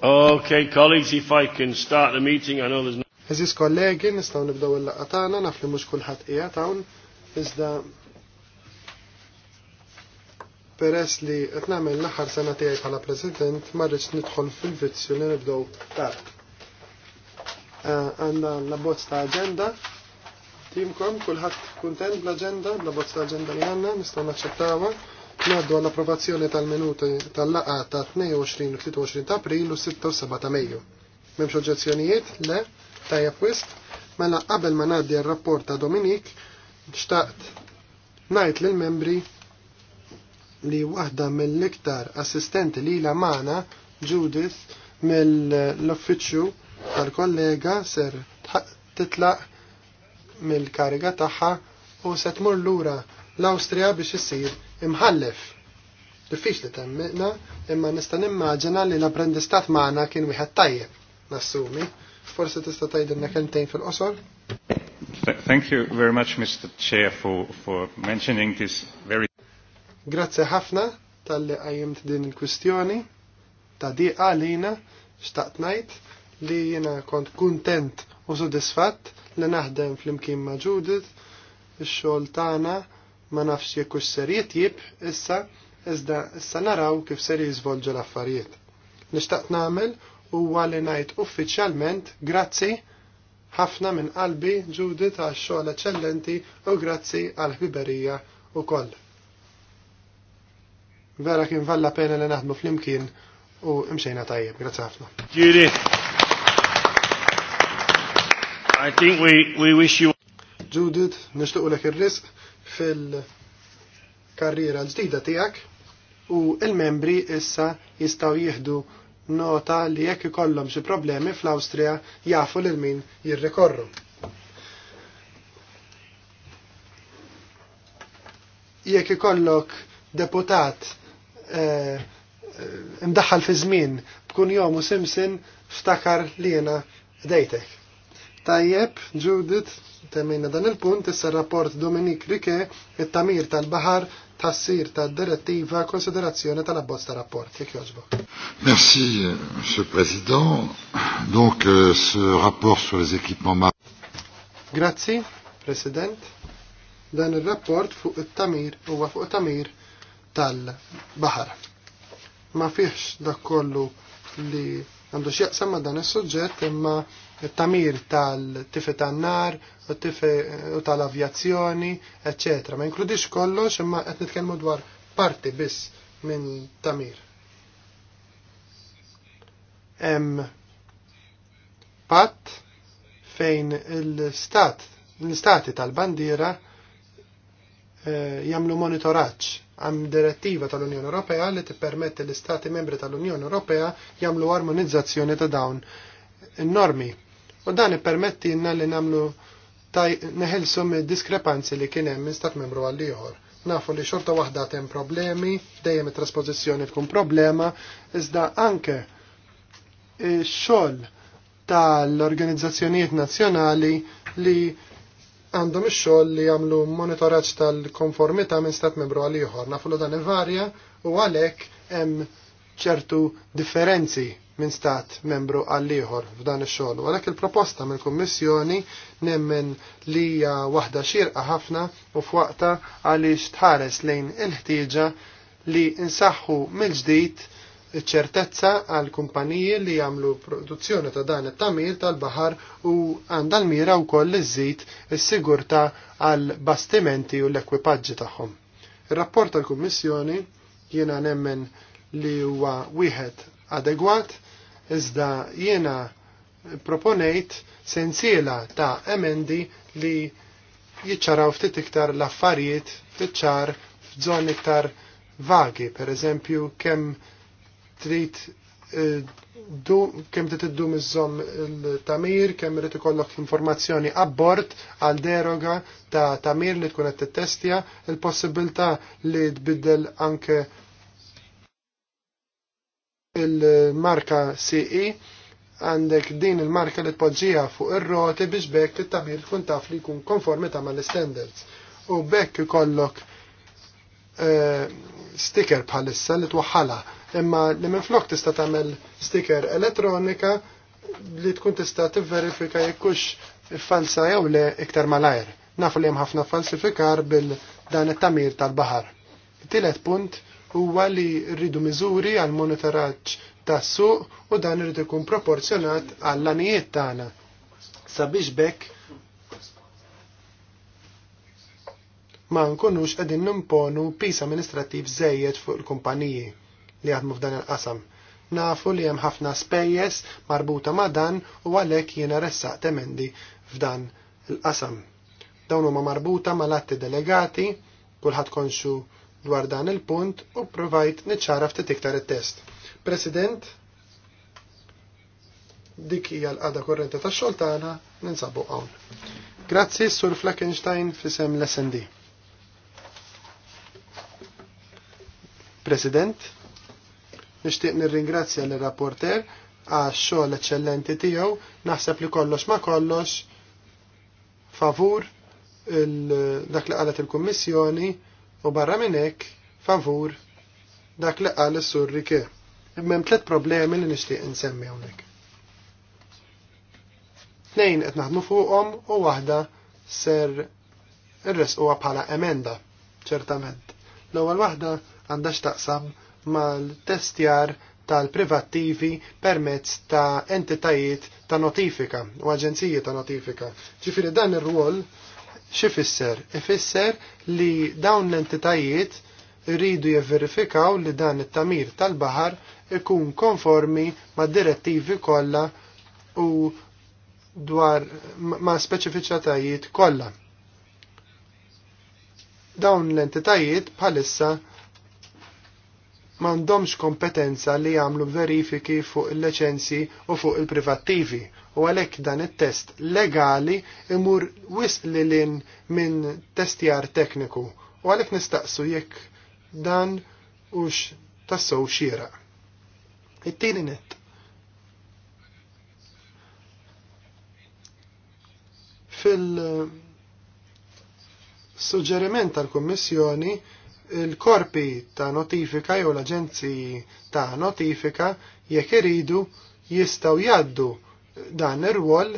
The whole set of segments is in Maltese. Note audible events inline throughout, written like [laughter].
Okay, colleagues, if I can start the meeting, I know there's no... Eżis kollegi, nistaw nibdaw il-laqqa tagħna, naf li mhux kulħadd qiegħed hawn, iżda peress li qed nagħmel l-aħħar sena tiegħi bħala President ma rridx nidħol fil-vizzju li nibdew tard. Eh, għanna l bozz ta' agenda. Timkom, kulħadd kuntent bl-agenda, l bozz ta' agenda li għandna, nistgħu naċċettawha. Naddu għall-approvazzjoni tal-minuti tal-laqa ta' 22 u 23 ta' April u 6 7 ta' Mejju. M'hemmx oġġezzjonijiet? Le, tajja wisq. Mela qabel ma ngħaddi r-rapport ta' Dominik, xtaqt ngħid lill-membri li waħda mill-iktar assistenti li la mana Judith mill-uffiċċju Għal kollega ser titlaq mill-kariga tagħha u se tmur lura l-Awstrija biex issir imħallef. Diffiċli temmina, imma nista' nimmaġina li l-apprendistat maħna kien wieħed tajjeb, nassumi. Forsi tista' tgħidilna kentejn fil-qosor? Thank you very much, Mr. Chair, for, for mentioning this very... Grazie ħafna tal-li għajjimt din il-kwistjoni ta' diqa għalina xtaqt najt li jiena kont kuntent u sodisfatt li naħdem fl-imkien ma' Judith, ix-xogħol tagħna ma nafx jekk hux ser jitjib issa iżda issa naraw kif ser jiżvolġu l-affarijiet. Nixtaqt nagħmel huwa li ngħid uffiċjalment grazzi ħafna minn qalbi Judith għax xogħol eċċellenti u grazzi għal ħbiberija koll. Vera kien valla pena li naħdmu fl-imkien u imxejna tajjeb, grazzi ħafna. I think we, we wish you... Judith, nishtuq lek il-risq fil-karriera l-ġdida tijak u il-membri issa jistaw jihdu nota li jekk ikollhom xi problemi fl-Awstrija jafu lil min jirrikorru. Jekk ikollok deputat eh, eh, imdaħħal fi żmien bkun jomu Simpson ftakar li jena dejtek. Tajjeb, Judith, temmina dan il-punt, issa rapport Dominik Rike, it-tamir tal-bahar, tassir tal-direttiva, konsiderazzjoni tal-abbozz ta' rapport. Jek joġbo. Merci, euh, Monsieur President. Président. Donc, euh, ce rapport sur les équipements marins. Grazie, President. Dan il-rapport fuq it-tamir huwa fuq it-tamir tal-bahar. Ma fiex dak kollu li għandu xieqsam ma dan is-suġġett imma it-tamir tal-tifi tan-nar u tal-avjazzjoni, etc. Ma inkludix kollox imma qed nitkellmu dwar parti biss minn tamir. Hemm patt fejn l-stat, l-stati tal-bandiera jagħmlu eh, jamlu monitoraġġ għam direttiva tal-Unjoni Ewropea li tippermetti l-istati membri tal-Unjoni Ewropea jamlu armonizzazzjoni ta' dawn normi U dan ippermettilna li nagħmlu neħelsu mid-diskrepanzi li kien hemm minn stat membru għal ieħor. Nafu li xorta waħda hemm problemi, dejjem it-trasposizzjoni tkun problema, iżda anke xogħol tal-organizzazzjonijiet nazzjonali li għandhom ix-xogħol li jagħmlu monitoraġġ tal-konformità minn stat membru għal ieħor. Nafu dan ivarja u għalhekk hemm ċertu differenzi minn stat membru għall-ieħor f'dan ix-xogħol. Għalhekk il-proposta mill-Kummissjoni nemmen li hija waħda xirqa ħafna u f'waqta għaliex tħares lejn il-ħtieġa li insaħħu mill-ġdid ċertezza għal kumpaniji li jagħmlu produzzjoni ta' dan it-tamir tal-baħar u għandha l-mira wkoll iżid is-sigurtà għal bastimenti u l-ekwipaġġi tagħhom. Ir-rapport tal-Kummissjoni jiena nemmen li huwa wieħed adegwat Iżda jiena proponejt sensiela ta' emendi li jiċċaraw ftit iktar l-affarijiet fiċ-ċar f'żoni iktar vagi, per eżempju kemm trid eh, kemm trid iddum iżomm il-tamir, kemm irid ikollok informazzjoni abbord għal deroga ta' tamir li tkun qed tittestja, il-possibilità li tbiddel anke il-marka CE għandek din il-marka li tpoġġija fuq ir-roti biex bekk li tamir tkun taf li jkun konformi ta' mal-standards. U bekk ikollok eh, sticker bħalissa li twaħħala imma li minn flok tista' tagħmel sticker elettronika li tkun tista' tivverifika jekkux falsa jew le iktar malajr. Nafu li hemm ħafna falsifikar bil dan it-tamir tal-baħar. Tielet punt huwa li rridu miżuri għal monitoraġġ tas-suq u dan irid ikun proporzjonat għall anijiet tagħna. Sabiex bekk ma nkunux qegħdin nimponu pis amministrattiv żejjed fuq il-kumpaniji li jaħdmu f'dan il-qasam. Nafu li hemm ħafna spejjeż marbuta ma' dan u għalhekk jiena ressaqt emendi f'dan il-qasam. Dawn huma marbuta mal-atti delegati, kulħadd konxu dwar dan il-punt u provajt niċċara ftit iktar it-test. President, dik hija l-qada korrenta tax-xogħol tagħna ninsabu hawn. Grazzi Sur Flakenstein fisem l-SND. President, nixtieq nirringrazzja l rapporter għax xogħol eċċellenti tiegħu, naħseb li kollox ma kollox favur dak li qalet il-Kummissjoni u barra minn hekk favur dak li qal is-sur Rike. Imma tliet problemi li nixtieq insemmi hawnhekk. Tnejn qed naħdmu fuqhom u waħda ser irresquha bħala emenda, ċertament. L-ewwel waħda għandha x'taqsam mal-testjar tal-privattivi permezz ta' entitajiet ta' notifika u aġenziji ta' notifika. Ġifieri dan ir-rwol X'ifisser? Ifisser li dawn l-entitajiet rridu jivverifikaw li dan it-tamir tal-baħar ikun konformi ma' direttivi kollha u dwar ma' speċifiċatajiet kollha. Dawn l-entitajiet bħalissa m'għandhomx kompetenza li jagħmlu verifiki fuq il-leċenzi u fuq il-privattivi u għalhekk dan it-test legali imur wisq li lin minn testjar tekniku u għalhekk nistaqsu jekk dan ux tassow xira. It-tieni net. Fil suġġeriment tal-Kummissjoni il-korpi ta' notifika jew l aġenzji ta' notifika jekk iridu jistgħu jgħaddu dan ir-rwol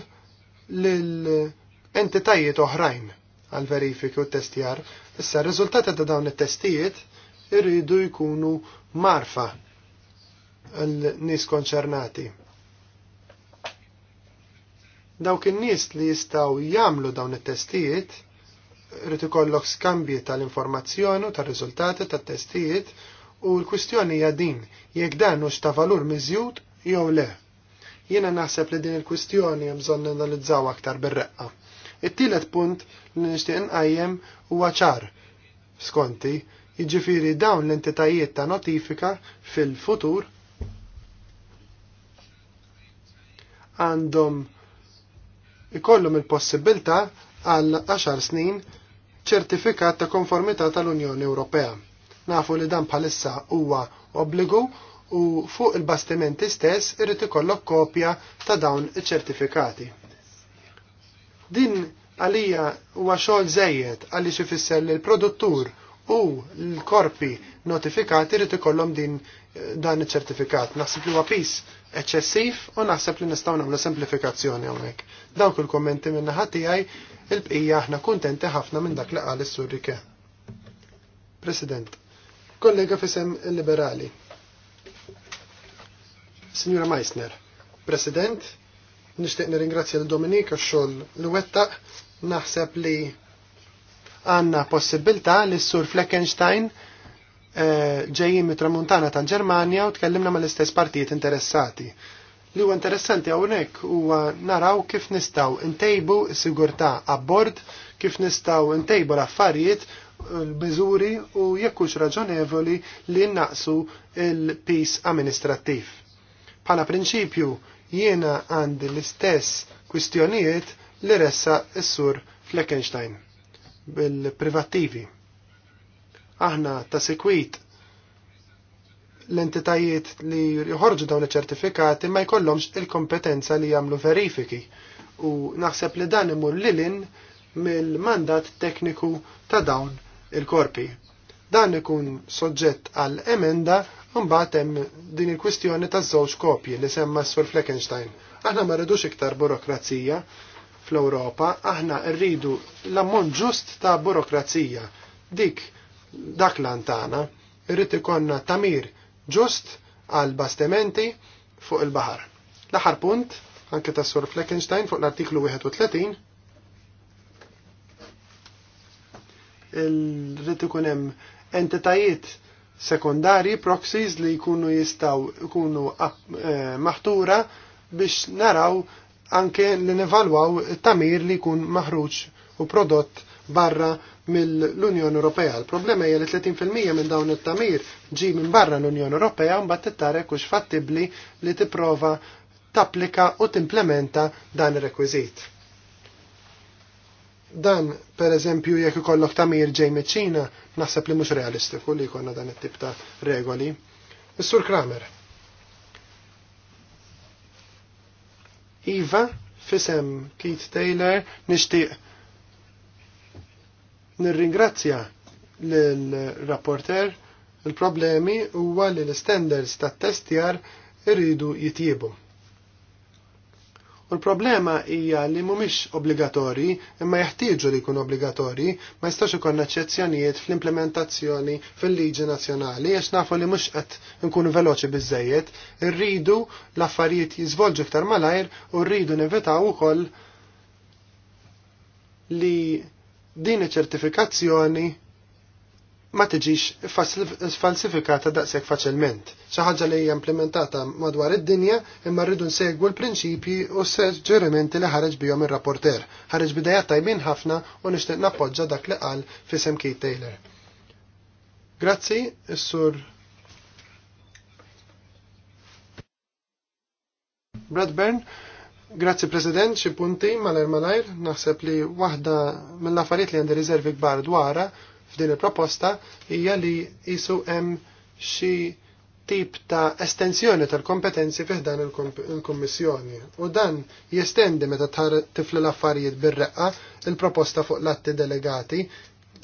lill-entitajiet oħrajn għal verifiki u testjar. Issa r-riżultati ta' dawn it-testijiet irridu jkunu marfa l-nies konċernati. Dawk in-nies li jistgħu jagħmlu dawn it-testijiet rrit ikollok skambji tal-informazzjoni u tal-riżultati tat-testijiet u l-kwistjoni hija din jekk dan hux ta' valur miżjud jew le. Jiena naħseb li din il-kwistjoni hemm bżonn nanalizzaw aktar bir-reqqa. It-tielet punt li nixtieq inqajjem huwa ċar skonti, jiġifieri dawn l-entitajiet ta' notifika fil-futur għandhom ikollhom il-possibilità għal 10 snin ċertifikat ta' konformità tal-Unjoni Ewropea. Nafu li dan bħalissa huwa obbligu u fuq il-bastimenti stess irrid ikollok kopja ta' dawn iċ-ċertifikati. Din għalija huwa xogħol żejjed għaliex ifisser li l-produttur u l-korpi notifikati irrid ikollhom din dan iċ-ċertifikat. Naħseb li huwa pis eċċessiv u naħseb li nistgħu nagħmlu semplifikazzjoni hawnhekk. Dawk il-kommenti minn naħa tiegħi il-bqija aħna kuntenti ħafna minn dak li qal is-Surrike. President, kollega fisem il-Liberali. Signora Meissner, President, nishtiq nirringrazzja l Dominik għax-xogħol l wettaq naħseb li għandna possibilità li s-sur Fleckenstein eh, ġejjin mit-Tramuntana tal-Ġermanja u tkellimna mal-istess partijiet interessati. Li huwa interessanti hawnhekk huwa naraw kif nistgħu ntejbu s-sigurtà abbord, kif nistgħu ntejbu l-affarijiet l-biżuri u jekkux raġonevoli li naqsu il peace amministrattiv Bħala prinċipju jiena għandi l-istess kwistjonijiet li ressa s-sur Fleckenstein bil-privattivi. Aħna ta' sekwit l-entitajiet li jħorġu dawn iċ-ċertifikati ma jkollhomx il-kompetenza li jagħmlu verifiki u naħseb li dan imur lilin mill-mandat tekniku ta' dawn il-korpi. Dan ikun soġġett għal emenda Mbagħad hemm din il-kwistjoni taż-żewġ kopji li semma s-Sur Fleckenstein. Aħna ma rridux iktar burokrazija fl-Ewropa, aħna rridu l-ammont ġust ta' burokrazija. Dik dak l- l-antana, rrid ikonna tamir ġust għal bastimenti fuq il-baħar. L-aħħar punt, anke ta' Sur Fleckenstein fuq l-artiklu 31, rrid ikun hemm entitajiet sekundari proxies li jkunu jistaw jkunu eh, maħtura biex naraw anke li nevalwaw tamir li jkun maħruġ u prodott barra mill-Unjoni Ewropea. Il-problema hija li 30% minn dawn it-tamir ġi minn barra l-Unjoni Ewropea mbagħad tittarek hux fattibbli li tipprova tapplika u timplementa dan ir-rekwiżit. Dan, per eżempju, jekk ikollok tamir ġej meċ-Ċina, naħseb li mhux realistiku li jkollna dan it-tip ta' regoli. Is-Sur Kramer. Iva, fisem Keith Taylor, nixtieq nirringrazzja l-rapporter il-problemi huwa li l-standards tat-testjar iridu jitjiebu. U l-problema hija li mhumiex obbligatorji, imma jeħtieġu li jkun obbligatorji, ma jistax ikun eċċezzjonijiet fl-implementazzjoni fil-liġi nazzjonali għax nafu li mhux qed nkunu veloċi biżejjed, irridu l-affarijiet jiżvolġu iktar malajr u rridu nevitaw ukoll li din iċ-ċertifikazzjoni ma tiġix falsifikata daqshekk faċilment. Xi ħaġa li hija implementata madwar id-dinja imma rridu nsegwu l-prinċipji u s-suġġerimenti li ħareġ bihom ir-rapporter. Ħareġ bidejat tajbin ħafna u nixtieq nappoġġa dak li qal fisem Kate Taylor. Grazzi, is-sur Bradburn. Grazzi President, xi punti malajr malajr, naħseb li waħda mill-affarijiet li għandi riservi kbar dwarha f'din il-proposta hija li jisu hemm xi tip ta' estensjoni tal-kompetenzi fih dan il-Kommissjoni. U dan jestendi meta tifli l-affarijiet bir-reqqa il-proposta fuq l-atti delegati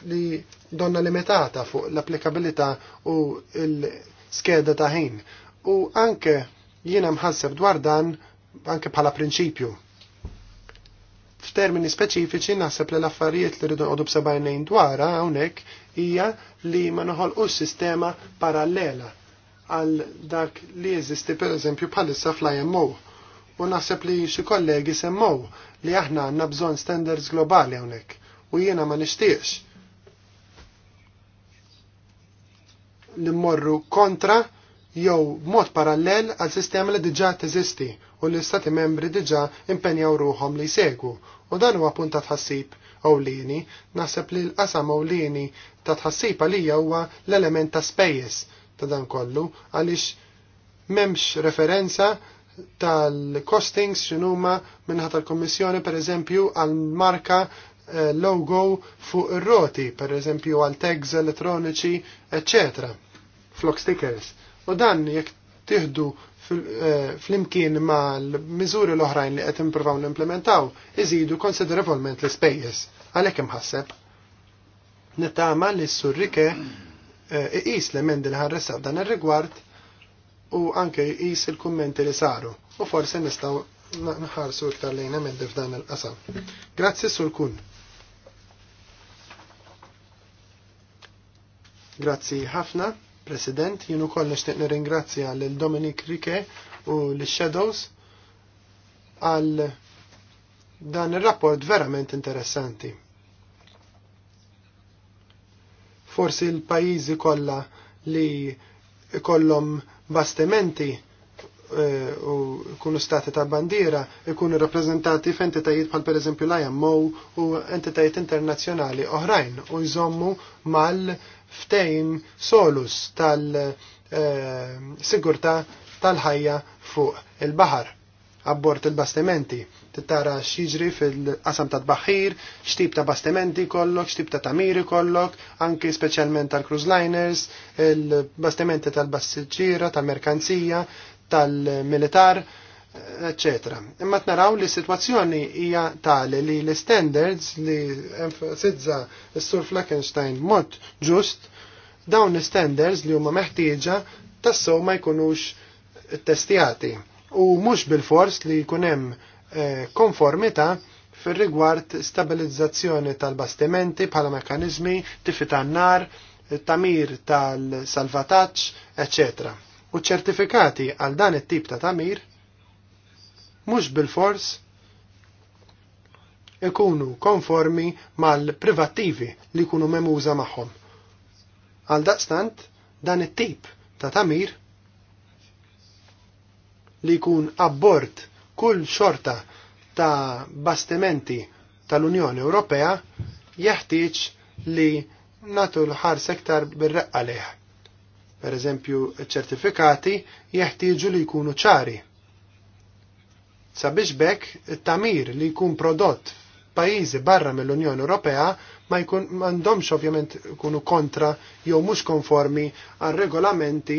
li donna limitata fuq l-applikabilità u l-skeda ta' ħin. U anke jiena mħasseb dwar dan anke bħala prinċipju F'termini speċifiċi naħseb li l-affarijiet li rridu nqodu b'sebajnejn dwarha hawnhekk hija li ma noħolqux sistema parallela għal dak li jeżisti pereżempju bħalissa fl-IMO u naħseb li xi kollegi semmow li aħna għandna bżonn standards globali hawnhekk u jiena ma nixtiex. li mmorru kontra jew mod parallel għal sistema li diġà teżisti u li stati membri diġà impenjaw ruhom li jsegwu U dan huwa punta tħassib ewlieni, naħseb li l-qasam ewlieni ta' tħassib għalija huwa l-element ta' spejjeż ta' dan kollu għaliex m'hemmx referenza tal-costings x'inhuma minħat tal-Kummissjoni pereżempju għal marka eh, logo fuq ir-roti, pereżempju għal tags elettroniċi, eccetera. Flock stickers. U dan jekk tieħdu Eh, flimkien ma l-miżuri l-oħrajn li qed l nimplementaw iżidu konsiderevolment l spejjes Għalhekk imħasseb. Nittama li s-surrike eh, iqis li emendi li ħarressa dan ir-rigward u anke iqis il-kummenti li saru u forse nistaw nħarsu iktar lejn emendi f'dan il-qasam. Grazzi sul kun. Grazzi ħafna. President, jien ukoll nixtieq nirringrazzja l Dominic Rike u l shadows għal dan ir-rapport verament interessanti. Forsi l-pajjiżi kollha li kollom bastimenti eh, u kunu stati ta' bandiera ikunu rappresentati f'entitajiet bħal eżempju l-IMO u entitajiet internazzjonali oħrajn u jżommu mal- ftejn solus tal-sigurta eh, tal-ħajja fuq il-bahar abbord il-bastimenti. Tittara x'jiġri fil-qasam ta' tbaħħir, x'tip ta' bastimenti kollok, x'tip ta' tamiri kollok, anki speċjalment tal-cruise liners, il-bastimenti tal-bassiġġiera, tal-merkanzija, tal-militar, tal bassiġira tal merkanzija tal militar tal tal merkanzija tal militar eccetera. Imma naraw li situazzjoni hija tali li l-standards li enfasizza s-sur Fleckenstein mod ġust dawn l-standards li huma meħtieġa tassew ma jkunux testjati u mhux bil-fors li jkun hemm eh, konformità fir-rigward stabilizzazzjoni tal-bastimenti bħala mekkaniżmi tifi tan-nar, tamir tal-salvataġġ, eccetera. U ċertifikati għal dan it-tip ta' tamir mhux bil-fors ikunu konformi mal-privattivi li jkunu memuża magħhom. Għal daqstant, dan it-tip ta' tamir li kun abbord kull xorta ta' bastimenti tal-Unjoni Ewropea jeħtieġ li natu l-ħar sektar bil-reqqa leħ. Per eżempju, ċertifikati jeħtieġu li jkunu ċari Sabiex bekk tamir li jkun prodott pajizi barra mill-Unjoni Ewropea ma jkun m'għandhomx ovvjament ikunu kontra jew mhux konformi għal regolamenti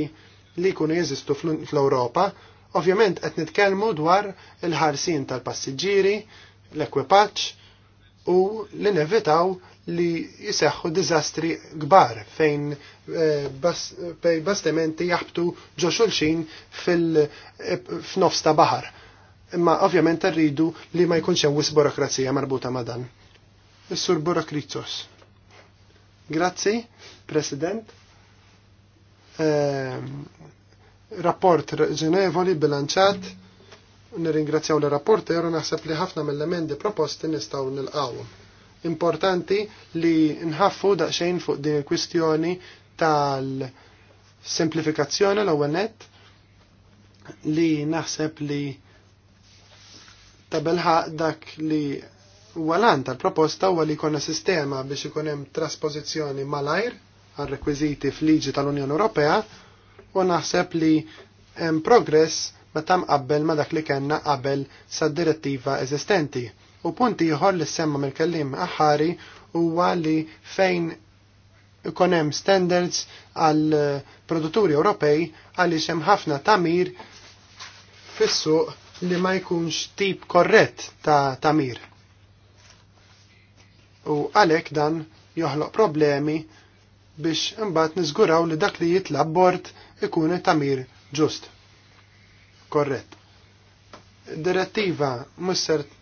li jkunu jeżistu fl-Ewropa. Ovvjament qed nitkellmu dwar il-ħarsin tal-passiġġieri, l-ekwipaġġ u li nevitaw li jiseħħu diżastri kbar fejn eh, bastimenti jaħbtu ġo xulxin fil-fnofs ta' baħar imma ovvjament rridu li ma jkunx hemm wis burokrazija marbuta ma' dan. Is-sur Burokritos. Grazzi, President. Ehm, rapport ġenevoli bilanċat. Nirringrazzjaw l rapport u naħseb li ħafna mill-emendi proposti nistgħu nilqgħu. Importanti li nħaffu daqsxejn fuq din il-kwistjoni tal-simplifikazzjoni l-ewwel li naħseb li ta' belħa dak li walan tal-proposta huwa li jkollna sistema biex ikun hemm trasposizzjoni malajr għal rekwiżiti fl-liġi tal-Unjoni Ewropea u naħseb li hemm progress meta mqabbel ma dak li kellna qabel sad-direttiva eżistenti. U punti ieħor li semma mill-kellim aħħari huwa li fejn ikun hemm standards għal produtturi Ewropej għaliex hemm ħafna tamir fis-suq li ma jkunx tip korrett ta' tamir. U għalek dan joħloq problemi biex imbagħad niżguraw li dak li jitlab bord ikun tamir ġust. Korrett. Direttiva mussert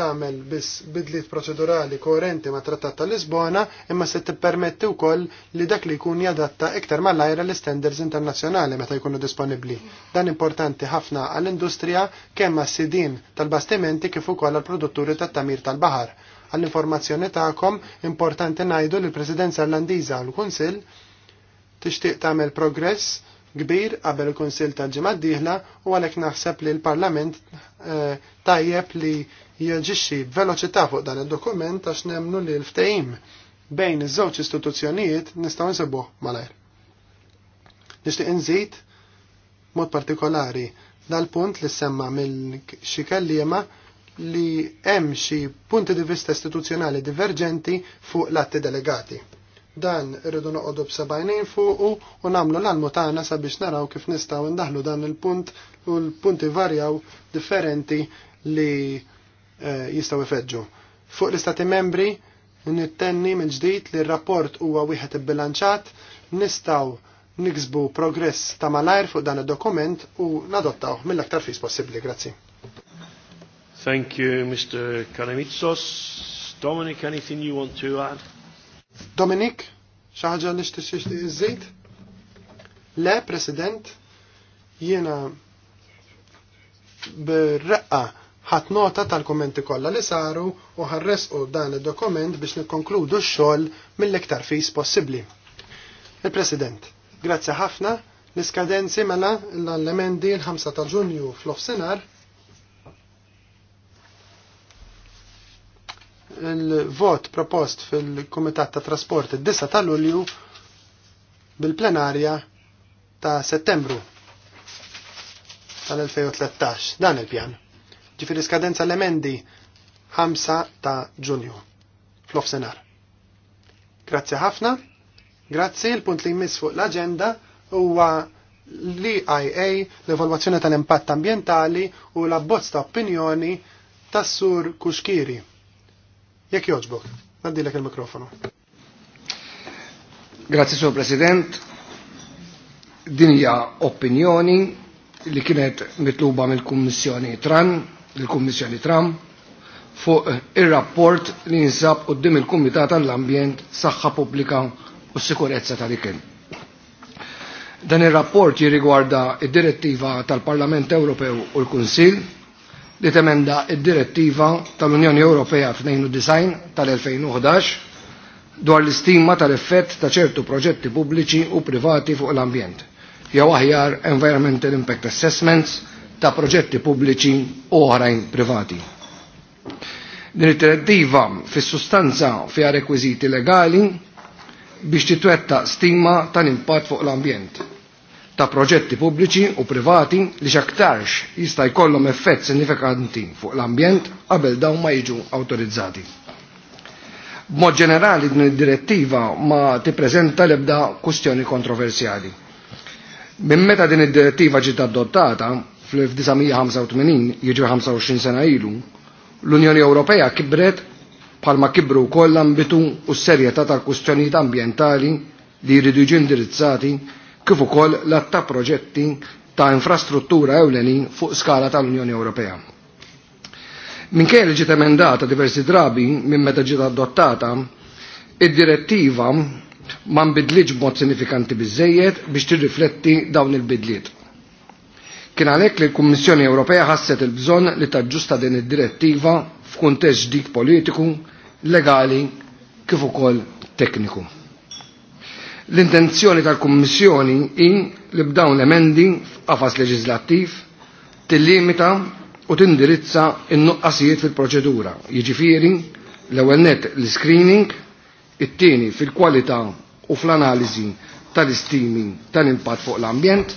tagħmel biss bidliet proċedurali koerenti ma' Trattat ta' Lisbona, imma se tippermetti wkoll li dak li jkun jadatta iktar mal-ajra l-standards internazzjonali meta jkunu disponibbli. Dan importanti ħafna għall-industrija kemm għas-sidin tal-bastimenti kif ukoll għall-produtturi tat-tamir tal-baħar. Għall-informazzjoni tagħkom importanti ngħidu li l-Presidenza Irlandiża u l-Kunsill tixtieq tagħmel progress kbir qabel il-Kunsil tal-ġimgħa d-dieħla u għalhekk naħseb li l-Parlament eh, tajjeb li jaġixxi veloċità fuq dan id-dokument għax nemnu li l-ftehim bejn iż-żewġ istituzzjonijiet nistgħu nsibuh malajr. Nixtieq inżid mod partikolari dal-punt li semma mill xi kelliema li hemm xi punti di vista istituzzjonali diverġenti fuq l-atti delegati. Dan irridu noqogħdu b'sebgħinin fuq u nagħmlu l-almu tagħna sabiex naraw kif nistgħu ndaħlu dan il-punt u l-punti varjaw differenti li Eh, jistaw ifedġu. Fuq l-Istati membri, nittenni minn ġdid li r-rapport huwa wieħed bilanċat nistaw niksbu progress ta' malajr fuq dan id-dokument u nadottaw mill-aktar fis possibbli. Grazzi. Thank you, Mr. Kalamitsos. Dominic, anything you want to add? Dominic, xaħġa li xtixiex iż Le, President, jiena b raqqa ħat nota tal-kommenti kollha li saru u ħarresqu dan id-dokument biex nikkonkludu x-xogħol mill-iktar fis possibbli. Il-President, grazzi ħafna l-iskadenzi mela l allemendi l-5 ta' Ġunju fl-Ofsenar il-vot propost fil-Kumitat ta' Trasport id-9 ta' Lulju bil-plenarja ta' Settembru tal-2013. Dan il-pjan ġifiri skadenza l-emendi 5 ta' ġunju Flof senar. Grazzi ħafna, grazzi l-punt li jmiss fuq l-agenda huwa l-EIA, l-evalwazzjoni tal-impatt ambientali u la abbozz ta' opinjoni tas-sur Kuxkiri. Jekk joġbok, naddilek il-mikrofonu. Grazzi, Sur President. hija opinjoni li kienet mitluba mill-Kummissjoni Tran il-Kummissjoni Tram fuq ir-rapport li jinsab qoddim il-Kumitat tal-Ambjent, Saħħa Pubblika u Sikurezza tal-Ikel. Dan ir-rapport jirrigwarda id-direttiva tal-Parlament Ewropew u l-Kunsil li temenda id-direttiva tal-Unjoni Ewropea 92 tal-2011 dwar l-istima tal-effett ta' ċertu proġetti pubbliċi u privati fuq l-ambjent, jew aħjar Environmental Impact Assessments ta' proġetti pubbliċi u oħrajn privati. Din it-direttiva fis-sustanza fiha rekwiżiti legali biex titwetta stima ta' impatt fuq l-ambjent ta' proġetti pubbliċi u privati li xaktarx jista' jkollhom effett sinifikanti fuq l-ambjent qabel dawn ma jiġu awtorizzati. B'mod ġenerali din id-direttiva ma tippreżenta l-ebda kwistjoni kontroversjali. Minn meta din id-direttiva ġiet adottata, fl-1985 jiġu 25 sena ilu, l-Unjoni Ewropea kibret palma kibru koll ambitu u s-serjetà tal-kustjonijiet ambientali li jridu indirizzati kif ukoll l-atta proġetti ta' infrastruttura ewlenin fuq skala tal-Unjoni Ewropea. Minkejn li ġiet emendata diversi drabi minn meta ġiet adottata, id-direttiva ma nbidliġ b'mod sinifikanti biżejjed biex tirrifletti dawn il-bidliet. Kien għalhekk li l-Kummissjoni Ewropea ħasset il-bżonn li taġġusta din id-direttiva f'kuntest ġdid politiku, legali kif ukoll tekniku. L-intenzjoni tal-Kummissjoni hi li b'dawn l-emendi f'qafas leġislattiv tillimita u tindirizza n nuqqasijiet fil-proċedura, jiġifieri l-ewwel net l-screening, it-tieni fil-kwalità u fl-analiżi tal-istimi tal-impatt fuq l-ambjent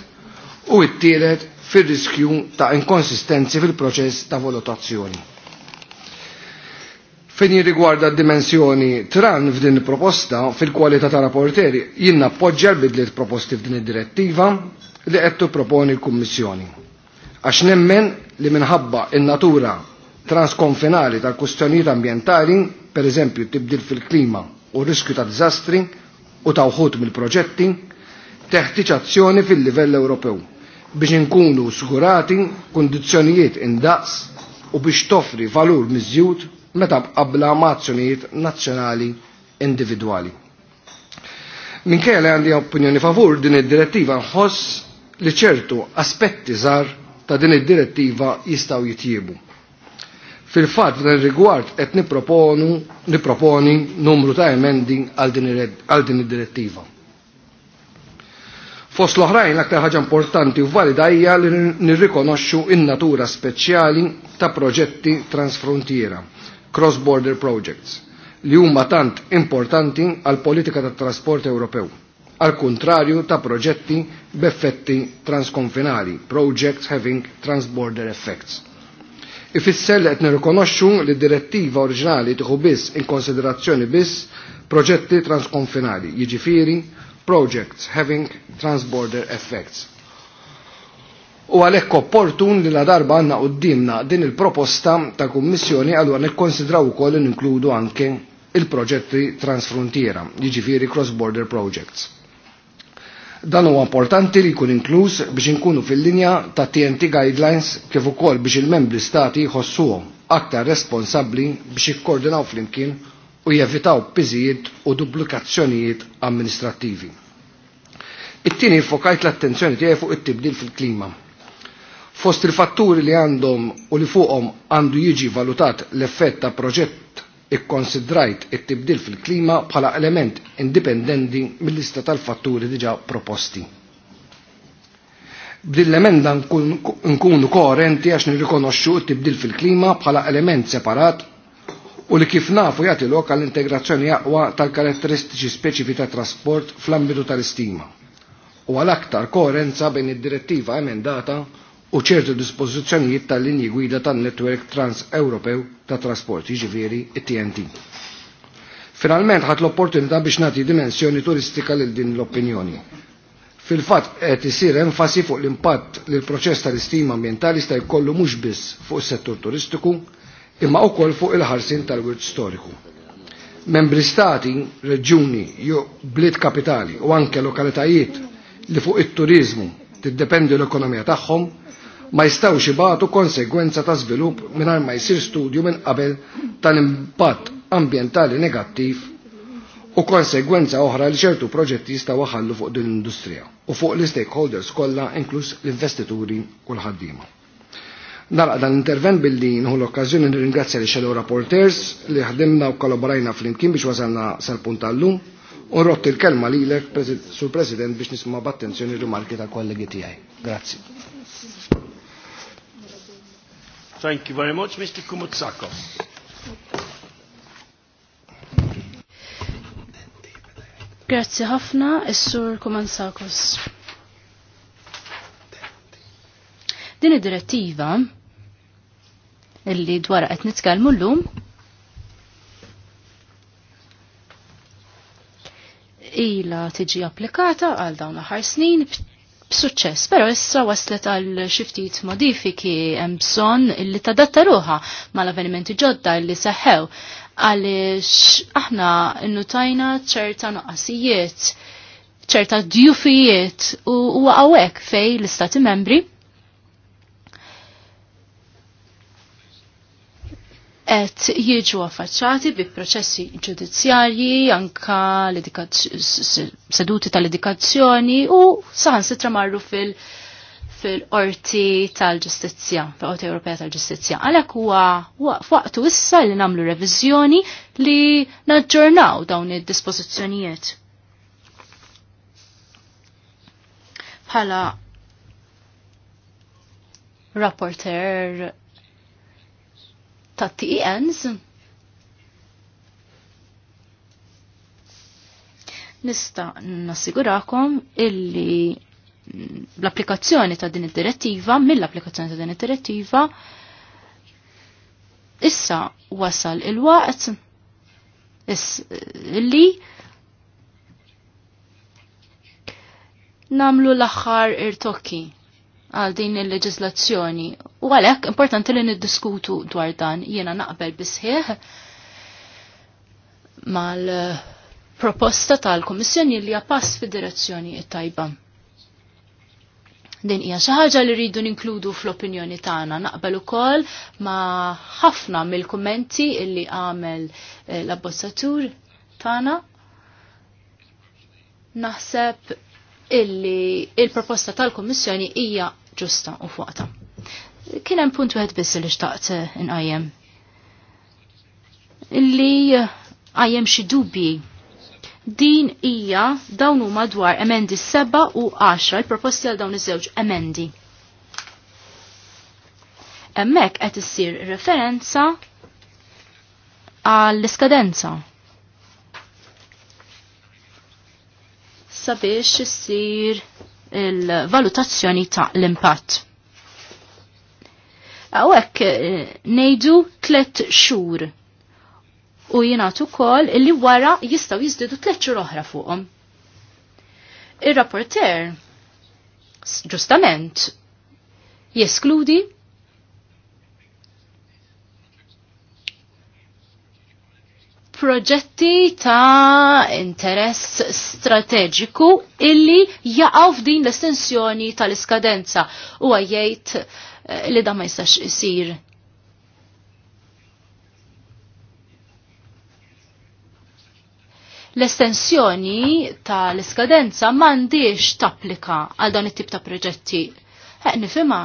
u it-tielet fir-riskju ta' inkonsistenzi fil-proċess ta' valutazzjoni. Fini jirrigwarda d-dimensjoni tran f'din il-proposta fil-kwalità ta' rapporteri jien nappoġġja l-bidliet proposti f'din id-direttiva li qed proponi l-Kummissjoni. Għax nemmen li minħabba in-natura transkonfinali tal-kustjonijiet ambientali, per eżempju tibdil fil-klima u riskju ta' dizastri u ta' uħut mill-proġetti, teħtiċ azzjoni fil-livell Ewropew biex inkunu sigurati kondizjonijiet indaqs u biex toffri valur miżjud meta qabla mazzjonijiet nazzjonali individwali. Minkejja li għandi opinjoni favur din id-direttiva nħoss li ċertu aspetti żgħar ta' din id-direttiva jistgħu jitjiebu. Fil-fatt f'dan rigward qed niproponu niproponi numru ta' emendi għal din id-direttiva. Fost l-oħrajn l-aktar ħaġa importanti u valida hija li nirrikonoxxu in-natura speċjali ta' proġetti transfrontiera, cross-border projects, li huma tant importanti għal politika tat trasport Ewropew, għal kuntrarju ta' proġetti b'effetti transkonfinali, projects having transborder effects. Ifisser qed nirrikonoxxu li d-direttiva oriġinali tieħu biss in konsiderazzjoni biss proġetti transkonfinali, jiġifieri projects having transborder effects. U għalek opportun li la darba għanna dimna din il-proposta ta' kummissjoni għallu għan ukoll inkludu anke il-proġetti transfrontiera, jiġifieri cross-border projects. Dan huwa importanti li jkun inkluż biex inkunu fil-linja ta' TNT guidelines kif ukoll biex il-membri stati jħossuhom aktar responsabbli biex jikkoordinaw flimkien u jevitaw piżijiet u duplikazzjonijiet amministrativi. It-tieni fokajt l-attenzjoni tiegħi fuq it-tibdil fil-klima. Fost il-fatturi li għandhom u li fuqhom għandu jiġi valutat l-effett ta' proġett ikkonsidrajt it-tibdil fil-klima bħala element indipendenti mill-lista tal-fatturi diġa proposti. B'dil-emenda nkunu koherenti għax nirrikonoxxu it tibdil fil-klima bħala element separat u li kif nafu jagħti lok għall-integrazzjoni jaqwa tal-karatteristiċi speċifi ta' trasport fl-ambitu tal-istima u għal aktar koerenza bejn id-direttiva emendata u ċertu dispożizzjonijiet tal-linji gwida tan-netwerk trans-Ewropew ta' trasport, jiġifieri it-TNT. Finalment ħat l-opportunità biex nagħti dimensjoni turistika lil din l-opinjoni. Fil-fatt qed isir enfasi fuq l-impatt li l-proċess tal-istima ambjentali sta jkollu mhux biss fuq is-settur turistiku, imma wkoll fuq il-ħarsin tal-wirt storiku. Membri stati, reġjuni, jo blit kapitali u anke lokalitajiet li fuq it-turizmu tiddependi l-ekonomija tagħhom ma jistawx ibatu konsegwenza ta' żvilupp mingħajr ma jsir studju minn qabel tal-impatt ambjentali negattiv u konsegwenza oħra li ċertu proġetti jistgħu ħallu fuq din l-industrija u fuq l-stakeholders kollha inkluż l-investituri u l-ħaddiema. Nara dan l-intervent billi nħu l-okkazjoni nir nirringrazzja li xedew rapporters li ħdimna u kollaborajna fl-imkien biex wasalna sal-punt tal-lum u rotti l-kelma li l ek sur President biex nisma b'attenzjoni rimarki ta' kollegi tiegħi. Grazzi. Thank you very much, Mr. Kumutsako. Grazzi ħafna, is-sur Kumansakos. Din id-direttiva illi dwar qed nitkellmu llum ila tiġi applikata għal dawn l-aħħar snin b'suċċess, però issa waslet għal xiftit modifiki hemm bżonn illi tadatta ruha mal-avvenimenti ġodda illi seħħew għaliex aħna nnutajna ċerta noqqasijiet, ċerta djufijiet u huwa fej l-istati membri et jieġu affaċċati bi processi ġudizzjarji, anka seduti tal-edikazzjoni u saħan sitra marru fil- fil-qorti tal-ġustizzja, fil-qorti Ewropea tal-ġustizzja. Għalek huwa f'waqtu issa li namlu reviżjoni li naġġornaw dawn id-dispożizzjonijiet. Bħala rapporter ta' TENs nista' nassigurakom illi l-applikazzjoni ta' din id-direttiva, mill-applikazzjoni ta' din id-direttiva, issa wasal il-waqt illi namlu l-axħar ir-tokki għal din il-leġislazzjoni. U għalhekk importanti li niddiskutu dwar dan jiena naqbel bisħieħ mal-proposta tal-Kummissjoni li pass fid-direzzjoni tajba. Din hija xi ħaġa li rridu ninkludu fl-opinjoni tagħna naqbel ukoll ma' ħafna mill-kummenti illi għamel eh, l-abbozzatur tagħna. Naħseb illi il-proposta tal-Kummissjoni hija ġusta u fuqta. Kien hemm punt wieħed biss li xtaqt eh, inqajjem. Illi eh, għajjem xi dubji din hija dawn huma dwar emendi 7 u 10 il-proposti għal dawn iż-żewġ emendi. Hemmhekk qed issir referenza għall-iskadenza. Sabiex issir il-valutazzjoni ta' l-impatt. Għawek eh, nejdu tlet xur u jenatu kol illi wara jistaw jizdidu tlet xur oħra fuqom. Il-rapporter ġustament jeskludi proġetti ta' interess strateġiku illi jaqaw f'din l-estensjoni tal-iskadenza u għajjajt eh, li da ma jistax isir. L-estensjoni tal-iskadenza mandiġ tapplika għal dan it-tip ta' proġetti Heq nifima,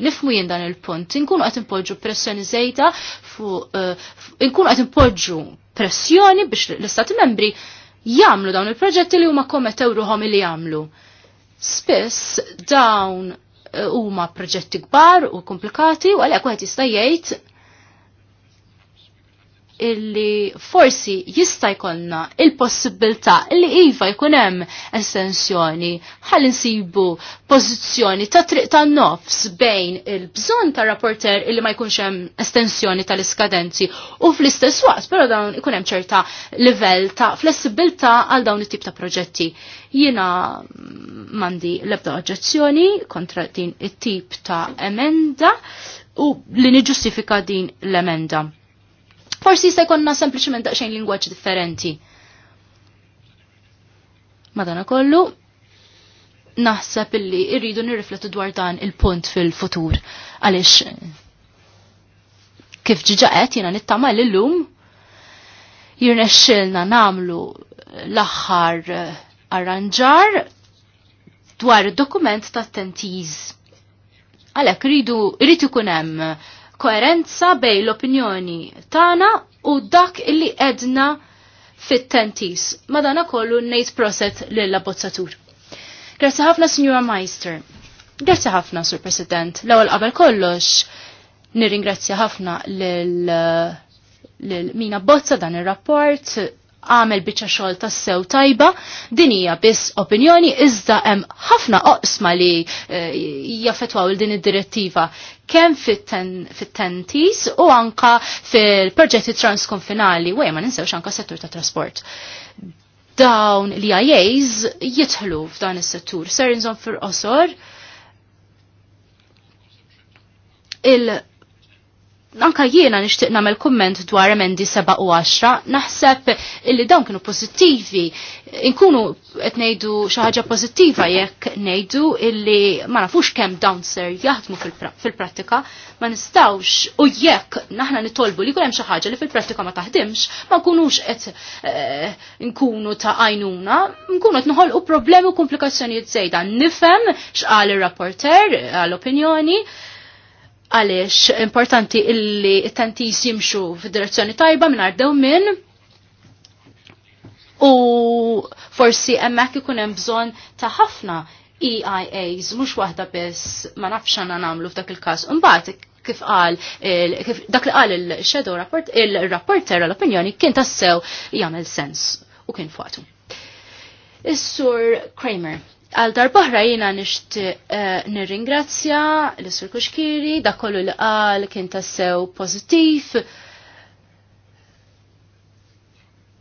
nifmu jien dan il-punt. Inkunu qed impoġġu pressjoni żejda eh, inkunu qed impoġġu pressjoni biex l-Istati membri jagħmlu dawn il-proġetti li huma kommetew ruhom li jagħmlu. Spiss dawn eh, huma proġetti kbar u komplikati u għalhekk wieħed jista' jgħid illi forsi jista' jkollna il-possibilità illi iva jkun hemm essenzjoni ħalli nsibu pożizzjoni ta' triq tan-nofs bejn il-bżonn ta' rapporter illi ma jkunx hemm estensjoni tal-iskadenzi u fl-istess waqt però dawn ikun hemm ċerta livell ta' flessibilità għal dawn it-tip ta' proġetti. Jiena mandi l-ebda oġġezzjoni kontra din it-tip ta' emenda u li niġustifika din l-emenda Forsi se jkollna sempliċement daqsxejn lingwaġġ differenti. Madana kollu, naħseb illi irridu nirrifletu dwar dan il-punt fil-futur. Għalix, kif qed jiena nittama l-lum, jirnexxilna namlu l aħħar arranġar dwar id dokument ta' tentiz. Għalek, rridu, rridu kunem hemm koerenza bej l-opinjoni tagħna u dak illi edna fit-tentis. Madana kollu nejt proset lill-abbozzatur. Grazzi ħafna, Signora Meister. Grazzi ħafna, Sur President. L-ewwel qabel kollox, nirringrazzja ħafna lil, mina bozza dan ir-rapport għamel biċċa xogħol tas-sew tajba, din hija biss opinjoni iżda hemm ħafna oqsma li eh, jaffetwaw il din id-direttiva kemm fit-tentis u anka fil-proġetti transkonfinali u ma ninsewx anka settur ta' trasport. Dawn li IAs jitħlu f'dan is-settur. Ser fil-qosor il- anka jiena nixtieq nagħmel kumment dwar emendi 7 u 10, naħseb illi dawn kienu pożittivi. Inkunu qed ngħidu xi ħaġa pożittiva jekk ngħidu illi ma nafux kemm dawn ser jaħdmu fil-prattika, ma nistgħux u jekk naħna nitolbu li jkun hemm xi ħaġa li fil-prattika ma taħdimx, ma nkunux qed eh, nkunu ta' għajnuna, nkunu qed noħolqu problemi u komplikazzjonijiet żejda. Nifhem x'qal ir-rapporter għall-opinjoni, għaliex importanti illi t-tantis jimxu f'direzzjoni tajba minn għardew minn u forsi emmek ikun hemm bżonn ta' ħafna EIAs mhux waħda biss ma nafx għandna nagħmlu f'dak il-każ. Imbagħad kif qal dak li qal il-shadow rapport il-rapporter għal opinjoni kien tassew jagħmel sens u kien fuqtu. Is-sur Kramer Għal darbohra jina nisht eh, nirringrazzja l-Sur Kuxkiri, da kollu li qal kien tassew pozitif.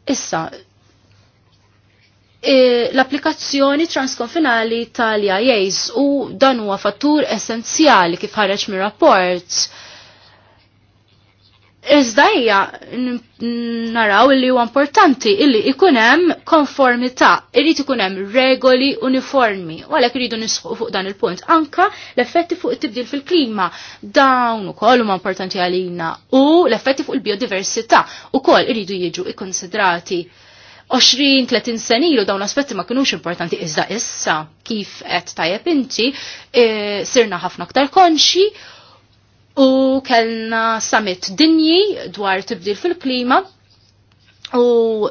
Issa, eh, l-applikazzjoni transkonfinali tal-IAs u dan huwa fattur essenzjali kif ħareġ mir rapport Iżda hija naraw li huwa importanti illi ikun hemm konformità, irid ikun hemm regoli uniformi. U għalhekk iridu nisħu fuq dan il-punt anka l-effetti fuq it-tibdil fil-klima dawn ukoll huma importanti għalina u l-effetti fuq il-biodiversità ukoll iridu jiġu ikkonsidrati. 20-30 ilu dawn aspetti ma kienux importanti iżda issa kif qed tajjeb inti e, sirna ħafna aktar konxi u kellna summit dinji dwar tibdil fil-klima u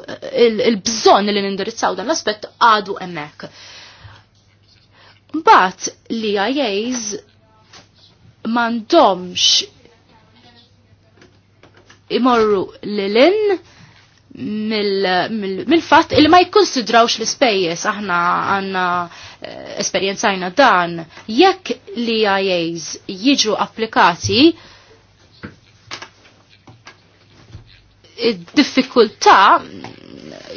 il-bżon li nindirizzaw dan l aspet għadu emmek. Bat li IAs mandomx imorru l-lin mill-fat mil, mil, li ma jikonsidrawx l-spejjes aħna għanna Eh, esperjenzajna dan, jekk li IAs jiġu applikati, id-diffikultà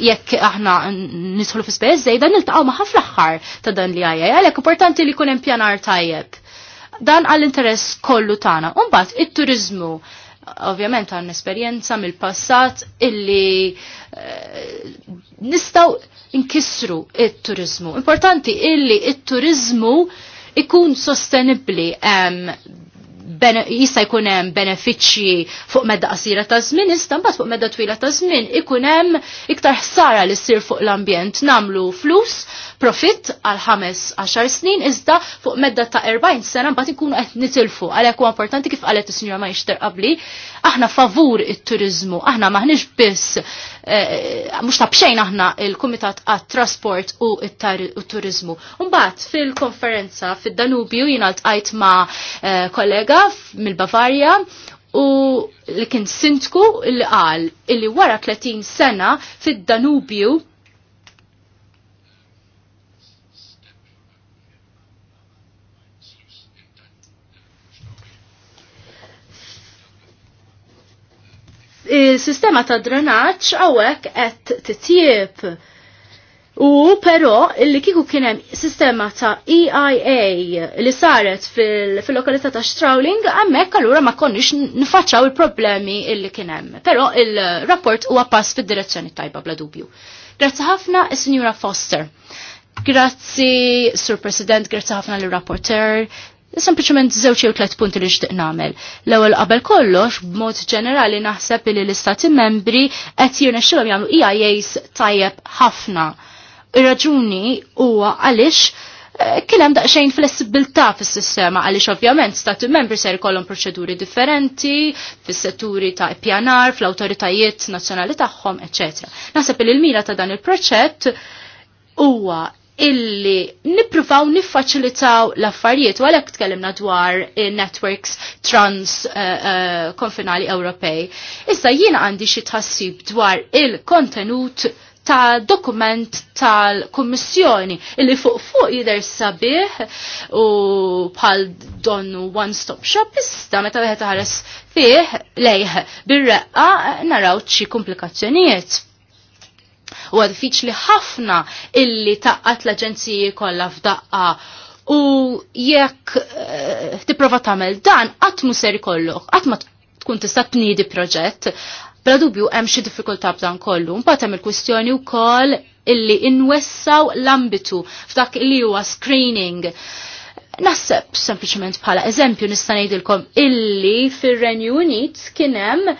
jekk aħna nisħlu fi spejjeż żejda niltaqgħu ma' ħafna aħħar ta' dan li għajja, għalhekk importanti li jkun hemm pjanar tajjeb. Dan għall-interess kollu tagħna. U mbagħad it-turiżmu ovvjament għan esperjenza mill-passat illi uh, eh, nistaw inkisru il turizmu Importanti illi il turizmu ikun sostenibli jista' jkun hemm benefiċċji fuq medda qasira ta' żmien, iżda mbagħad fuq medda twila ta' żmien ikun hemm iktar ħsara li ssir fuq l-ambjent nagħmlu flus, profitt għal ħames għaxar snin, iżda fuq medda ta' 40 sena mbagħad ikunu qed nitilfu. Għalhekk huwa importanti kif qalet is-sinjora ma jixter qabli, Aħna favur it-turizmu, aħna maħniġ biss, eh, mux tabxejn aħna il-Kumitat għat trasport u il-turizmu. Umbat fil-konferenza fil-Danubju jina l-tqajt ma' eh, kollega mill-Bavarja u li kien sintku li qal li wara 30 sena fil-Danubju il-sistema ta' drenaċ għawek qed titjieb. U però li kiku kienem sistema ta' EIA li saret fil-lokalità ta' Strawling, għammek allura ma konniex nfaċċaw il-problemi illi kienem. Però il-rapport huwa pass fil direzzjoni tajba bla dubju. Grazzi ħafna is signora Foster. Grazzi, Sur President, grazzi ħafna l rapporteur Sempliciment zewċi u tlet punti li xtiq namel. L-ewwel qabel kollox, b'mod ġenerali naħseb li l-istati membri qed jirnexxilhom jagħmlu EIAs tajjeb ħafna. Ir-raġuni huwa għaliex eh, kien hemm daqsxejn flessibilità fis-sistema għaliex ovvjament stati membri ser jkollhom proċeduri differenti fis-setturi ta' pjanar, fl-awtoritajiet nazzjonali tagħhom, eċċetera. Naħseb li l-mira ta' dan il-proċett huwa illi nippruvaw niffaċilitaw l-affarijiet u għalhekk tkellimna dwar networks trans uh, uh, konfinali Ewropej. Issa jiena għandi xi tħassib dwar il-kontenut ta' dokument tal-Kommissjoni illi fuq fuq jider sabiħ u bħal donnu one stop shop issa meta wieħed ħares fih lejh bir-reqqa naraw xi komplikazzjonijiet. U għadfiċ li ħafna illi taqqat l-aġenziji kollha f'daqqa u jekk eh, tipprova tagħmel dan qatt mu ser ikollok, qatt ma tkun tista' tniedi proġett, Bla dubju hemm xi diffikultà b'dan kollu. Mbagħad hemm il-kwistjoni wkoll illi inwessaw l-ambitu f'dak li huwa screening. Nasseb sempliċement bħala eżempju nista' ngħidilkom illi fir-Renju Unit kien hemm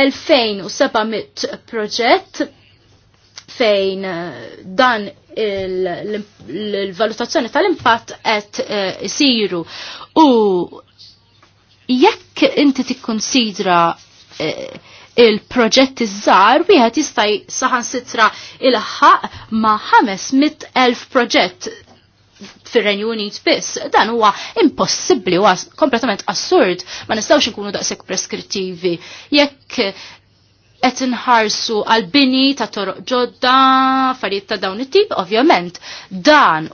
2700 eh, proġett fejn eh, dan il-valutazzjoni tal-impatt qed eh, isiru. U jekk inti tikkonsidra eh, il-proġett iż-żar wieħed jista' saħan sitra il-ħaq ma' elf proġett fir-Renju Unit biss, dan huwa impossibbli huwa kompletament assurd, ma nistgħux inkunu daqshekk preskrittivi. Jekk qed inħarsu għal bini ta' toroq ġodda, affarijiet ta' dawn it-tip, ovvjament dan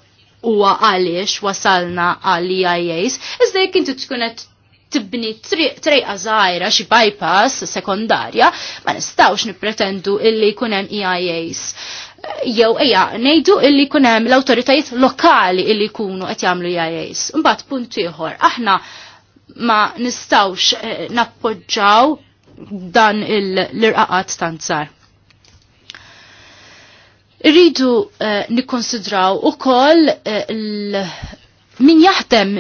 huwa għaliex wasalna għal e IAs, iżda jekk inti tkun qed tibni trejqa żgħira xi bypass sekondarja, ma nistgħux nippretendu illi jkun hemm EIAs. Jew eja, ngħidu illi jkun hemm l-awtoritajiet lokali illi jkunu qed jagħmlu EIAs. Imbagħad punt ieħor, aħna ma nistawx eh, nappoġġaw dan l-irqaqat tanzar. Irridu eh, nikkonsidraw u koll eh, min jaħdem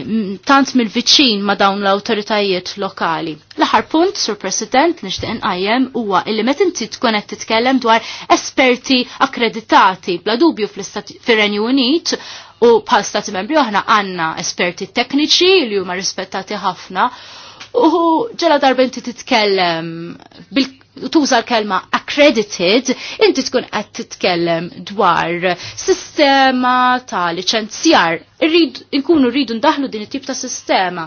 tant mill-viċin ma dawn l-autoritajiet lokali. L-aħar punt, Sur President, nishtiq nqajjem huwa illi meta inti tkun qed titkellem dwar esperti akkreditati bla dubju fir-Renju Unit u bħal stati membri oħna għandna esperti tekniċi li huma rispettati ħafna Uhu, ġela darba inti titkellem bil tuża l-kelma accredited, inti tkun qed titkellem dwar sistema ta' licenzjar. Inkunu rridu ndaħlu din it-tip ta' sistema.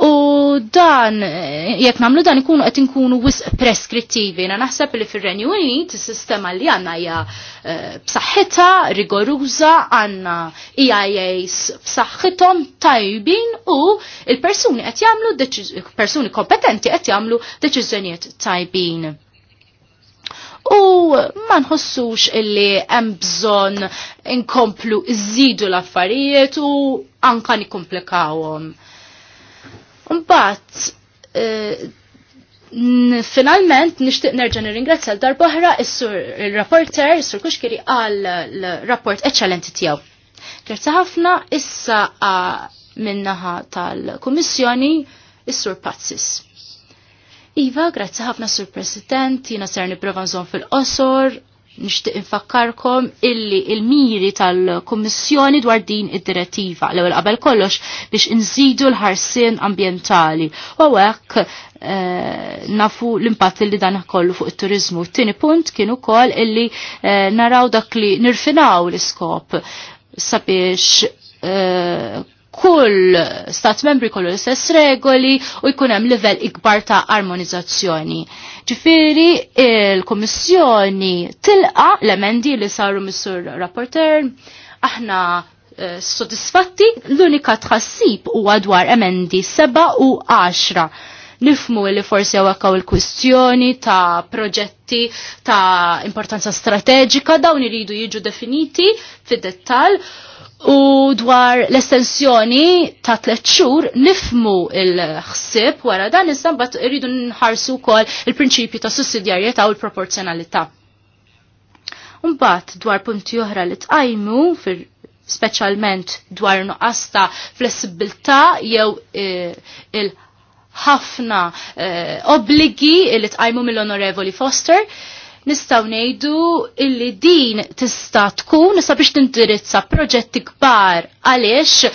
U dan, jekk namlu dan ikunu qed inkunu wisq preskrittivi. Na naħseb li fir-Renju Unit is-sistema li għandna hija eh, bsaħħita rigoruża, għandna EIAs b'saħħithom tajbin u il-persuni qed jagħmlu persuni kompetenti qed jagħmlu deċiżjonijiet tajbin. U ma nħossux illi hemm bżonn inkomplu iżidu l-affarijiet u anka nikkomplikawhom. Mbagħad eh, Finalment, nishtiq nerġan nirringrazzja l-darbohra, is sur il-rapporter, is sur kuxkiri għal l-rapport eċċalenti tijaw. Grazzi ħafna, issa minnaħa tal-Komissjoni, is sur Pazzis. Iva, grazzi ħafna sur President, jina ser niprofa fil-qosor, nixtieq infakkarkom illi il-miri tal-Kummissjoni dwar din id-direttiva l ewwel qabel kollox biex inżidu l-ħarsien ambjentali. U hekk eh, nafu l-impatt li dan kollu fuq it-turizmu. Tieni punt kien ukoll illi eh, naraw dak li nirfinaw l-iskop sabiex eh, kull stat membri kollu l-istess regoli u jkun hemm livell ikbar ta' armonizzazzjoni. Ġifiri il-Komissjoni tilqa l-emendi li saru missur rapporter, aħna eh, sodisfatti l-unika tħassib u għadwar emendi 7 u 10. Nifmu li forsi għawakaw il-kwistjoni ta' proġetti ta' importanza strategika dawn iridu jiġu definiti fid-dettal U dwar l-estensjoni ta' tlet xhur nifmu il-ħsieb wara dan iżda bat irridu nħarsu wkoll il-prinċipju ta' sussidjarjetà u l-proporzjonalità. Mbagħad dwar punti oħra li tqajmu fir speċjalment dwar nuqqas ta' flessibilità jew e, il-ħafna e, obbligi li tqajmu mill-Onorevoli Foster. Uh, nistaw nejdu illi din tista tkun sabiex tindirizza proġetti kbar għaliex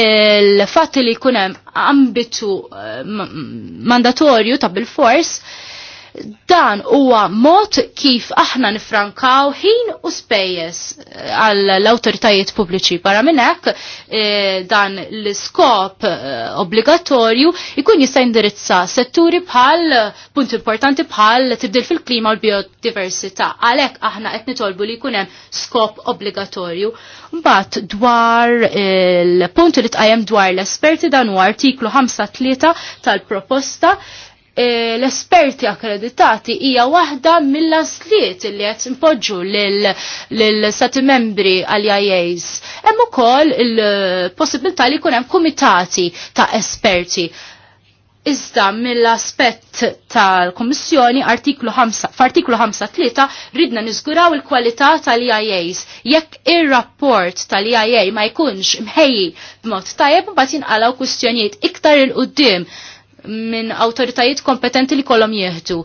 il-fat li kunem ambitu eh, mandatorju ta' bil-fors Dan huwa mod kif aħna nifrankaw ħin u spejjeż eh, għall awtoritajiet pubbliċi barra minn hekk eh, dan l-iskop eh, obbligatorju jkun jista' jindirizza setturi bħal punt importanti bħal tibdil fil-klima u l-biodiversità. Għalhekk aħna qed nitolbu li jkun hemm skop obbligatorju. Mbagħad dwar il-punt li tqajjem dwar l-esperti dan huwa artiklu 5 tal-proposta E, l-esperti akkreditati hija waħda mill-asliet li qed impoġġu lill-stati membri għal IAs. Hemm ukoll il-possibilità li jkun hemm kumitati ta' esperti. Iżda mill-aspett tal-Kommissjoni artiklu f'artiklu 5-3 ridna niżguraw il-kwalità tal-IAs. Jekk ir-rapport tal-IA ma jkunx mħejji b'mod tajjeb mbagħad jinqalgħu kwistjonijiet iktar il-qudiem minn autoritajiet kompetenti li kolom jieħdu.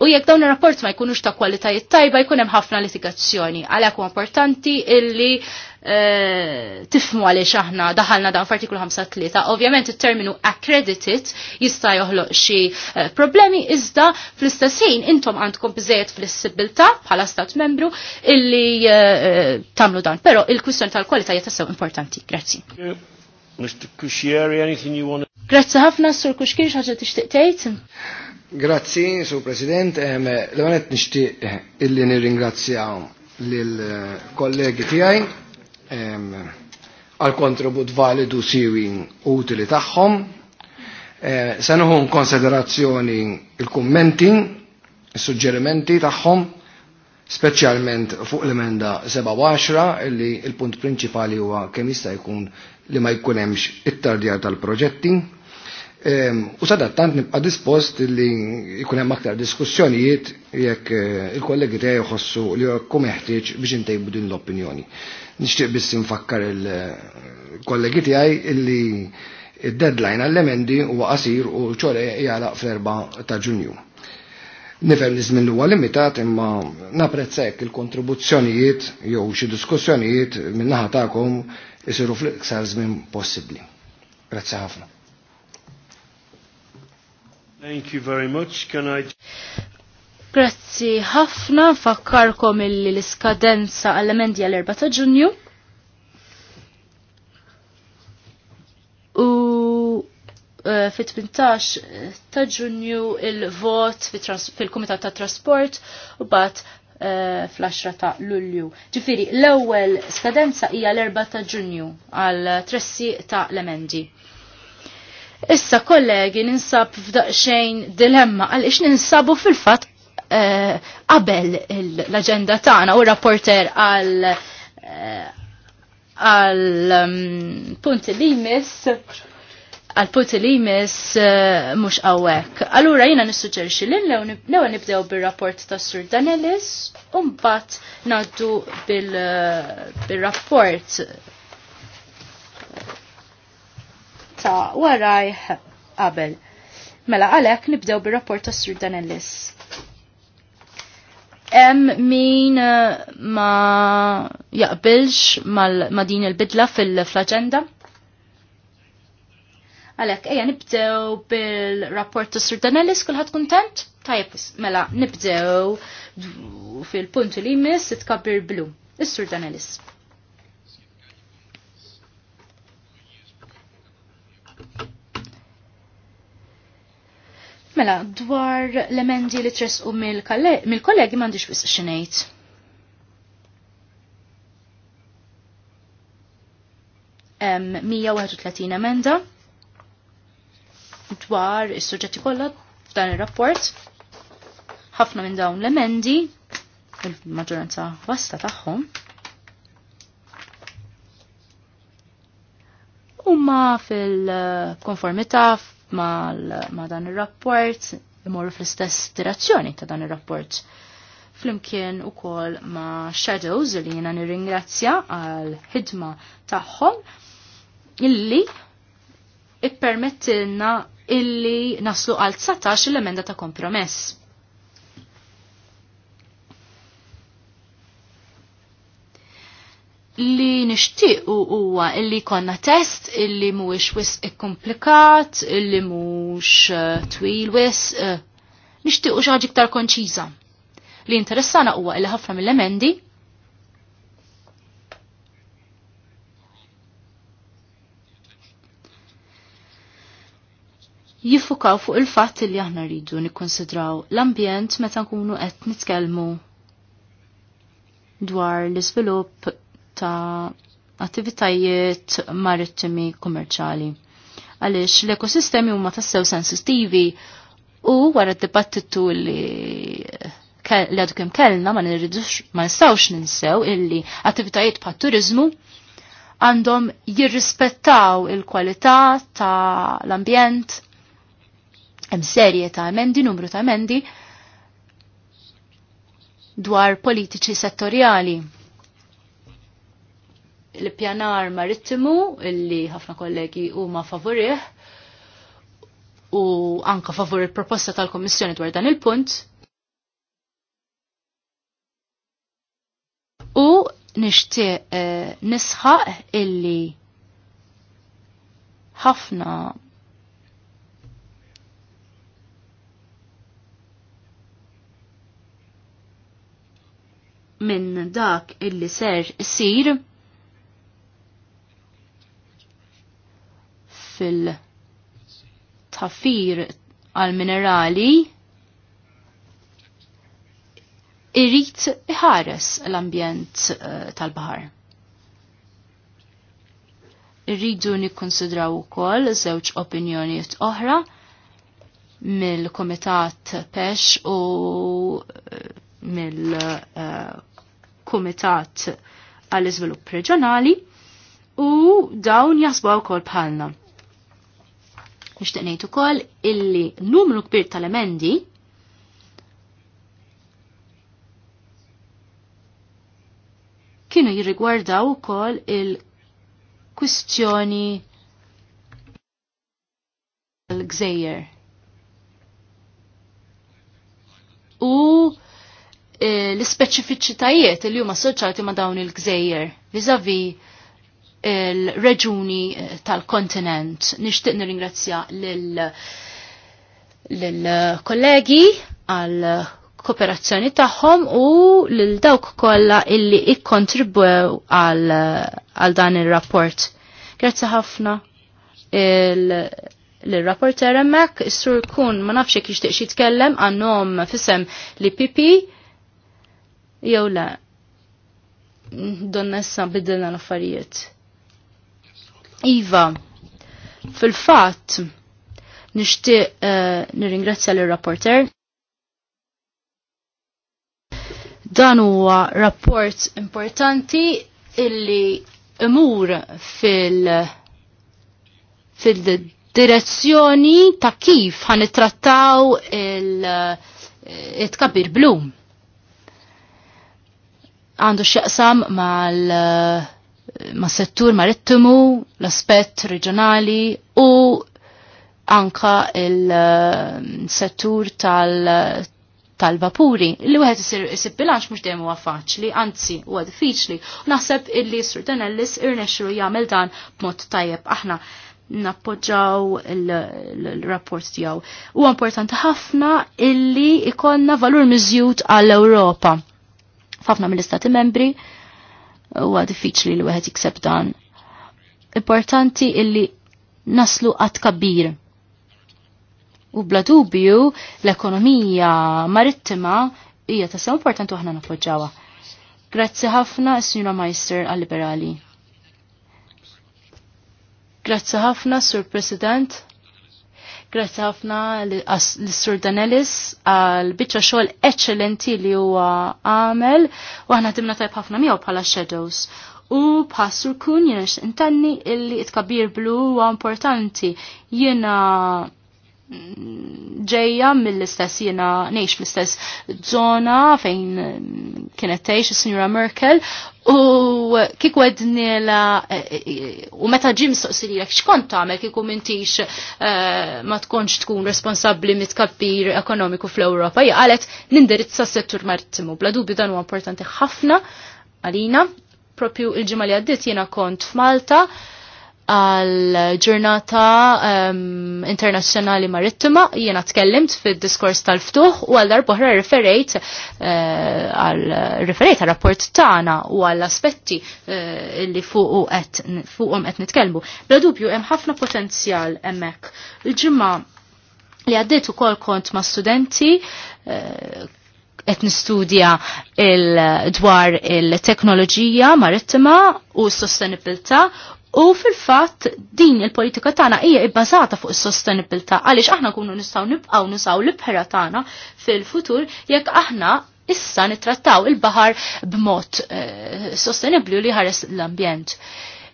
U jekk dawn ir-rapport ma jkunux ta' kwalitajiet tajba jkun hemm ħafna litigazzjoni. Għalhekk huwa importanti illi eh, tifmu għaliex aħna daħalna dan f'artiklu 53. Ovvjament it-terminu accredited jista' joħloq xi eh, problemi iżda fl-istess ħin intom għandkom biżejjed flessibilità bħala stat membru illi tamlu eh, tagħmlu dan. Però il-kwistjoni tal-kwalità tassew importanti. Grazzi. Mr. Cushier, anything you want Grazzi ħafna, Sur Kuxkir, ħaġa tixtieq tgħid. Grazzi, Sur President. L-għanet nixtieq eh, illi nir-ringrazzjaw lill-kollegi eh, tiegħi għal kontribut validu siwi utili tagħhom. Eh, Sanuħu konsiderazzjoni il-kummenti, il-suġġerimenti tagħhom, speċjalment fuq l-emenda 7 illi il-punt prinċipali huwa kemm jista' jkun li ma jkunemx it-tardjar tal-proġetti Ehm, u sadat tant nibqa dispost li jkun hemm aktar diskussjonijiet jekk eh, il-kollegi tiegħi jħossu li jekkum meħtieġ biex intejbu din l-opinjoni. Nixtieq biss infakkar il-kollegi tiegħi illi id-deadline għall-emendi huwa qasir u ċore jgħalaq fl-4 ta' Ġunju. Nifem li żmien huwa limitat imma napprezza hekk il-kontribuzzjonijiet jew xi diskussjonijiet min-naħa tagħkom isiru fl iktar żmien possibbli. Grazzi ħafna. Thank you very much. Can I... Grazzi ħafna fakkarkom illi l-iskadenza għall emendja l 4 ta' ġunju. Eh, fit-18 eh, ta' ġunju il-vot fil-Kumitat ta' Trasport u bat eh, fl-10 ta' Lulju. Ġifiri, l-ewwel skadenza hija l-4 ta' ġunju għal tressi ta' l-emendi. Issa kollegi ninsab f'daqxejn dilemma għaliex ninsabu fil-fatt eh, qabel l-agenda tagħna u rapporter għal eh, għal mm, punti li jmiss għal punti li jmiss eh, mhux hawnhekk. Allura jiena nissuġġerixxi lil lew nibdew bir-rapport ta' Sur Danelis u mbagħad ngħaddu bil-rapport ta' waraj qabel. Mela għalek nibdew bir-rapport ta' Sir Danellis. Em min eh, ma jaqbilx ma din il-bidla fil-agenda? Għalek, eja nibdew bil-rapport ta' Sir Danellis, kullħat kontent? Tajib, mela nibdew fil-punt li jmiss it kabir blu. Is-Sur Danellis. Mela, dwar l-emendi li u mill-kollegi m'għandix wis xinejt. Um, 131 emenda dwar is-suġġetti kollha f'dan ir-rapport. Ħafna minn dawn l-emendi, il-maġġoranza vasta tagħhom, huma fil-konformità ma' dan il-rapport, imorru fl-istess direzzjoni ta' dan il-rapport. Flimkien u kol ma' Shadows li nir nirringrazzja għal ħidma tagħhom illi ippermettilna illi naslu għal 19 l-emenda ta' kompromess. li nishtiq u huwa illi konna test illi mhuwiex wis ikkomplikat, illi mhux eh, twil wis eh, nishtiq u xaġi iktar konċiża. Li interessana huwa illi ħafna mill-emendi jiffukaw fuq il-fatt li aħna rridu nikkonsidraw l-ambjent meta nkunu qed nitkellmu dwar l-iżvilupp ta' attivitajiet marittimi kummerċali. Għalix l-ekosistemi huma tassew sensittivi u wara d-dibattitu li li għadu kem kellna ma nirridux ma nistawx ninsew illi attivitajiet pa' turizmu għandhom jirrispettaw il-kwalità ta' l-ambjent, hemm serje ta' emendi, numru ta' emendi dwar politiċi settorjali l-pjanar marittimu illi ħafna kollegi huma favorih u anka favur il-proposta tal-Kommissjoni dwar dan il-punt. U nixtieq uh, nisħaq illi ħafna minn dak illi ser isir fil-tafir għal-minerali irrit iħares l-ambjent eh, tal-bahar. Irridu nikkonsidraw ukoll żewġ opinjonijiet oħra mill-Kumitat Pesh u eh, mill-Kumitat eh, għall-Iżvilupp Reġjonali u dawn jasbaw kol bħalna. Nixtieq ngħid ukoll illi numru kbir tal-emendi kienu jirrigwardaw ukoll il-kwistjoni l-gżejjer. U eh, l-speċifiċitajiet li huma assoċjati ma' dawn il-gżejjer viżavi il-reġuni eh, tal-kontinent. Nishtiq nirringrazzja lill-kollegi eh, għal kooperazzjoni tagħhom u lil dawk kollha illi ikkontribwew għal dan ir-rapport. Grazzi ħafna l-rapporter hemmhekk is-sur kun ma nafx jekk jixtieq jitkellem għandhom fisem li pipi jew le. Donnessa bidilna l-affarijiet. Iva, fil-fat, nishti uh, nirringrazzja l-rapporter. Dan huwa rapport importanti illi imur fil fil-direzzjoni ta' kif ħan trattaw il-tkabir il blu. Għandu xieqsam mal uh, ma' settur marittimu, l-aspett reġjonali u anka il-settur tal- tal-vapuri. Li wieħed isib bilanċ mhux dejjem huwa faċli, anzi huwa diffiċli. U naħseb illi Sur Danellis irnexru jagħmel dan b'mod tajjeb aħna nappoġġaw il-rapport tiegħu. Huwa importanti ħafna illi ikollna valur miżjud għall-Ewropa. Ħafna mill-Istati membri huwa diffiċli li wieħed jikseb dan. Importanti illi naslu għat kabbir. U bla dubju l-ekonomija marittima hija tassew importanti aħna nappoġġawha. Grazzi ħafna s-Sinjura Majster għal-Liberali. Grazzi ħafna, Sur President. Grazzi ħafna l-Sur Danelis għal biċċa xogħol eċċellenti li huwa għamel u aħna timna tajb ħafna miegħu bħala Shadows. U bħassur kun jiena intanni illi it-kabir blu huwa importanti. Jiena ġejja mill-istess jena neħx fl-istess zona fejn mm, kienet tgħix is-Sinjura Merkel u kik la e, e, e, u meta ġim soqsililek x'kont tagħmel kieku mintix ma tkunx tkun responsabbli mit-kabbir ekonomiku fl-Ewropa hija qalet nindirizza s-settur marittimu bla dubi dan huwa importanti ħafna għalina propju il-ġimgħa li għaddiet jiena kont f'Malta għal ġurnata um, ehm, internazzjonali marittima, jiena tkellimt fid diskors tal-ftuħ u għal darbohra referejt uh, għal referejt għal rapport tagħna u għal aspetti uh, li fuq qed nitkellmu. Bla dubju hemm ħafna potenzjal hemmhekk. Il-ġimgħa li għaddiet ukoll kont ma' studenti uh, qed nistudja il dwar il-teknoloġija marittima u s-sostenibilità U fil-fatt din il-politika tagħna hija bbażata fuq is-sostenibilità għaliex aħna kunu nistgħu nibqgħu nisaw l-ibħra tagħna fil-futur jekk aħna issa nittrattaw il-baħar b'mod eh, sostenibbli sostenibli li ħares l-ambjent.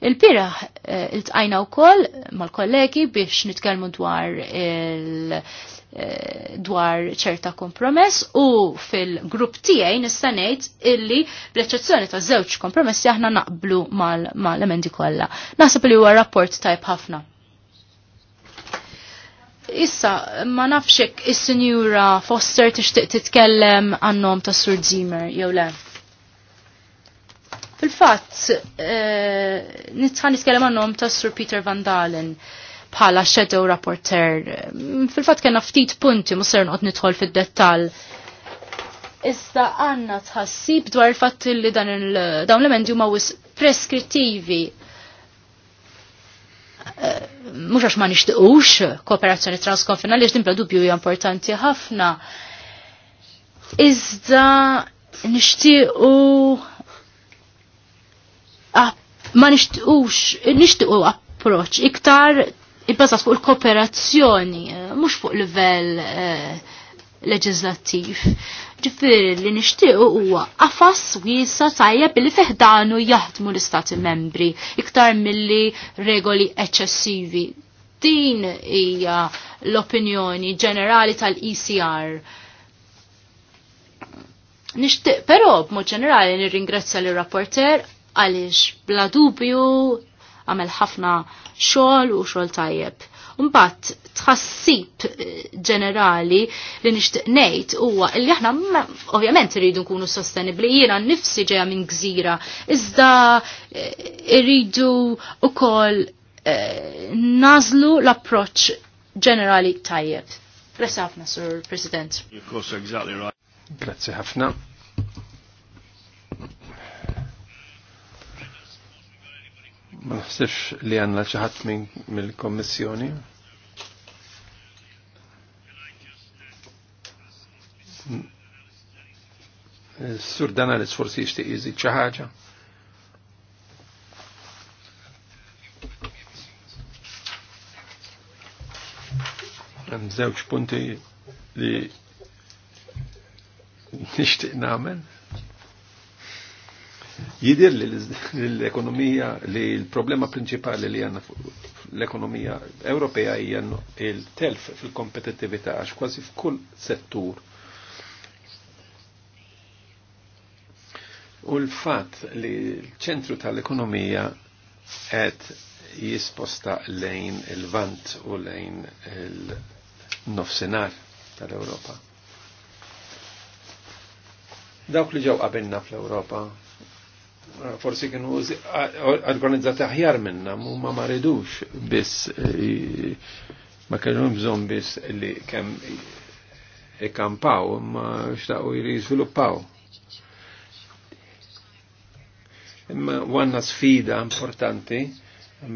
Il-bira eh, il-tqajna wkoll mal-kollegi biex nitkellmu dwar il- Eh, dwar ċerta kompromess u fil-grupp tiegħi nista' ngħid illi bl-eċċezzjoni ta' żewġ kompromess aħna naqblu mal emendi kollha. Naħseb li huwa rapport tajb ħafna. Issa, ma nafxek is-sinjura Foster tixtieq titkellem għannom ta' Sur Zimmer jew le. Fil-fatt, e, nitħan nitkellem għannom ta' Sur Peter Van Dalen bħala shadow rapporteur. Mm, fil-fat kena ftit punti, musser nqot nidħol fil-dettal. Iżda għanna tħassib dwar il fat li dan dawn l-emendi huma wis preskrittivi. Eh, mhux għax ma nixtiqux kooperazzjoni transkonfinali għax dimpla dubju hija importanti ħafna. Iżda nixtiequ ma nixtiqux, nixtiqu approċ iktar ibbażat fuq il-kooperazzjoni, eh, mhux fuq livell eh, leġislattiv. Ġifieri li nixtiequ huwa afas wiesa tajjeb billi feħdanu jaħdmu l-istati membri iktar milli regoli eċċessivi. Din hija l-opinjoni ġenerali tal-ECR. Nixtieq però b'mod ġenerali nirringrazzja l-rapporter għaliex bla dubju għamel ħafna xogħol u xogħol tajjeb. Mbatt, tħassib eh, ġenerali li nixtieq ngħid huwa li aħna ovvjament rridu nkunu sostenibbli. Jiena nnifsi ġejja minn gżira, iżda eh, rridu wkoll eh, nażlu l-approċċ ġenerali tajjeb. Grazie ħafna, Sur President. Of course, exactly right. Grazie ħafna. Ma ħsibx li għanna ċaħat minn mill-kommissjoni. Sur dan għal sforsi jishtiq jizid ċaħġa. Għem zewċ punti li nishtiq namen. Jidir li l-ekonomija li l-problema prinċipali li għanna l-ekonomija Ewropea hija il-telf fil-kompetittività għax kważi f'kull settur. U l-fat li l-ċentru tal-ekonomija qed jisposta lejn il-vant u lejn il-nofsenar tal-Ewropa. Dawk li ġew qabelna fl-Ewropa forsi kienu organizzati aħjar minna, mu ma maridux biss eh, ma kienu bżon biss li kem ikampaw, ma xtaqu li jizviluppaw. Imma għanna sfida importanti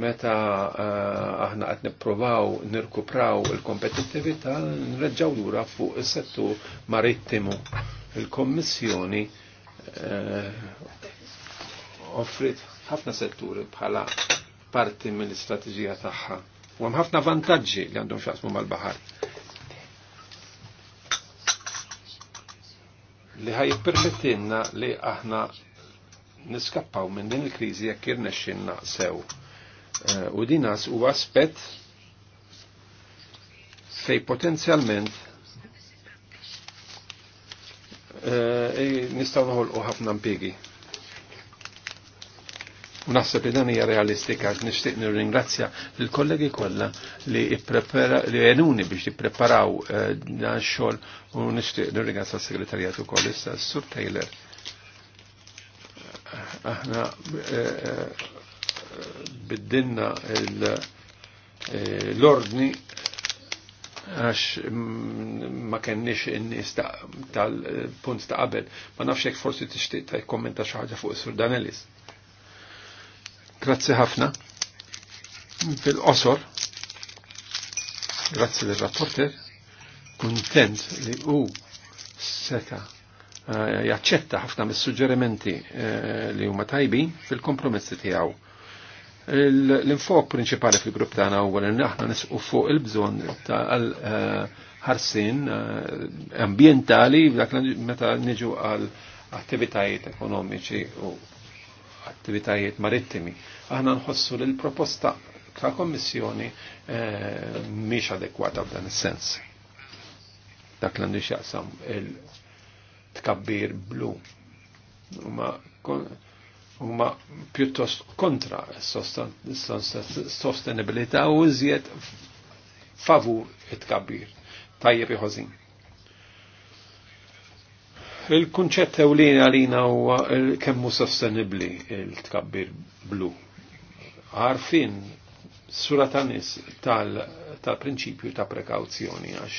meta eh, aħna għat niprovaw, nirkupraw il kompetitivita nreġaw l-ura fuq il-settu marittimu. Il-Kommissjoni eh, offrit ħafna setturi bħala parti mill-istrateġija tagħha. U hemm ħafna vantaġġi li għandhom xaqsmu mal-baħar. Li ħaj permettinna li aħna niskappaw minn din il-kriżi jekk irnexxinna sew. Eh, u dinas huwa aspett fej potenzjalment eh, e nistaw naħolqu ħafna mpiegi. U naħseb li dan hija realistika għax nixtieq nirringrazzja lill-kollegi kollha li li għenuni biex jippreparaw eh, dan xogħol u nixtieq nirringrazzja s-segretarjat ukoll issa Sur Taylor. Aħna eh, eh, biddinna l-ordni għax mm, ma kenniex in-nies tal-punt ta' qabel. Ma nafx hekk forsi tixtieq ta' jkommenta xi ħaġa fuq is Sur Danelis. Grazzi ħafna. Fil-qosor, grazzi l-rapporter, kontent li u seta eh, jaċċetta ħafna mis-suġġerimenti eh, li huma tajbin fil-kompromessi tiegħu. L-infok prinċipali fil-grupp tagħna huwa li aħna nisqu fuq il-bżonn tal eh, ħarsin ambientali dak meta niġu għal attivitajiet ekonomiċi u attivitajiet marittimi. Aħna nħossu li l-proposta ta' kommissjoni eh, mhix adekwata f'dan is-sens. Dak l għandu jaqsam il-tkabbir blu. Huma pjuttost kontra s-sostenibilità u iżjed favur it-tkabbir. Tajjeb iħożin. Il-kunċett ewlien għalina huwa kemmu sostenibli il-tkabbir blu. Għarfin suratanis tal-prinċipju ta' prekawzjoni għax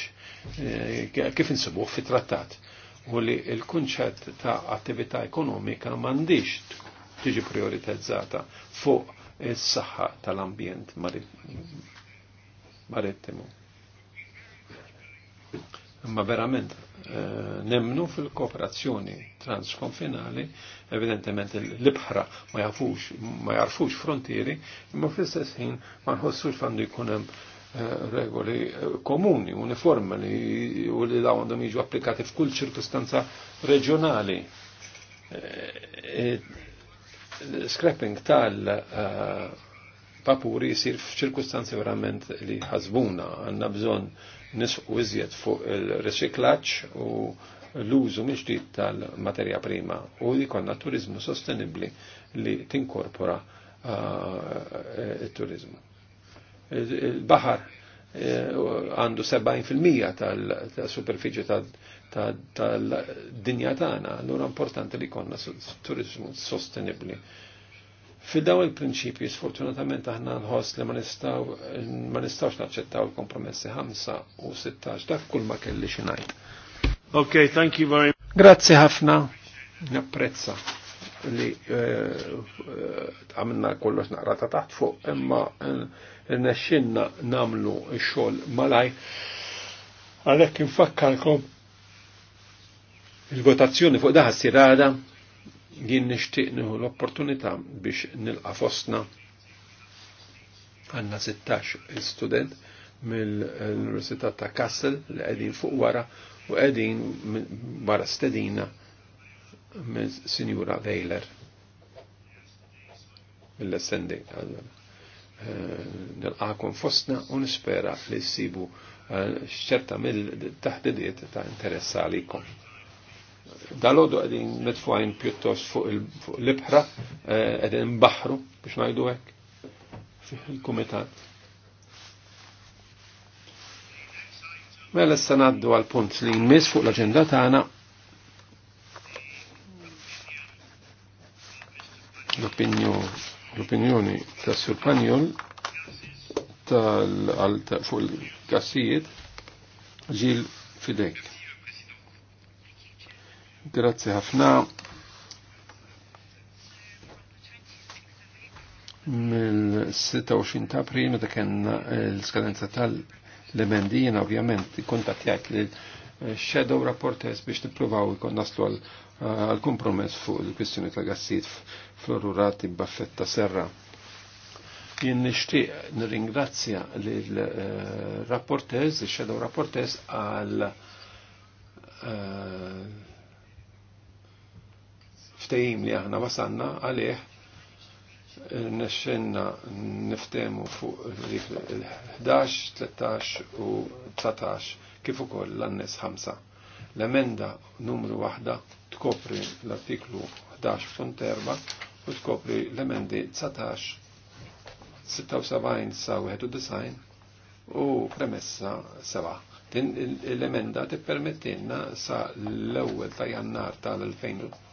eh, kif insibuh fit-trattat u li il-kunċett ta' attività ekonomika mandiġ tiġi prioritizzata fuq is-saħħa tal-ambjent marittimu. Imma verament Eh, nemnu fil-kooperazzjoni transkonfinali, evidentement l-ibħra ma jafux, ma jarfux frontieri, imma fl-istess ħin ma nħossux fandu jkunem eh, regoli eh, komuni, uniformi u li daw għandhom jiġu applikati f'kull ċirkustanza reġjonali. Scrapping tal papuri jisir f'ċirkustanzi verament li ħazbuna, għanna bżon nisqu iżjed fuq il reċiklaċ u l-użu miġdid tal-materja prima u li jkollna turizmu sostenibbli li tinkorpora eh, il-turizmu. Il-baħar eh, għandu 70% tal-superfiċi tal-dinja tagħna, allura importanti li jkollna turizmu sostenibbli Fidaw il-prinċipji, sfortunatament aħna nħoss li ma nistawx naċċettaw il-kompromessi 5 u 16, dak kull ma kelli xinajt. Ok, thank you very much. Grazie ħafna, napprezza li eh, eh, għamilna kollox naqrata taħt fuq, imma eh, nesċinna namlu xol malaj. Għalek infakkalkom il-votazzjoni fuq daħas sirada jien nixtieq nieħu l-opportunità biex nilqa' fostna għanna 16 student mill-Università ta' Kassel li qegħdin fuq wara u qegħdin wara stedina minn Sinjura Weiler mill-SND. Eh, nilqakom fostna u nispera li s-sibu eh, xċerta mill-taħdidiet ta' interessa għalikom. Dal-ħodu għedin netfajn pjuttost fuq l-ibħra, eh, għedin mbaħru biex najdu għek il-komitat. Mela issa naddu għal punt li jmiss fuq l-aġenda tagħna. L-opinjoni ta' Sur Panjol tal fuq il-gassijiet ġil fidek. Grazzi ħafna. Mill-26 ta' april meta kena l-skadenza tal-lemendijin ovvjament ikkuntattjat lil eh, shadow rapportes biex nippruvaw ikon naslu eh, għal kompromess fuq il-kwistjoni tal gassit florurati baffetta serra. Jien nixtieq nirringrazzja lil eh, rapportez il-shadow rapportez għal il li aħna wasanna għalih nesċenna niftemu fuq il-11, 13 u 19 kif ukoll l-annes 5. L-emenda numru waħda tkopri l-artiklu 11.4 u tkopri l-emendi 19, 76 sa 91 u premessa 7. l-emenda tippermettilna sa l ewel ta' jannar tal-2000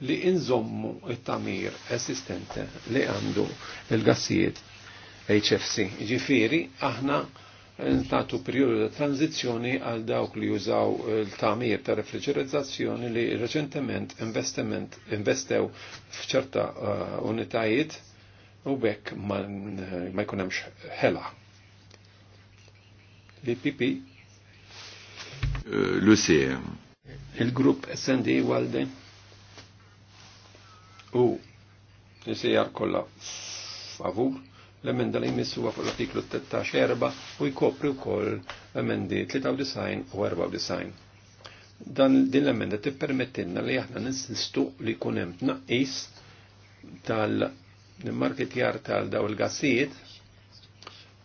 li inżommu it-tamir esistente li għandu il-gassijiet HFC. Ġifiri, aħna n-tatu periodu ta' tranzizzjoni għal dawk li jużaw il-tamir ta' refrigerizzazzjoni li reċentement investiment investew f'ċerta uh, unitajiet u bekk ma jkun hemmx ħela. L-PP. Uh, L-UCR e il-grupp SND Walde u nisijar kolla favur l-emenda li jmissu fuq l-artiklu 13 u jkopri wkoll emendi 93 u 94. Dan din l-emenda tippermettilna li aħna ninsistu li jkun hemm tnaqqis tal-marketjar tal daw il-gassijiet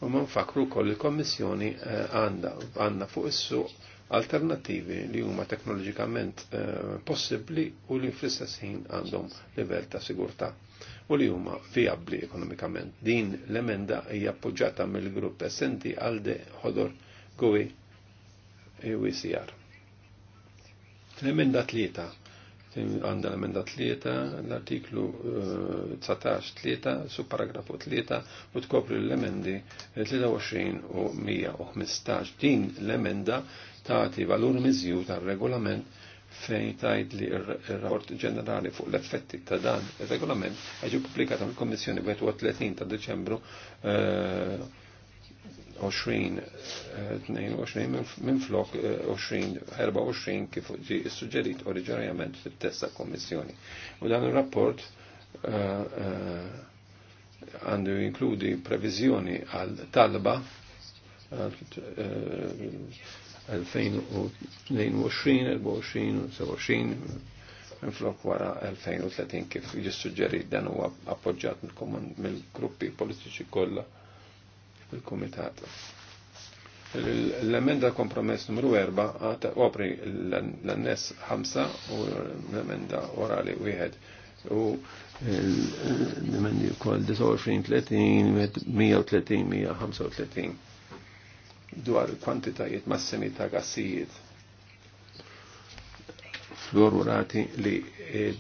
u ma nfakru wkoll il-Kommissjoni eh, għandna fuq is-suq alternativi li huma teknoloġikament eh, possibbli u li fl-istess ħin għandhom livell ta' sigurtà u li huma viabbli ekonomikament. Din l-emenda hija appoġġata mill-grupp Essenti Alde Hodor Gui e UCR. E l-emenda tlieta għanda l-emenda tlieta, l-artiklu 19 eh, tlieta, subparagrafu tlieta, u tkopri l-emendi 23 eh, u 115. Din l-emenda Tati valur miżju ta' regolament fejn tajt li il-rapport ġenerali fuq l-effetti ta' dan il-regolament għagġu publikat mill kommissjoni 30 ta' Deċembru 2022 eh, eh, minn flok 2024 eh, kif ġi suġġerit oriġinarjament fit-testa kommissjoni. U dan il-rapport għandu inkludi previżjoni għal talba 2022-2027 minn wara 2030 kif jissuġġeri dan huwa appoġġjat mill-gruppi politiċi kollha fil-kumitat. L-emenda kompromess numru 4 għata opri l-annes 5 u l-emenda orali 1 u l-emendi kol 29, 30, 130, 135 dwar kwantitajiet massimi ta' gassijiet fluorurati li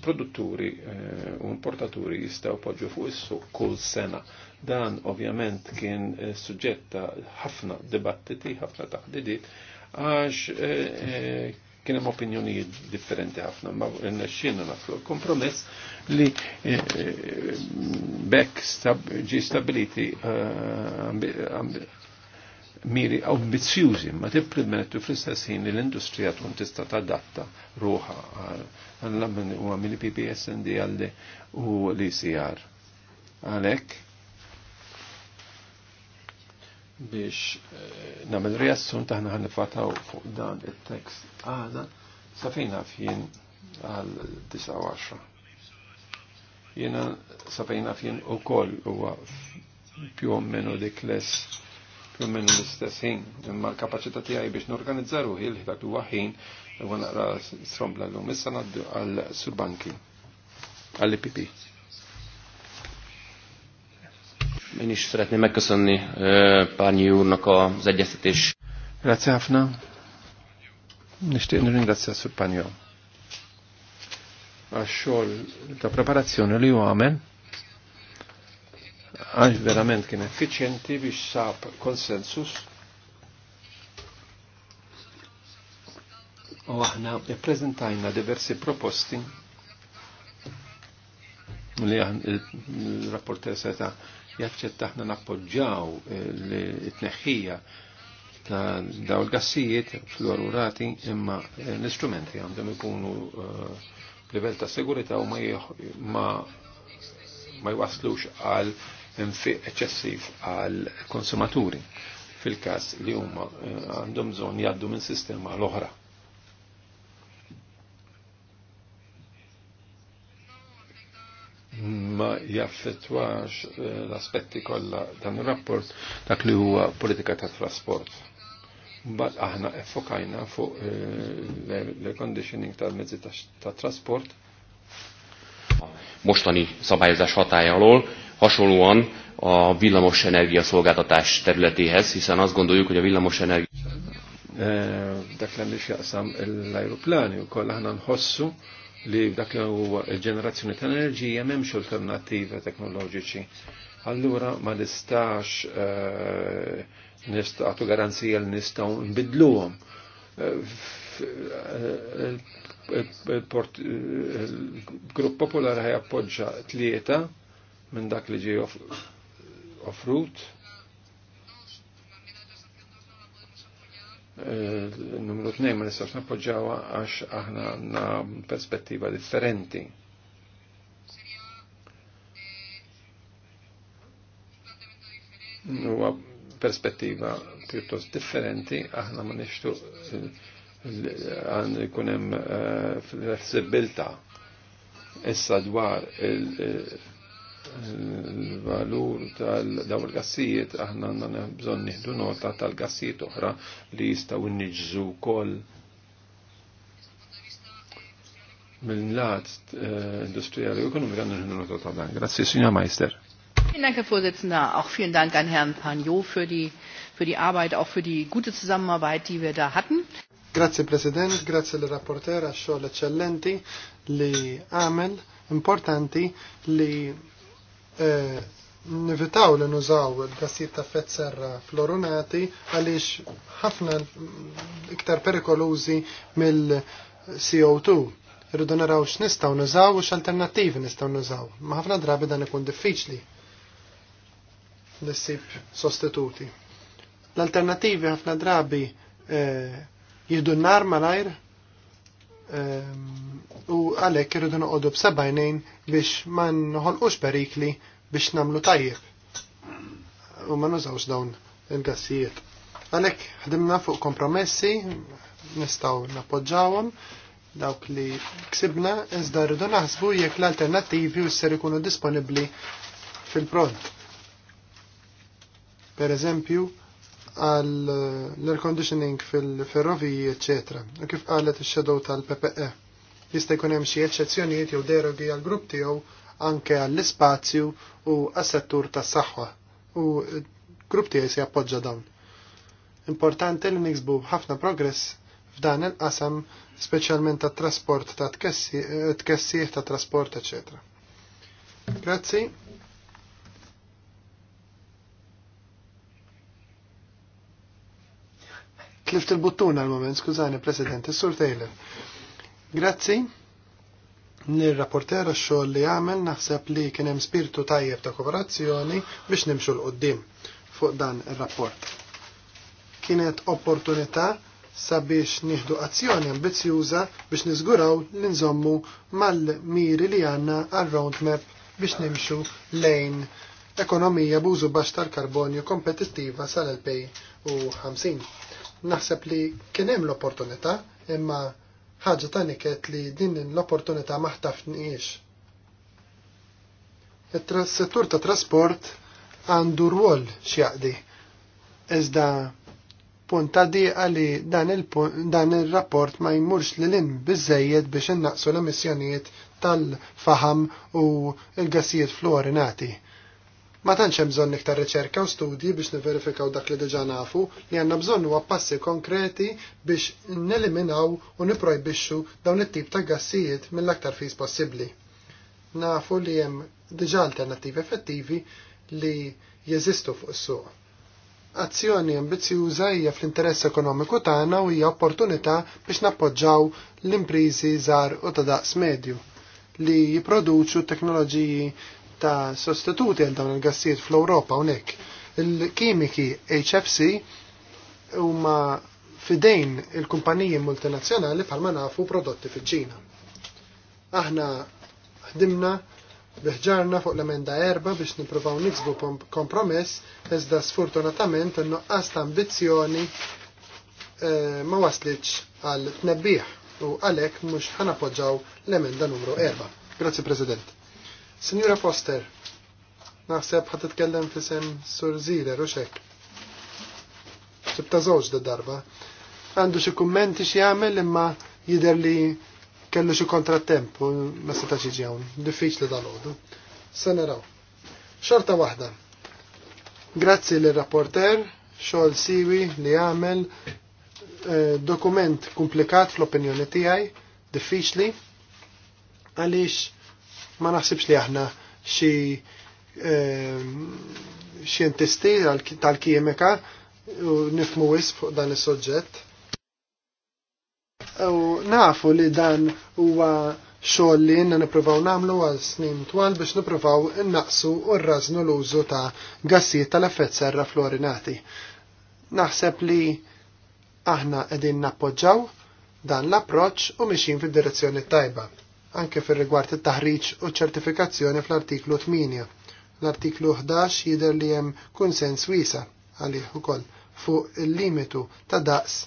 produtturi eh, u importaturi jistaw poġġu fuq issu kull sena. Dan ovvjament kien eh, suġġetta ħafna dibattiti, ħafna taħdidiet, għax eh, kien hemm opinjonijiet differenti ħafna, ma rnexxielna naflu kompromess li bekk ġi stabiliti miri ambizjużi, ma tipprimettu fl-istess ħin li l-industrija tkun tista' tadatta ruħa għal huwa mill PPSND għalli u l-ICR. Għalhekk biex eh, nagħmel reazzjon taħna ħanifataw fuq dan it-tekst għada sa fejn fien għal 19. Jiena sa fejn fien ukoll huwa più o meno dik l-ess più minn l-istess ħin, imma l-kapacità tiegħi biex norganizzaru ħil dak huwa ħin u naqra strombla llum. Issa ngħaddu għal Surbanki għall-IPP. Minix is szeretném megköszönni Pányi úrnak az egyeztetés. Grazie ħafna. Nishtiq nirringrazzja sur Pányi għax xogħol ta' preparazzjoni li għamel għax verament kien effiċjenti biex sab konsensus u aħna prezentajna diversi proposti li il-rapporter seta jaċċetta aħna nappoġġaw l neħħija ta' daw l gassijiet fluorurati imma l-istrumenti għandhom ikunu eh, livell ta' sigurita u ma ma jwaslux għal infiq eċessiv għal konsumaturi fil-kas li huma eh, għandhom bżonn jgħaddu minn sistema l-oħra. ma jaffettwax eh, l-aspetti kollha dan ir-rapport dak li huwa politika ta' trasport. Mbagħad aħna effokajna fuq eh, l-conditioning tal-mezzi ta' trasport. Mostani szabályozás hatája alól hasonlóan a villamos energia szolgáltatás területéhez, hiszen azt gondoljuk, hogy a villamos energia... Eh, dak li xjaqsam l-aeroplani u koll aħna nħossu li dak li huwa ġenerazzjoni ta' enerġija m'hemmx alternativa teknoloġiċi. Allura ma nistax eh, għatu garanzija li nistgħu nbidluhom eh, il-Grupp Popolari ħajappoġġa tlieta minn dak li ġej offrut. Eh, numru 2 ma nistax nappoġġawha għax aħna għandna perspettiva differenti. Huwa perspettiva pjuttost differenti, aħna ma nixtu għan eh, hemm eh, flessibilta issa dwar il- il-valur tal-daw il-gassijiet aħna għanna bżon nieħdu nota tal-gassijiet uħra li jistaw niġżu kol mill-lat eh, industrijali u ekonomika nħinu nota ta' dan. Grazie, signor Meister. Vielen Dank, Herr Vorsitzender. Auch vielen Dank an Herrn Pagno für die, für die Arbeit, auch für die gute Zusammenarbeit, die wir da hatten. Grazie President, grazie l rapporteur, a xogħol eċċellenti li Amel, importanti li E, nivitaw li nużaw il-gassijiet ta' fett serra florunati għaliex ħafna iktar perikolużi mill-CO2. Irridu naraw x'nistgħu nużaw u x'alternattivi nistgħu nużaw. Ma ħafna drabi dan ikun diffiċli li ssib sostituti. L-alternattivi ħafna drabi e, jihdu n-nar malajr e, u għalhekk irridu noqogħdu b'sebajnejn biex ma nħolqux perikli biex namlu tajjeb u ma nużawx dawn il-gassijiet. Għalek ħdimna fuq kompromessi, nistaw napoġġawhom dawk li ksibna, iżda rridu naħsbu jekk l-alternattivi u ser ikunu disponibbli fil-pront. Per eżempju, l-air conditioning fil-ferroviji, eccetera, u kif qalet ix xedow tal-PPE. Jista' jkun hemm xi eċċezzjonijiet jew derogi għal grupp tiegħu anke għall-ispazju u għas-settur tas-saħħa u grupp tiegħi se jappoġġa dawn. Importanti li niksbu ħafna progress f'dan il-qasam speċjalment tat trasport ta' tkessi eh, ta' trasport, ecc. Grazzi. Tlift il-buttuna għal-moment, skużani, President, Sur Taylor. Grazzi nir-rapporter xogħol li għamel naħseb li kien hemm spirtu tajjeb ta' kooperazzjoni biex nimxu l qudiem fuq dan ir-rapport. Kienet opportunità sabiex nieħdu azzjoni ambizzjuża biex niżguraw li nżommu mal-miri li għandna għal roadmap biex nimxu lejn ekonomija b'użu baxx tal-karbonju kompetittiva sal-2050. Naħseb li kien hemm l-opportunità imma ħaġa ta' niket li din l-opportunità maħtafniex. Il-settur ta' trasport għandu rwol xjaqdi. Iżda punta di li dan il-rapport ma jmurx li l-in bizzejjed biex innaqsu l-emissjonijiet tal-faham u il-gassijiet fluorinati Ma tantx hemm bżonn iktar riċerka u studji biex niverifikaw dak li diġà nafu li għandna bżonn huwa passi konkreti biex neliminaw u niprojbixxu dawn it-tip ta' gassijiet mill-aktar fis possibbli. Nafu li hemm diġà alternattivi effettivi li jeżistu fuq is-suq. Azzjoni ambizjuża hija fl-interess ekonomiku tagħna u hija opportunità biex nappoġġaw l-imprizi żgħar u ta' daqs medju li jipproduċu teknoloġiji ta' sostituti għal dawn il-gassijiet fl-Ewropa unek. Il-kimiki HFC huma fidejn il-kumpaniji multinazzjonali bħalma nafu prodotti fiċ-Ċina. Aħna ħdimna biħġarna fuq l-emenda erba biex nipruvaw nixbu kompromess, iżda sfortunatament n-nuqqas ta' ambizzjoni eh, ma waslitx għal tnebbiħ u għalek mux ħanapoġġaw l-emenda numru 4. Grazie President. Signora Foster, naħseb ħat titkellem fisem Sur Zile, ruxek. Sibta zoġ da darba. Għandu xie kummenti xie għamil imma jider li kellu xie kontrattempu ma seta ċiġi għawn. Diffiċ li dal-ħodu. Sanaraw. Xorta wahda. Grazzi li rapporter xol siwi li għamel eh, dokument komplikat fl-opinjoni tijaj, diffiċli, għalix ma naħsibx li aħna xi ehm, xjentisti tal-kimika u nifmu wis fuq dan is-soġġett. U nafu li dan huwa xogħol li jenna nippruvaw nagħmlu għal snin twal biex nippruvaw innaqsu u rrażnu l-użu ta' gassijiet tal-effett serra florinati. Naħseb li aħna qegħdin nappoġġaw dan l-approċċ u mixin fid-direzzjoni tajba anke fir rigward it-taħriġ u ċertifikazzjoni fl-artiklu 8. L-artiklu 11 jidher li hemm kunsens wiesa għalih ukoll fuq il-limitu ta' daqs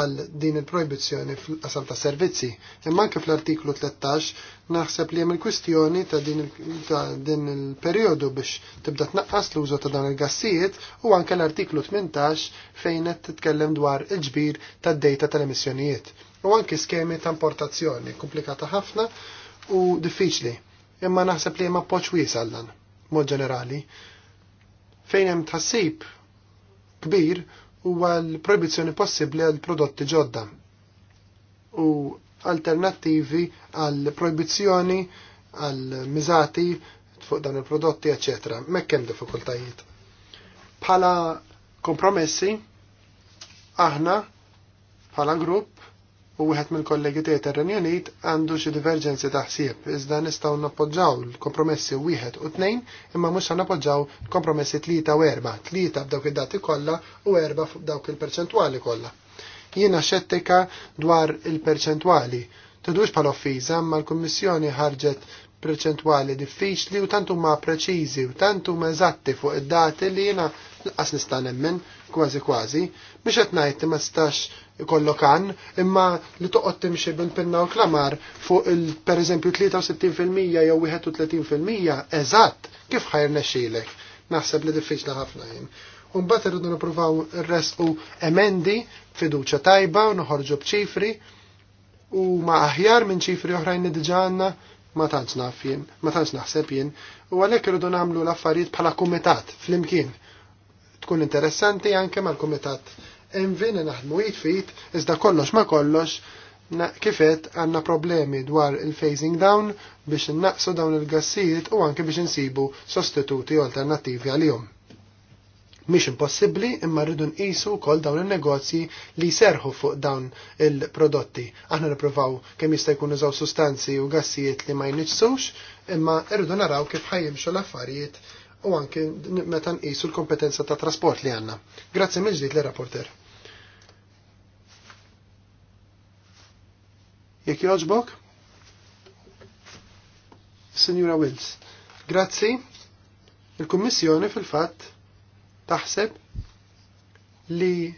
għal din il-proibizzjoni fl-qasam ta' servizzi. Imma anke fl-artiklu 13 naħseb li hemm il-kwistjoni ta' din il-perjodu biex tibda tnaqqas l-użu ta' dan il-gassijiet u anke l-artiklu 18 fejn qed titkellem dwar il-ġbir tad-dejta tal-emissjonijiet u anki skemi ta' importazzjoni komplikata ħafna u diffiċli. Imma naħseb li hemm poċ wiesal dan, mod ġenerali. Fejn hemm tħassib kbir huwa l-proibizzjoni possibbli għal prodotti ġodda u alternattivi għal proibizzjoni għal miżati fuq dan il-prodotti, eccetera. Mekk hemm diffikultajiet. Bħala kompromessi, aħna bħala grupp u wieħed mill-kollegi tiegħi tar-Renju Unit għandu xi diverġenzi taħsieb iżda nistgħu nappoġġaw l-kompromessi wieħed u tnejn imma mhux nappoġġaw kompromessi tlieta u erba', tlieta f'dawk id-dati kollha u erba' f'dawk il-perċentwali kollha. Jiena xettika dwar il-perċentwali. Tidux bħal offiża imma l-Kummissjoni ħarġet perċentwali diffiċli u tant huma preċiżi u tant huma eżatti fuq id-dati li jiena laqas nista' nemmen kważi kważi biex qed ngħid ma stax kollokan, imma li toqgħod timxie bil-pinna u klamar fuq il pereżempju 63% jew 31% eżatt kif ħajr nexilek? Naħseb li diffiċli ħafna jien. Umbat irridu nipruvaw u emendi, fiduċa tajba, u noħorġu bċifri, u ma aħjar minn ċifri oħrajn li diġa għanna ma tantx naf jien, ma tantx naħseb jien, u għalhekk irridu nagħmlu l-affarijiet bħala kumitat flimkien. Tkun interessanti anke mal-kumitat envin naħdmu jitfit, iżda kollox ma kollox, kifet għanna problemi dwar il-phasing down biex naqsu dawn il-gassijiet u anke biex nsibu sostituti alternativi għal-jom. Mhix impossibbli imma rridu nqisu wkoll dawn in-negozji li serħu fuq dawn il-prodotti. Aħna nippruvaw kemm jista' jkun użaw sustanzi u gassijiet li ma jniġsux, imma rridu naraw kif ħajjimxu l-affarijiet u anke meta nqisu l-kompetenza ta' trasport li għandna. Grazzi mill ġdid l-rapporter. Jekk jogħġbok? Signora Wills. Grazzi. Il-Kummissjoni fil-fatt taħseb li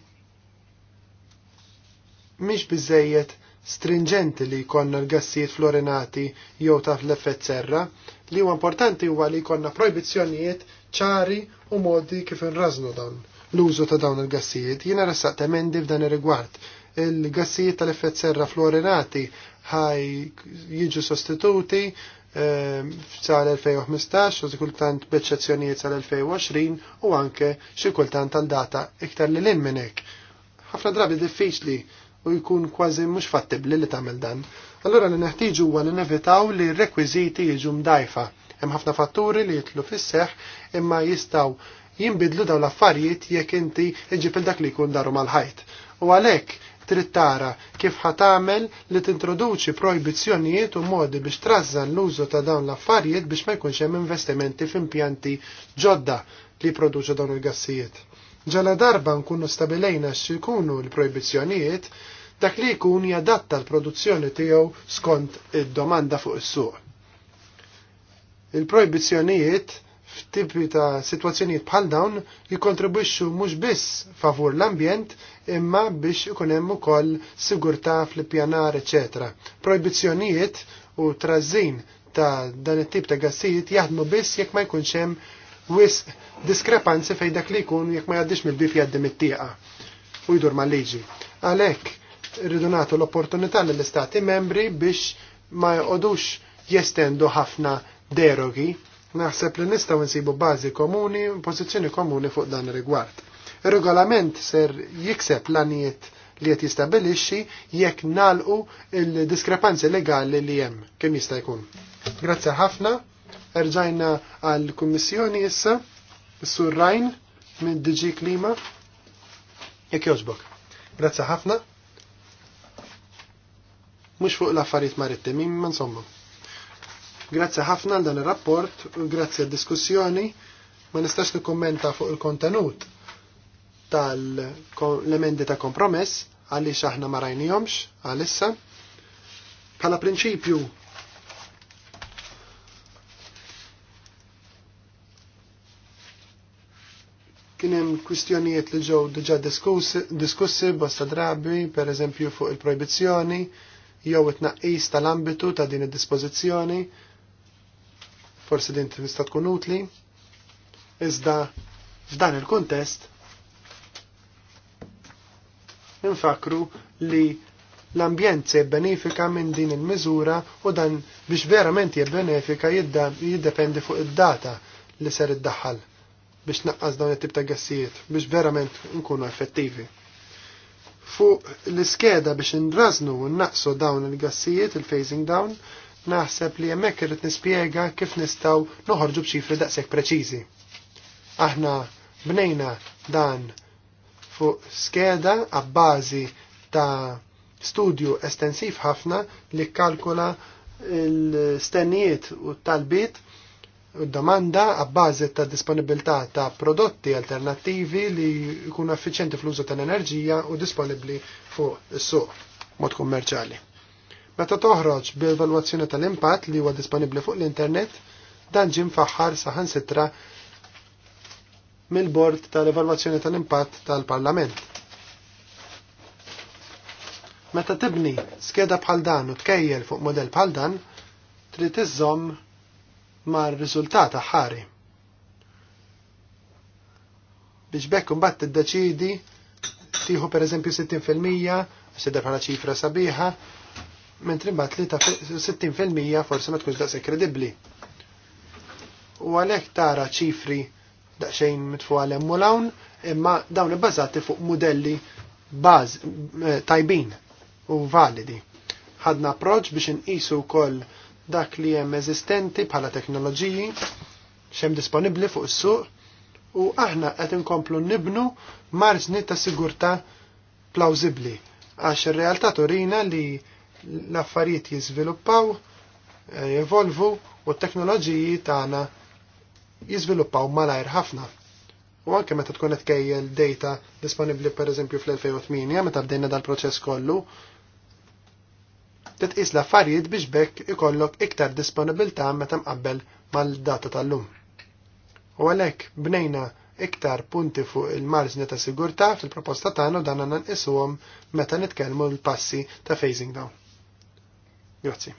mhix biżejjed stringenti li jkollna l-gassijiet florinati jew taf l-effett serra, li huwa importanti huwa li jkollna projbizzjonijiet ċari u modi kif inrażnu dawn l-użu ta' dawn il-gassijiet. Jiena rassaqt emendi f'dan ir-rigward. Il-gassijiet tal-effett serra florinati ħaj jiġu sostituti Ehm, sal-2015 u zikultant b'eċċezzjonijiet sal-2020 u anke xi kultant għal data iktar li l minn hekk. Ħafna drabi diffiċli u jkun kważi mhux fattibbli li tagħmel dan. Allura li neħtieġu huwa li nevitaw li r-rekwiżiti jiġu mdajfa. Hemm ħafna fatturi li jitlu fis-seħħ imma jistgħu jinbidlu daw l-affarijiet jekk inti iġib dak li jkun daru mal-ħajt. U għalhekk trid tara kif ħatamel li tintroduċi projbizzjonijiet u modi biex trażżan l-użu ta' dawn l-affarijiet biex ma jkunx hemm investimenti f'impjanti ġodda li jproduċu dawn il-gassijiet. Ġala darba nkunu stabilejna x'ikunu l-projbizzjonijiet, dak li jkun jadatta l-produzzjoni tiegħu skont id-domanda fuq is-suq. Il-projbizzjonijiet f'tipi ta' situazzjonijiet bħal dawn jikontribwixxu mhux biss favur l-ambjent imma biex ikun hemm ukoll sigurtà fl-ippjanar eċetera. Projbizzjonijiet u trażin ta' dan it-tip ta' gassijiet jaħdmu biss jekk ma jkunx hemm wisq diskrepanzi fejn dak li jkun jekk ma jgħaddix mill-bif jgħaddi mit tieqa u jdur mal-liġi. Għalhekk irridu nagħtu l-opportunità lill-istati membri biex ma joqogħdux jestendu ħafna derogi Naħseb li nistgħu nsibu bażi komuni, pożizzjoni komuni fuq dan ir-rigward. Ir-regolament ser jikseb l-anijiet li qed jistabilixxi jekk nalqu il-diskrepanzi legali li hemm kemm jista' jkun. Grazzi ħafna. Erġajna għall kummissjoni issa, Sur Rajn minn DG Klima. Jekk jogħġbok. Grazzi ħafna. Mhux fuq l-affarijiet marittim, imma insomma. Grazzi ħafna għal dan ir-rapport, grazzi għad diskussjoni ma nistax nikkommenta fuq il-kontenut tal-emendi ta' kompromess għaliex aħna ma rajnihomx għalissa. Bħala prinċipju kien hemm kwistjonijiet li ġew diġà diskussi bosta drabi, per eżempju fuq il-projbizzjoni, jew it-tnaqqis tal-ambitu ta' din id-dispożizzjoni, forsi din tista' tkun utli, iżda f'dan il-kuntest infakru li l-ambjent se jibbenefika minn din il-miżura u dan biex verament jibbenefika jiddependi fuq id-data li ser iddaħħal biex naqqas dawn it-tip ta' gassijiet biex verament nkunu effettivi. Fuq l-iskeda biex nraznu u naqsu dawn il-gassijiet, il-phasing down, naħseb li hemmhekk irid nispjega kif nistgħu noħorġu b'ċifri daqshekk preċiżi. Aħna bnejna dan fuq skeda għabbażi ta' studju estensiv ħafna li kalkula l-stennijiet u talbiet u domanda għabbażi ta' disponibilità ta' prodotti alternativi li jkunu effiċenti fl-użu tal-enerġija u disponibli fuq is-suq mod kummerċali. Meta toħroġ bil-evalwazzjoni tal-impatt li huwa disponibbli fuq l-internet, dan ġim faħħar saħan sitra mill-bord tal-evalwazzjoni tal-impatt tal-Parlament. Meta tibni skeda bħal dan u tkejjel fuq modell bħal dan, trid iżżomm mar-riżultat aħari. Biex bekk imbagħad tiddeċidi tieħu pereżempju 60% u sidher bħala ċifra sabiħa mentri mbagħad li ta' 60% forsi ma tkunx daqshekk kredibbli. U għalhekk tara ċifri daqsxejn mitfu għal hemm hawn, imma dawn ibbażati fuq modelli baż eh, tajbin u validi. Ħadna approċ biex inqisu wkoll dak li hemm eżistenti bħala teknoloġiji xem disponibbli fuq is-suq u aħna qed inkomplu nibnu marżni ta' sigurtà plawzibbli għax ir-realtà turina li l-affarijiet jiżviluppaw, eh, jevolvu u t-teknoloġiji tagħna jiżviluppaw malajr ħafna. U anke meta tkun qed kejjel data disponibbli pereżempju fl-2008 meta bdejna dal-proċess kollu, titqis l-affarijiet biex bekk ikollok iktar disponibilità meta mqabbel mal-data tal-lum. U għalhekk bnejna iktar punti fuq il-marġni ta' sigurtà fil-proposta tagħna u dan nanqishom nqisuhom meta nitkellmu l-passi ta' phasing down. Grazzi.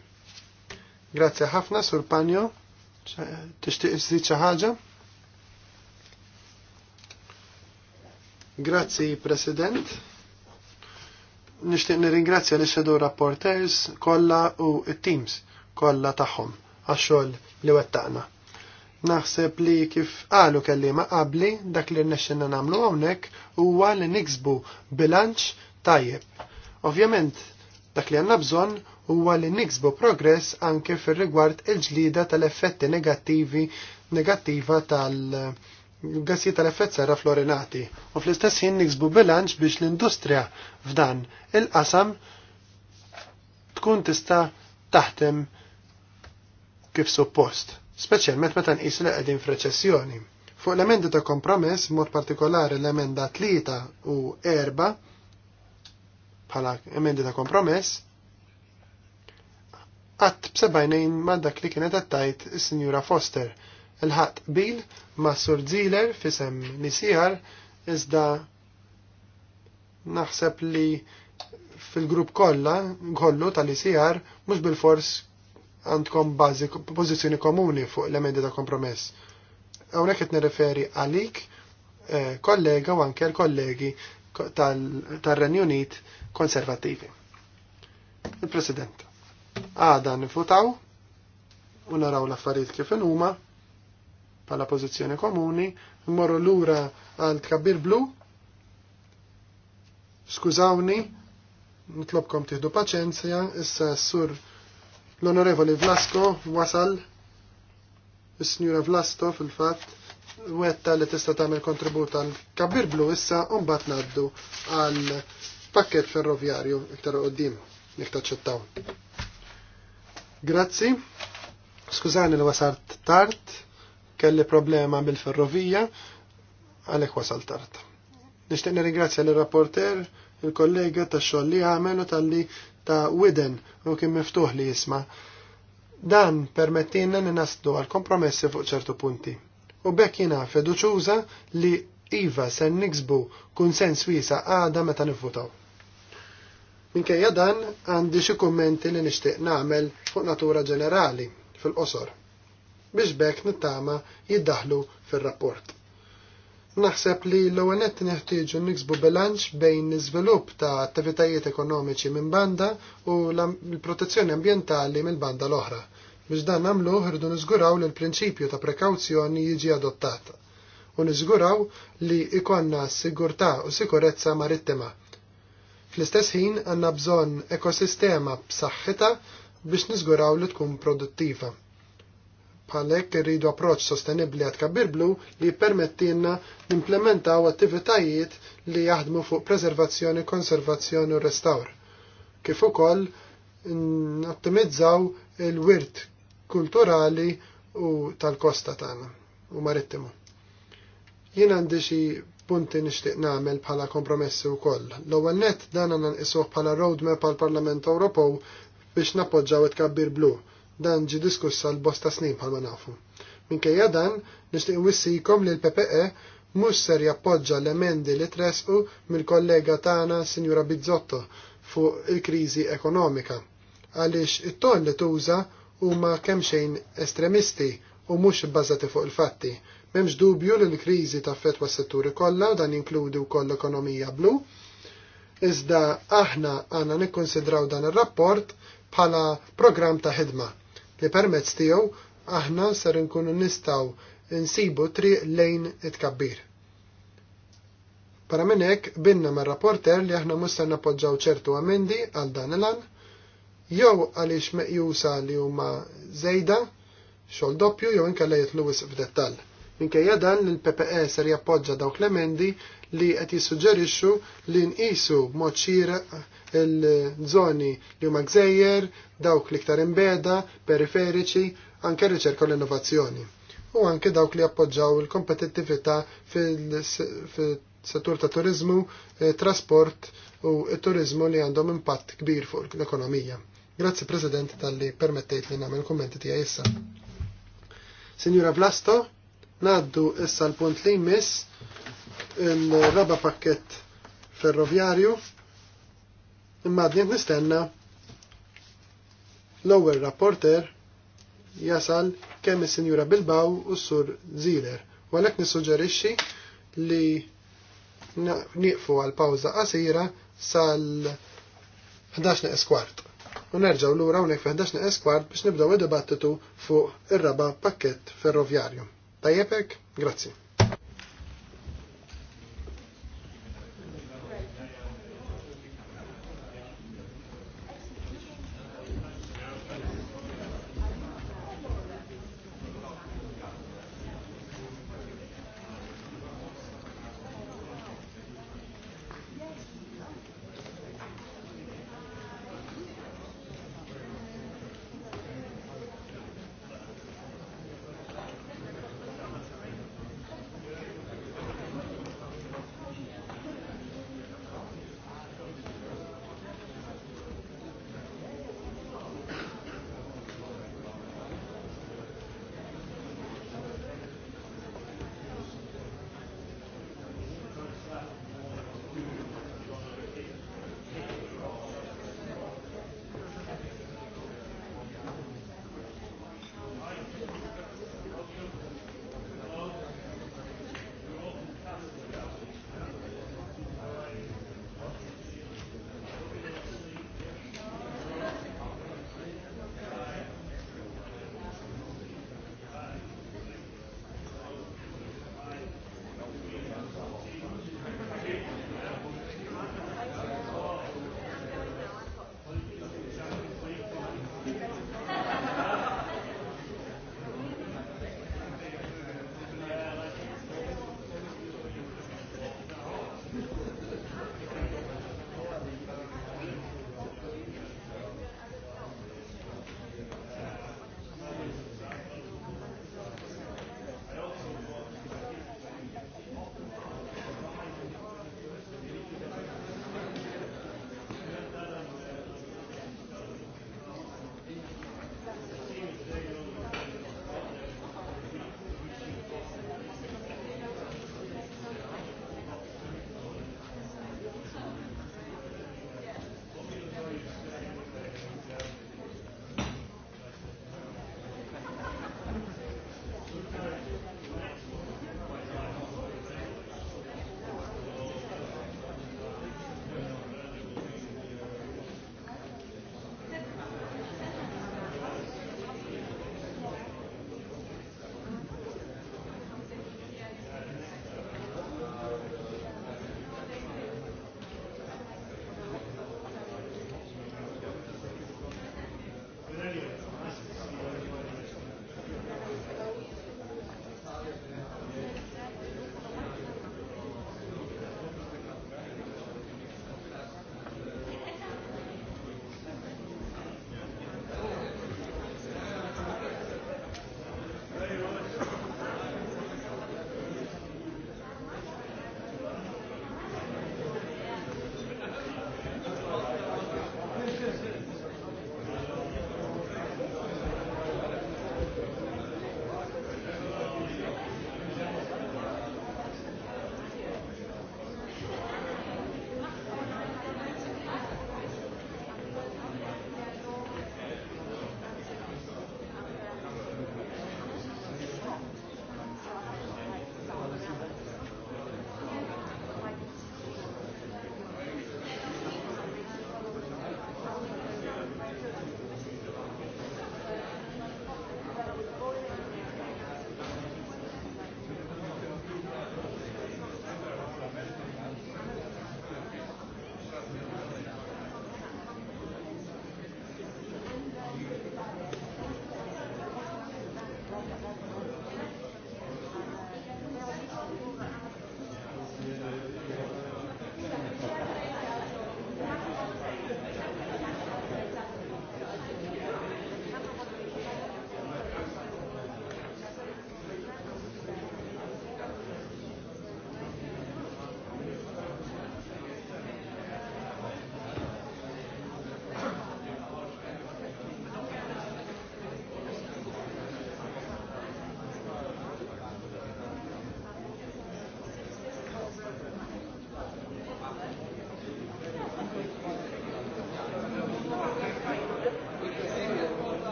Grazzi ħafna sur Panjo. Tixtieq iżid xi ħaġa? Grazzi President. Nixtieq nirringrazzja l shadow rapporters kollha u t-teams kollha tagħhom għax-xogħol li wettaqna. Naħseb li kif qalu kellima qabli dak li rnexxinna nagħmlu hawnhekk huwa li niksbu bilanċ tajjeb. Ovvjament dak li għanna bżonn huwa li niksbu progress anke fir-rigward il-ġlida tal-effetti negattivi negattiva tal- gassi tal-effett serra florinati u fl-istess ħin niksbu bilanċ biex l-industrija f'dan il-qasam tkun tista' taħtem kif suppost, speċjalment meta nqis li qegħdin f'reċessjoni. Fuq l-emendi ta' kompromess, mod partikolari l-emenda 3 u 4 bħala emendi ta' kompromess, Qatt b'sebajnejn ma' dak li kienet attajt is-Sinjura Foster il-ħat bil ma' Sur Ziller fisem nisijar iżda naħseb li fil-grupp kollha kollu tal-ICR mhux bil-fors għandkom bazi pożizzjoni komuni fuq l-emendi ta' kompromess. Hawnhekk qed nirreferi għalik eh, kollega u anke l-kollegi tal-Renju Unit konservattivi. Il-President għada nifutaw u naraw l-affarijiet kif huma bħala pożizzjoni komuni, morru lura għal tkabbir blu. Skużawni, nitlobkom tieħdu paċenzja, issa s-sur l-onorevoli Vlasko wasal, is-snjura Vlasto fil-fatt, wetta li tista' tagħmel kontribut għal kabbir blu issa u mbagħad ngħaddu għal pakket ferroviarju iktar qudiem jekk taċċettaw. Grazzi, skużani li wasalt tard, kelli problema bil-ferrovija, għalek wasal tard. Nishtiq nirringrazzja l-rapporter, il-kollega ta' xogħol li għamelu tal-li ta' widen u kien miftuħ li jisma. Dan permettina li naslu għal kompromessi fuq ċertu punti. U bekk jiena fiduċuża li Iva se niksbu kunsens wiesa għada meta nivvutaw. Minkejja dan għandi xi kummenti li nixtieq nagħmel fuq natura ġenerali fil-qosor biex bekk nittama jiddaħlu fil-rapport. Naħseb li l-ewwel nett neħtieġu niksbu bilanċ bejn l-iżvilupp ta' attivitajiet ekonomiċi minn banda u l-protezzjoni ambjentali mill banda l-oħra. Biex dan nagħmlu ħirdu niżguraw li l-prinċipju ta' prekawzjoni jiġi adottat u niżguraw li ikonna sigurtà u sikurezza marittima Fl-istess ħin għandna bżonn ekosistema b'saħħitha biex niżguraw li tkun produttiva. Bħalhekk irridu approċċ sostenibbli għad kabirblu li jippermettilna nimplementaw attivitajiet li jaħdmu fuq preservazzjoni, konservazzjoni u restawr. Kif ukoll ottimizzaw il-wirt kulturali u tal-kosta tagħna u marittimu. Jien għandi xi punti nixtieq nagħmel bħala kompromessi wkoll. L-ewwel nett dan għandna nqisuh bħala roadmap għall parlament Ewropew biex nappoġġaw it-kabbir blu. Dan ġi diskussa l-bosta snin bħalma nafu. Minkejja dan, nixtieq wissikom li l-PPE mhux ser jappoġġa l-emendi li tresqu mill-kollega tagħna Sinjura Bizzotto fuq il-kriżi ekonomika. Għaliex it-ton li tuża huma kemm xejn estremisti u mhux bbażati fuq il-fatti M'hemmx dubju li l-kriżi ta' s-setturi kollha u dan jinkludi wkoll l-ekonomija blu. Iżda aħna għandna nikkonsidraw dan ir-rapport bħala programm ta' ħidma li permezz tiegħu aħna ser nkunu nistgħu insibu triq lejn it tkabbir Para hekk binna ma' rapporter li aħna mustan nappoġġaw ċertu amendi għal dan il-an, jew għaliex meqjusa li huma zejda, xogħol doppju jew inkella lejt wisq f'dettall. Minkejja dan il l-PPE ser jappoġġa dawk l-emendi li qed jissuġġerixxu li nqisu b'mod xieraq il-żoni li huma gżejjer, dawk l-iktar imbeda, periferiċi, anke r-riċerka u l-innovazzjoni. U anke dawk li appoġġaw il-kompetittività fil-settur ta' turizmu, eh, trasport u turizmu li għandhom impatt kbir fuq l-ekonomija. Grazzi President tal-li permettejt li nagħmel kummenti tiegħi issa. Signora Vlasto, Naddu issa l-punt li jmiss il-raba pakket ferroviarju imma għadniet nistenna l-ewwel rapporter jasal kemm is-Sinjura Bilbaw u s-Sur Ziler. Walek nissuġġerixxi li nieqfu għal pawża qasira sal-11 esquart. U nerġgħu lura hawnhekk fi 11 esquart biex nibdew id-dibattitu fuq ir-raba' pakkett ferroviarju. Tajjebek, grazzi.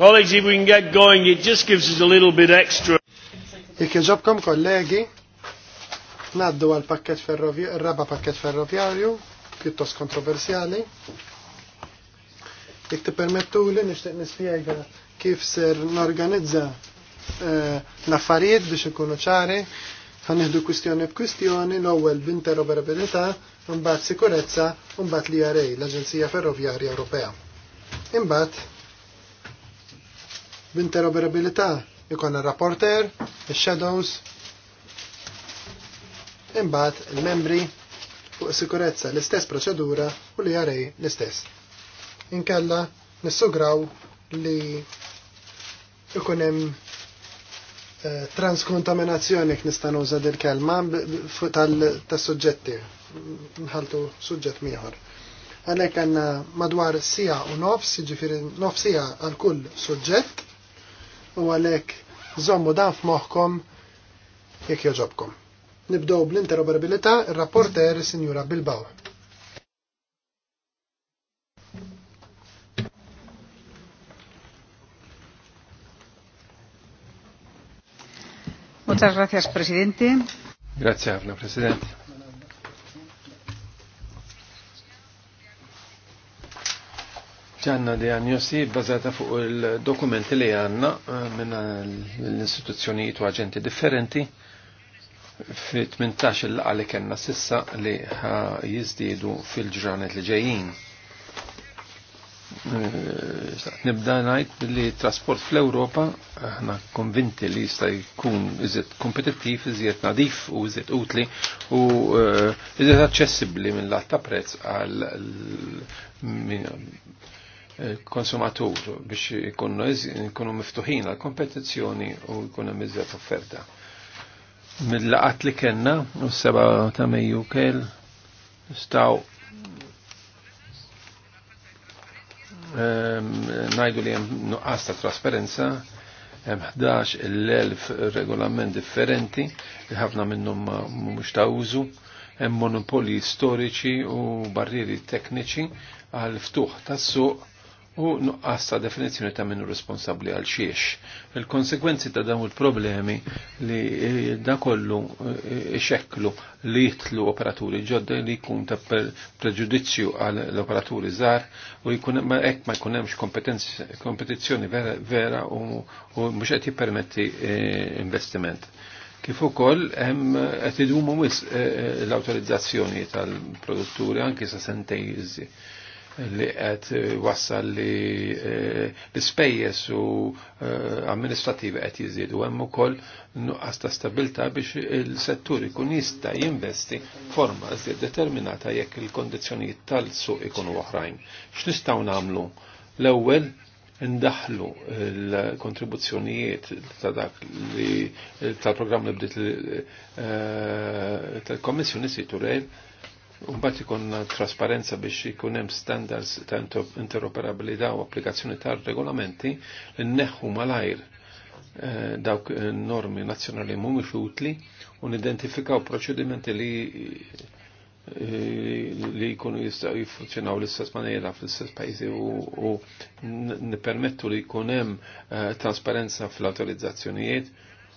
Colleagues, if we can get going, it just gives us a little bit extra. Ikkeġobkom kollegi, naddu għal pakket ferroviarju, raba pakket ferroviarju, pjuttost kontroversjali. Ik ti permettu li nishtiq nispiega kif ser norganizza eh, l-affarijiet biex ikunu ċari, ħanihdu kwistjoni b'kwistjoni, l-ewwel b'interoperabilità, mbagħad sikurezza, mbagħad l-IRA, l-Aġenzija Ferrovjarja Ewropea. Imbagħad b'interoperabilità ikonna rapporter, il-shadows, imbagħad il-membri fuq sikurezza l-istess proċedura u li jarej l-istess. Inkella nissugraw li ikun hemm eh, transkontaminazzjoni k'nistan uża dil-kelma tal-suġġetti, nħaltu suġġett mieħor. Għalhekk għandna madwar sija u nofs, jiġifieri nofsija għal kull suġġett, u għalek zommu dan f'moħħkom jekk joġobkom. Nibdow bl-interoperabilità il rapporter Sinjura Bilbao. Muchas gracias, presidente. Grazie, Avna, presidente. ċanna diagnosi bazata fuq il-dokumenti li għanna eh, minn l-istituzzjonijiet u aġenti differenti fi 18 l laqa li kena sissa li jizdidu fil-ġranet li ġejjin. Eh, nibda najt li trasport fl-Europa aħna konvinti li jista jkun iżiet kompetittiv, iżiet nadif u iżiet utli u eh, iżiet aċċessibbli minn lat ta' prezz għal konsumatur biex ikunu miftuħin għal kompetizzjoni u jkunu mizzet offerta. Mill-laqat li kena, u seba ta' meju kell, staw najdu li jem nuqqas ta' trasparenza, jem ħdax l elf regolament differenti, li ħafna minnum mux ta' użu, jem monopoli storiċi u barriri tekniċi għal ftuħ tas-suq u nuqqas ta' definizjoni ta' minnu responsabli għal xiex. Il-konsekwenzi ta' dawn il-problemi li eh, da kollu eh, xeklu li jitlu operaturi ġodda li jkun ta' preġudizzju għal l-operaturi zar u jkun ma' ek ma' jkunemx kompetizjoni vera, vera u, u mux għet jipermetti eh, investiment. Kif ukoll hemm qed idumu wis l-awtorizzazzjoni tal-produtturi anke sa sentej li qed eh, wassal li eh, l-ispejjeż u eh, amministrativi qed jiżiedu hemm ukoll nuqqas ta' stabilta biex il-settur ikun jista' jinvesti forma iżjed determinata jekk il-kondizzjonijiet tal-suq ikun oħrajn. X'nistgħu nagħmlu? L-ewwel ndaħlu l-kontribuzzjonijiet ta' dak li tal-programm li bdiet tal-Kommissjoni Siturel Umbat ikonna trasparenza biex ikun hemm standards ta' interoperabilità u applikazzjoni ta' regolamenti li malajr eh, dawk eh, normi nazzjonali mhumiex utli u nidentifikaw proċedimenti li eh, li jkunu jistaw jifunzjonaw l-istess maniera fl-istess pajjiżi u nipermettu li jkun hemm trasparenza fl-autorizzazzjonijiet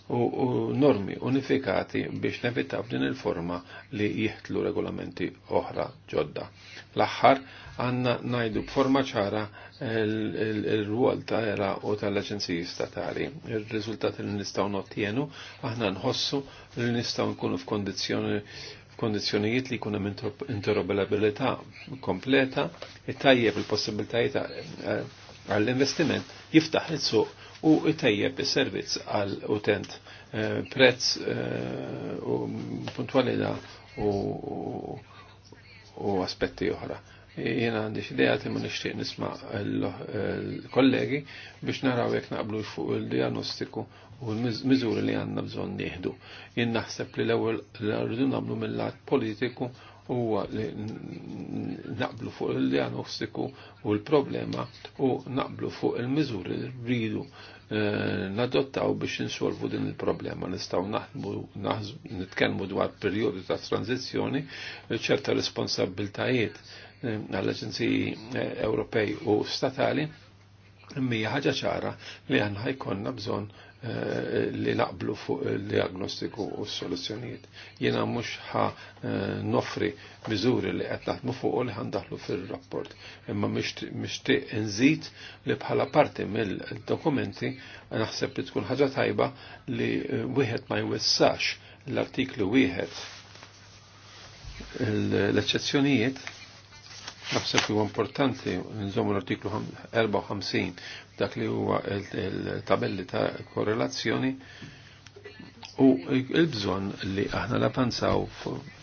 u normi unifikati biex nevitaw din il-forma li jihtlu regolamenti oħra ġodda. L-aħħar għanna najdu b'forma ċara il-rwol ta' era u tal-aġenziji statali. il rizultat li nistaw nottienu aħna nħossu li nistaw nkunu f'kondizzjoni kondizjonijiet li jkun hemm interoperabilità kompleta, tajjeb il-possibilitajiet eh, għall-investiment jiftaħ il-suq u tajjeb is-servizz għal utent eh, prezz eh, u puntualità u aspetti oħra. Jena għandi ideja timmu nishtiq nisma l-kollegi biex naraw jek naqblu fuq il-diagnostiku u l-mizuri li għanna bżon nieħdu. Jien naħseb li l-ewwel rridu nagħmlu mill-lat politiku huwa li naqblu fuq il-diagnostiku u l-problema u naqblu fuq il-miżuri li rridu Eh, nadottaw biex insolvu din il-problema. Nistaw naħdmu, nitkelmu dwar periodi ta' tranzizjoni, eh, ċerta responsabiltajiet eh, għall-Aġenziji Ewropej u Statali, mija ħaġa ċara li għanna ħajkonna bżon Eh, li naqblu fuq il-diagnostiku u s-soluzzjonijiet. Jena mux ħa eh, nofri miżuri li qed naħdmu fuq li ħandaħlu fil-rapport. Imma mixtieq nżid li bħala parti mill-dokumenti naħseb li tkun ħaġa tajba li eh, wieħed ma jwissax l-artiklu wieħed l-eċċezzjonijiet Naħseb huwa importanti nżommu l-artiklu 54 dak li huwa il-tabelli ta' korrelazzjoni u il-bżonn li aħna napanzaw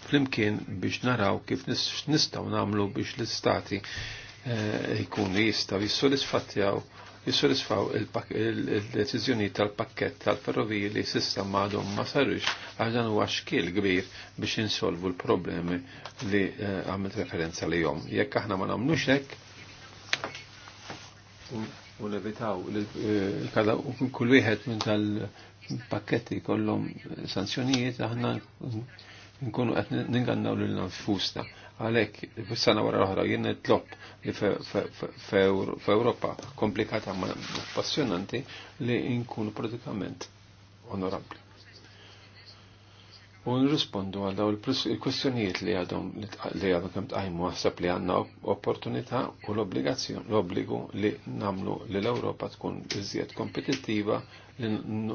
flimkien biex naraw kif nistgħu nagħmlu biex l-istati jkunu eh, jistgħu jissodisfattjaw jissolisfaw il-deċiżjoni tal-pakket tal-ferroviji li sissa madhom ma sarux għadan u għaxkil gbir kbir biex insolvu l-problemi li eh, għamil referenza li jom. Jekk aħna ma nagħmlux hekk u levitaw eh, kada kull wieħed minn tal-pakketti kollhom sanzjonijiet aħna nkunu qed ningannaw lil nafusta. Għalek, sana wara l-oħra, jien lop li f'Ewropa komplikata ma passjonanti li nkunu pratikament onorabli. U nrispondu għal daw il-kwestjonijiet li għadhom li għadhom kemm tqajmu għasab li għandna opportunità u l obbligazzjon l-obbligu li namlu li l-Ewropa tkun iżjed kompetittiva li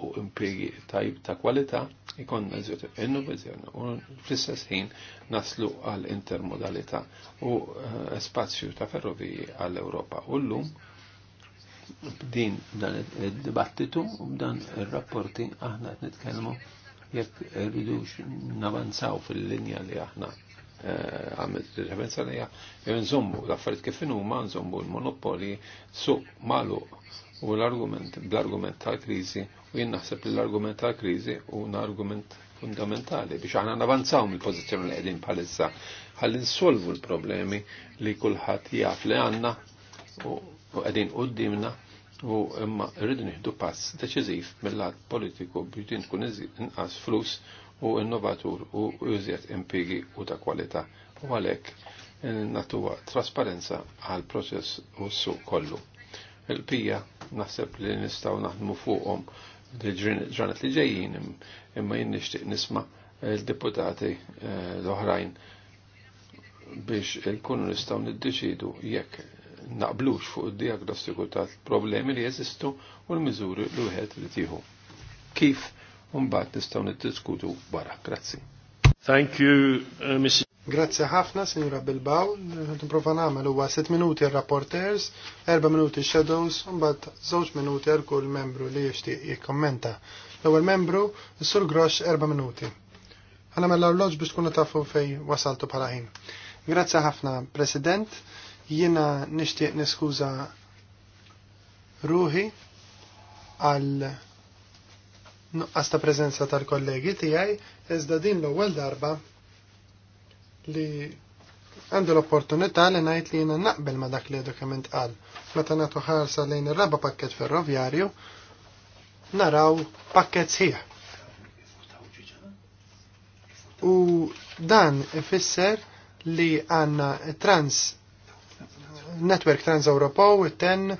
u impiegi tajb ta' kwalità ikonna żjed innovazzjoni u fl-istess ħin naslu għal intermodalità u eh, spazju ta' ferroviji għal europa u llum din dan id-dibattitu u b'dan ir-rapporti aħna qed nitkellmu jekk rridux navanzaw fil-linja li aħna eh, għamilt referenza li e nżommu l-affarijiet kif huma nżommu l-monopoli su malu u l-argument, bl-argument ta' krizi, u jien naħseb li l-argument ta' krizi u argument fundamentali biex aħna navanzaw mill-pozizjoni li qegħdin bħalissa ħalli nsolvu l-problemi li kulħadd jaf li għandna u qegħdin qudiemna u imma rridu nieħdu pass deċiżiv mill-lat politiku biex din tkun inqas flus u innovatur u użjet impigi u ta' kwalità u għalhekk eh, natuwa trasparenza għal proċess u s-suq kollu. Il-pija naħseb li nistaw naħdmu fuqhom li ġranet li ġejjin imma jien nixtieq nisma' l-deputati eh, l-oħrajn biex ikunu nistgħu niddeċidu jekk naqblux fuq id-diagnostiku tal-problemi li jeżistu u l-miżuri li wieħed li tieħu. Kif mbagħad nistgħu niddiskutu wara. Grazzi. Thank you, uh, Mr. Grazzi ħafna, Sinjura Bilbao. Nprofa nagħmel huwa 6 minuti għal-rapporters, 4 minuti shadows, mbagħad żewġ minuti għal kull membru li jixtieq jikkommenta. L-ewwel membru, is-Sur Grosh 4 minuti. Ħanamel l loġ biex tkunu tafu fejn wasaltu bħala ħin. Grazzi ħafna, President. Jiena nixtieq niskuża ruħi għal nuqqas ta' preżenza tal-kollegi tiegħi, iżda din l-ewwel darba li għandu l-opportunità li ngħid li jiena naqbel ma dak li dokument qal. Meta nagħtu ħarsa lejn ir-raba pakket ferroviarju naraw pakket sħiħ. U dan ifisser li għanna trans network trans europow ten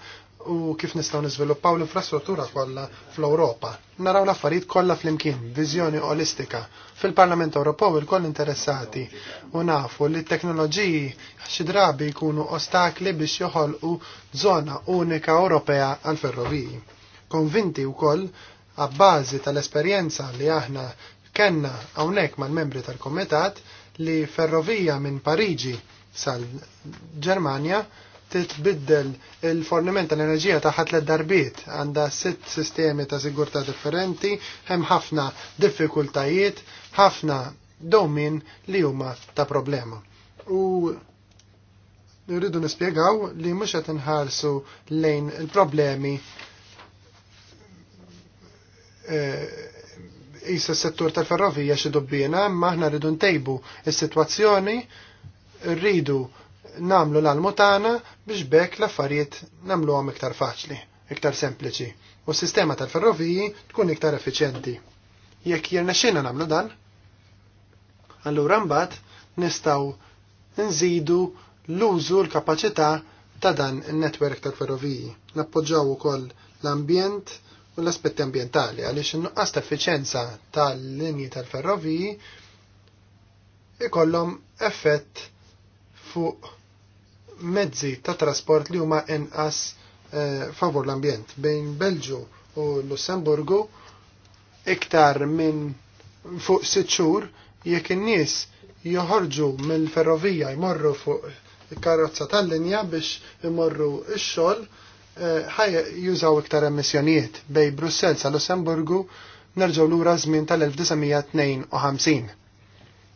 u kif nistgħu niżviluppaw l-infrastruttura kollha fl-Ewropa. Naraw l-affarijiet kollha flimkien, viżjoni olistika. Fil-Parlament Ewropew il-koll interessati u nafu li t-teknoloġiji xi drabi jkunu ostakli biex joħolqu żona unika Ewropea għal ferroviji. Konvinti wkoll għabbażi tal-esperjenza li aħna kenna hawnhekk mal-membri tal-Komitat li ferrovija minn Pariġi sal-Ġermanja titbiddel il fornimenta tal-enerġija ta' ħatlet darbiet għandha sitt sistemi ta' sigurtà differenti, hemm ħafna diffikultajiet, ħafna domin li huma ta' problema. U rridu nispjegaw li mhux qed inħarsu lejn il-problemi jisa eh, settur tal-ferrovija xi dubbina, imma aħna rridu ntejbu s sitwazzjoni rridu namlu l-almutana biex bekk l-affarijiet namlu għam iktar faċli, iktar sempliċi, u s-sistema tal-ferroviji tkun iktar effiċenti. Jekk jirna xena namlu dan, allura mbagħad nistgħu nżidu l-użu l-kapaċità ta' dan il-netwerk tal-ferroviji. Nappoġġaw ukoll l-ambjent u l-aspetti ambientali għaliex innuqqas nuqqas ta' effiċenza tal-linji tal-ferroviji ikollhom effett fuq mezzi ta' trasport li huma inqas eh, favur l-ambjent bejn Belġu u Lussemburgu iktar minn fuq sitt xhur jekk in-nies joħorġu mill-ferrovija jmorru fuq il-karrozza tal-linja biex imorru x-xogħol eh, ħaj eh, jużaw iktar emissjonijiet bej Brussel sa Lussemburgu nerġgħu lura żmien tal-1952.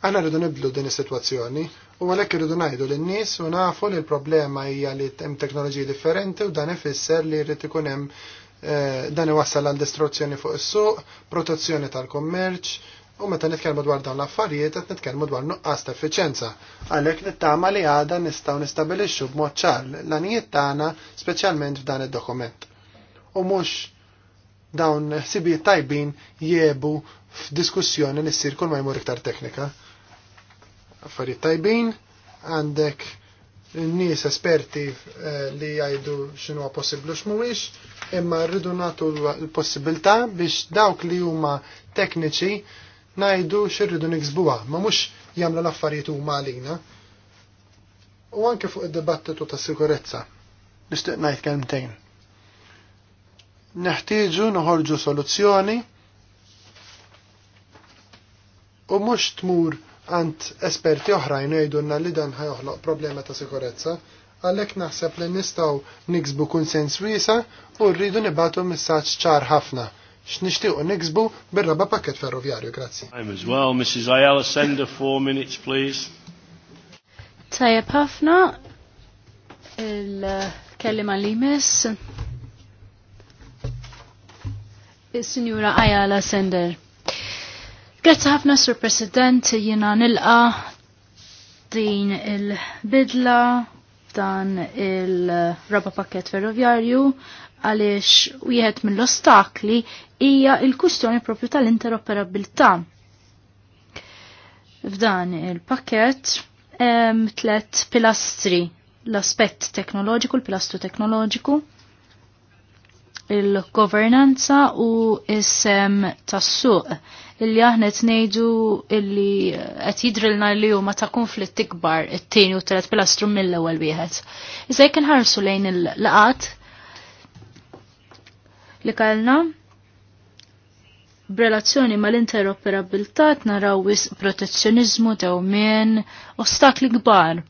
Aħna rridu nibdlu din is-sitwazzjoni U għalhekk irridu ngħidu lin-nies u nafu li l-problema hija li hemm teknoloġiji differenti u dan ifisser li jrid ikun hemm eh, dan iwassal għal distruzzjoni fuq is-suq, protezzjoni tal-kummerċ, u meta nitkellmu dwar dawn l-affarijiet qed nitkellmu dwar nuqqas ta' effiċenza. Għalhekk nittama li għadha nistgħu nistabilixxu b'mod ċar l-għanijiet tagħna speċjalment f'dan id-dokument. U mhux dawn ħsibijiet tajbin jiebu f'diskussjoni li ssir kull ma jmur iktar teknika affarijiet tajbin, għandek n-nies esperti eh, li jgħidu x'inhuwa possibbli x'mhuwiex, imma rridu nagħtu l-possibilità biex dawk li huma tekniċi ngħidu x'irridu niksbuha, ma mhux jagħmlu l-affarijiet huma għalina. U anke fuq id-dibattitu ta' sikurezza. Nixtieq ngħid kelmtejn. Neħtieġu noħorġu soluzzjoni u mhux tmur għant esperti oħrajn jgħidulna li dan ħajoħloq problema ta' sikurezza, għalhekk naħseb li nistgħu niksbu kunsens wiesa u rridu nibatu messaċ ċar ħafna x'nixtiequ niksbu bil raba pakket ferroviarju, grazzi. I'm as well, Mrs. Ayala Sender, four minutes, please. Tajab ħafna il-kellima li jmiss. Is-Sinjura Ayala Sender. Grazzi ħafna Sur President jiena nilqa din il-bidla dan il-raba pakket ferroviarju għaliex wieħed mill-ostakli hija il-kustjoni propju tal-interoperabilità. F'dan il-pakket hemm tliet pilastri l-aspett teknoloġiku, l-pilastru teknoloġiku, il-governanza u is-sem tas-suq illi aħna qed ngħidu illi qed jidrilna li ma ta' konflitt ikbar it-tieni u t-tielet pilastru mill-ewwel wieħed. Iżda jekk inħarsu lejn il-laqat li kellna b'relazzjoni mal-interoperabilità naraw wis protezzjonizmu dewmien ostakli kbar.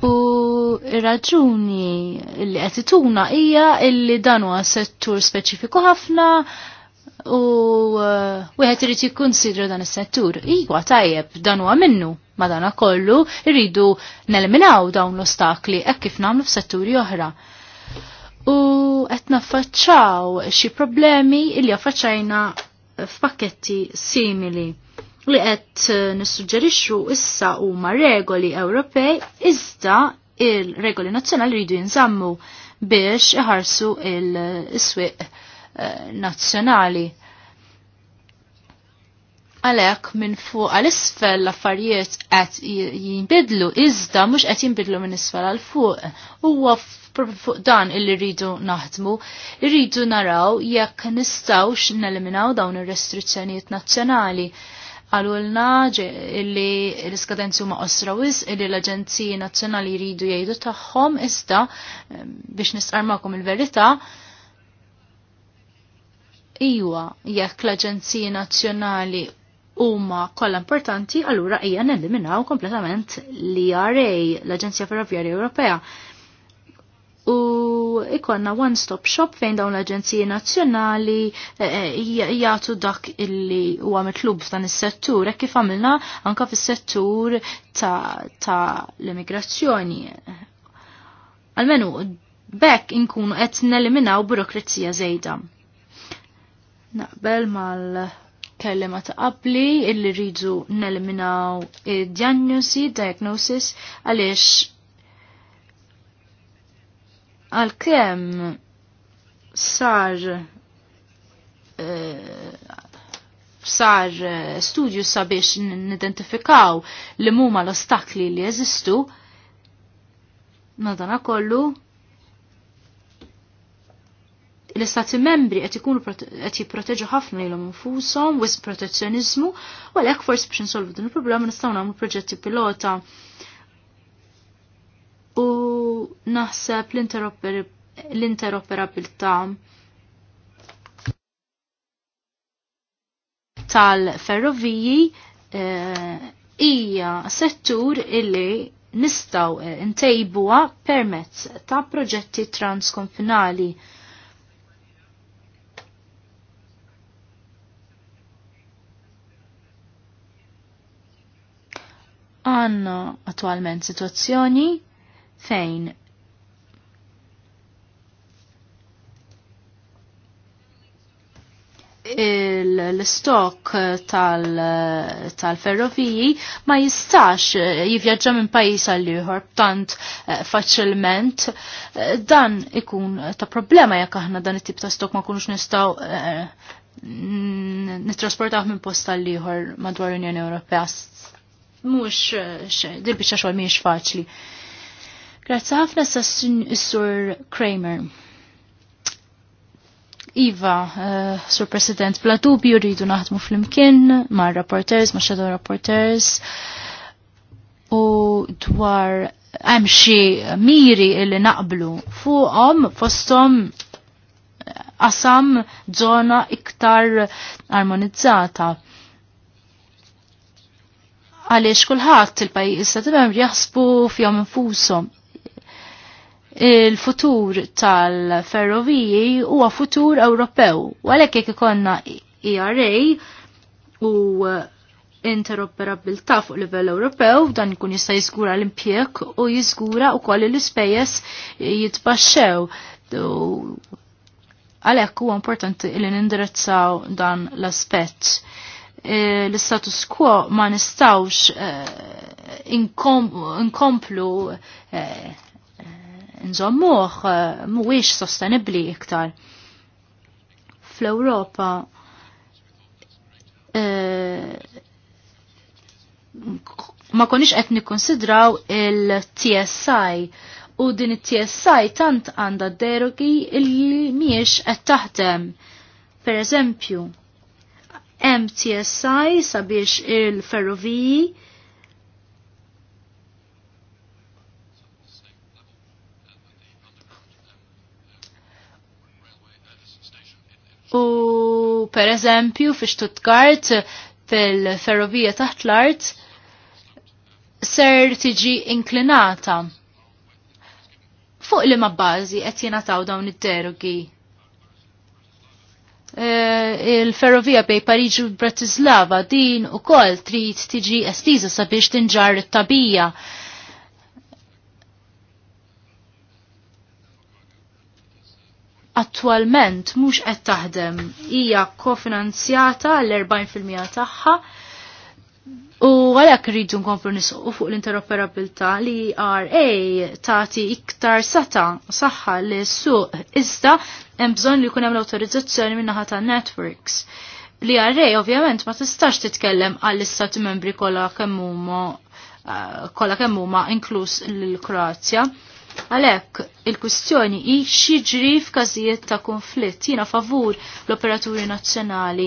U ir-raġuni li qed ituna hija illi dan huwa settur speċifiku ħafna u eh, wieħed irid jikkonsidru dan is-settur. Iwa tajjeb dan huwa minnu madana kollu irridu neliminaw dawn l-ostakli hekk kif nagħmlu f'setturi oħra. U qed naffaċċaw xi problemi illi f f'pakketti simili li qed nissuġġerixxu issa huma regoli Ewropej iżda il-regoli nazzjonali rridu jinżammu biex iħarsu il-swiq eh, nazzjonali. Għalek minn fuq għal-isfel l-affarijiet qed jinbidlu iżda mhux qed jinbidlu minn isfel għal fuq. Huwa fuq dan illi rridu naħdmu, rridu naraw jekk nistawx neliminaw dawn ir-restrizzjonijiet nazzjonali għalulna illi l-iskadenzi huma qosra wis illi l-Aġenziji Nazzjonali jridu jgħidu tagħhom iżda biex nisqarmakom il-verità Iwa, jekk l-Aġenziji Nazzjonali huma kollha importanti, allura hija neliminaw kompletament l-IRA, l-Aġenzija Ferrovjarja Ewropea ikonna one-stop shop fejn dawn l-Aġenziji Nazzjonali eh, eh, jagħtu dak illi huwa mitlub f'dan is-settur, hekk kif għamilna anka fis-settur ta', ta l-immigrazzjoni. Almenu bekk inkunu qed neliminaw burokrazija żejda. Naqbel mal kellima ta' qabli illi rridu neliminaw id-diagnosi, diagnosis, għaliex għal kem sar eh, sar eh, studju sabiex nidentifikaw li muma l-ostakli li jeżistu, nadana kollu l-istati membri qed ikunu qed jipproteġu ħafna lilhom infushom wis protezzjonizmu u għalhekk forsi biex insolvu din il-problema nistgħu nagħmlu proġetti pilota. U naħseb l-interoperabilità tal-ferroviji eh, hija e, settur illi nistaw eh, ntejbuha permezz ta' proġetti transkonfinali. Għanna attualment situazzjoni fejn l-stock tal-ferroviji ma jistax eh, jivjaġġa minn pajis għal ieħor tant eh, faċilment eh, dan ikun ta' problema jekk aħna dan it-tip ta' stock ma kunux nistgħu nittrasportaw minn post għal ieħor madwar l-Unjoni Ewropea. Mhux dil xogħol mhijiex faċli. Grazzi ħafna s-sur Kramer. Iva, uh, Sur President, bla dubju rridu naħdmu fl-imkien ma' rapporters, ma' shadow rapporters u dwar hemm xi miri illi naqblu fuqhom fosthom eh, qasam zona iktar armonizzata. Għaliex kulħadd il-pajjiż ta' jaħsbu fihom infushom il-futur tal-ferroviji huwa futur Ewropew. U għalhekk jekk ikonna ERA u interoperabilità fuq livell Ewropew, dan ikun jista' jiżgura l-impjeg u jiżgura wkoll l-ispejjeż jitbaxxew. Għalhekk huwa importanti li nindirizzaw dan l-aspett. E, l-status quo ma nistawx e, inkomplu e, nżommuħ eh, mhuwiex sostenibbli iktar. Fl-Ewropa eh, ma konix qed nikkonsidraw il-TSI u din it-TSI tant għandha derogi li miex qed taħdem. Per eżempju, MTSI sabiex il-ferroviji U per eżempju fi Stuttgart fil-ferrovija taħt l-art ser tiġi inklinata. Fuq li ma bażi qed jingħataw dawn id-derogi. Uh, Il-ferrovija bej Pariġi u Bratislava din ukoll trid tiġi estiża sabiex tinġar it-tabija. attualment mhux qed taħdem hija kofinanzjata l-40% tagħha u għalhekk rridu nkomplu nisqu fuq l-interoperabilità li RA tagħti iktar seta saħħa li suq iżda hemm bżonn li jkun hemm l-awtorizzazzjoni min-naħa tan-networks. Li RA ovvjament ma tistax titkellem għall-istati membri kollha kemm huma eh, kollha kemm huma inkluż l-Kroazja. Għalhekk il-kwistjoni hi xieġri f'każijiet ta' konflitt jiena favur l-operaturi nazzjonali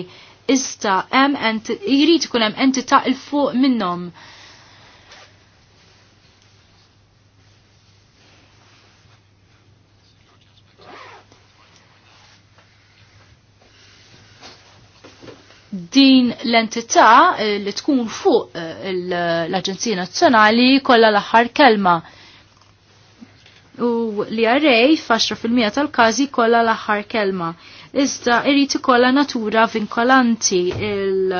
iżda hemm jrid ikun hemm entità il fuq minnhom. din l-entità eh, li tkun fuq eh, l-Aġenzija Nazzjonali kollha l-aħħar kelma u li għarrej mija tal-każi kolla l-aħħar kelma. Iżda irriti ikollha natura vinkolanti il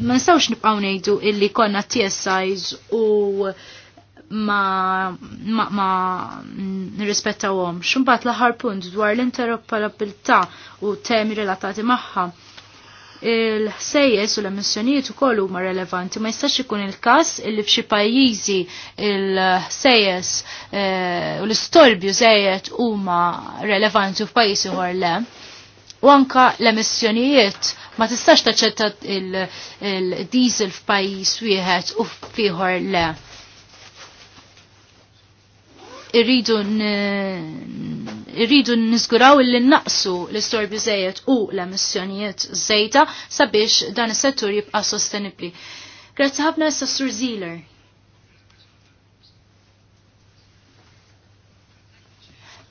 ma nistawx nibqgħu ngħidu illi konna TSIs u ma ma ma nirrispettawhom. X'imbagħad l-aħħar punt dwar l-interoperabilità u temi relatati magħha il-sejjes u l-emissjonijiet ukoll huma relevanti. Ma jistax ikun il-każ li f'xi pajjiżi il-sejjes eh, u l-istorbju żejjed huma relevanti u f'pajjiż ieħor le. U anka l-emissjonijiet ma tistax taċċetta il-diesel f'pajjiż wieħed u f'ieħor le. Irridu rridu nizguraw li naqsu l-istorbi zejet u l-emissjonijiet zejta sabiex dan is-settur jibqa' sostenibli. Grazzi ħafna issa Sur Zieler.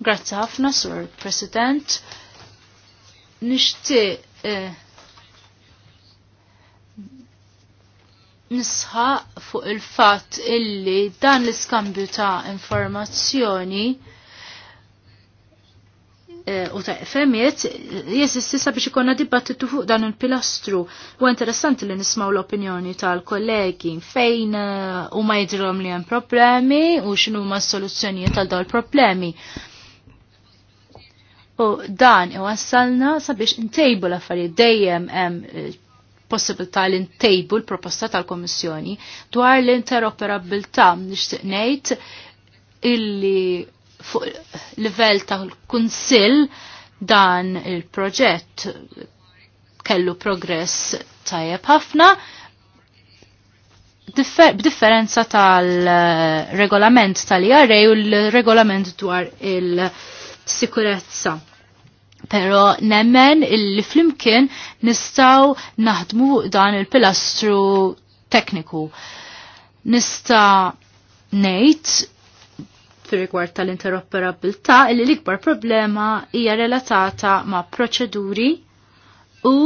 Grazzi ħafna Sur President. Nishti eh, nisħa nisħaq fuq il-fatt illi dan l-iskambju ta' informazzjoni Eh, u ta' femiet, jesis sissa biex ikonna dibattitu fuq dan il-pilastru. U interessanti li nismaw l-opinjoni tal-kollegi fejn eh, u ma jidrom li hemm problemi u xinu ma soluzzjonijiet tal dawl problemi. U dan i wassalna sabiex intejbu l-affarijiet dejjem hemm eh, possibilità li ntejbu l-proposta tal-Komissjoni dwar l-interoperabilità nixtieq ngħid illi fuq livell ta' kunsill dan il-proġett kellu progress tajjeb ħafna b'differenza tal-regolament tal-IRA u l-regolament dwar il-sikurezza. Pero nemmen illi flimkien nistaw naħdmu dan il-pilastru tekniku. Nista' ngħid fir rigward tal-interoperabilità li l-ikbar problema hija relatata ma' proċeduri u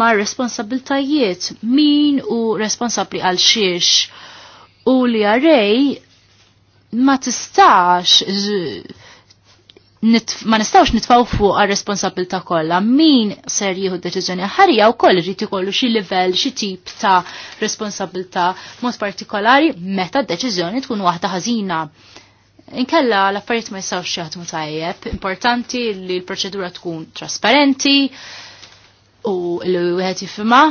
ma' responsabiltajiet min u responsabli għal xiex u li għarrej ma tistax ma nistawx nitfaw fuq għal-responsabilta kollha min ser jieħu deċiżjoni ħarija u koll irid ikollu xi livell, xi tip ta' responsabilta mod partikolari meta d-deċiżjoni tkun waħda ħażina. Inkella l-affarijiet ma jistgħux jaħdmu tajjeb, importanti li l-proċedura tkun trasparenti u li wieħed jifhimha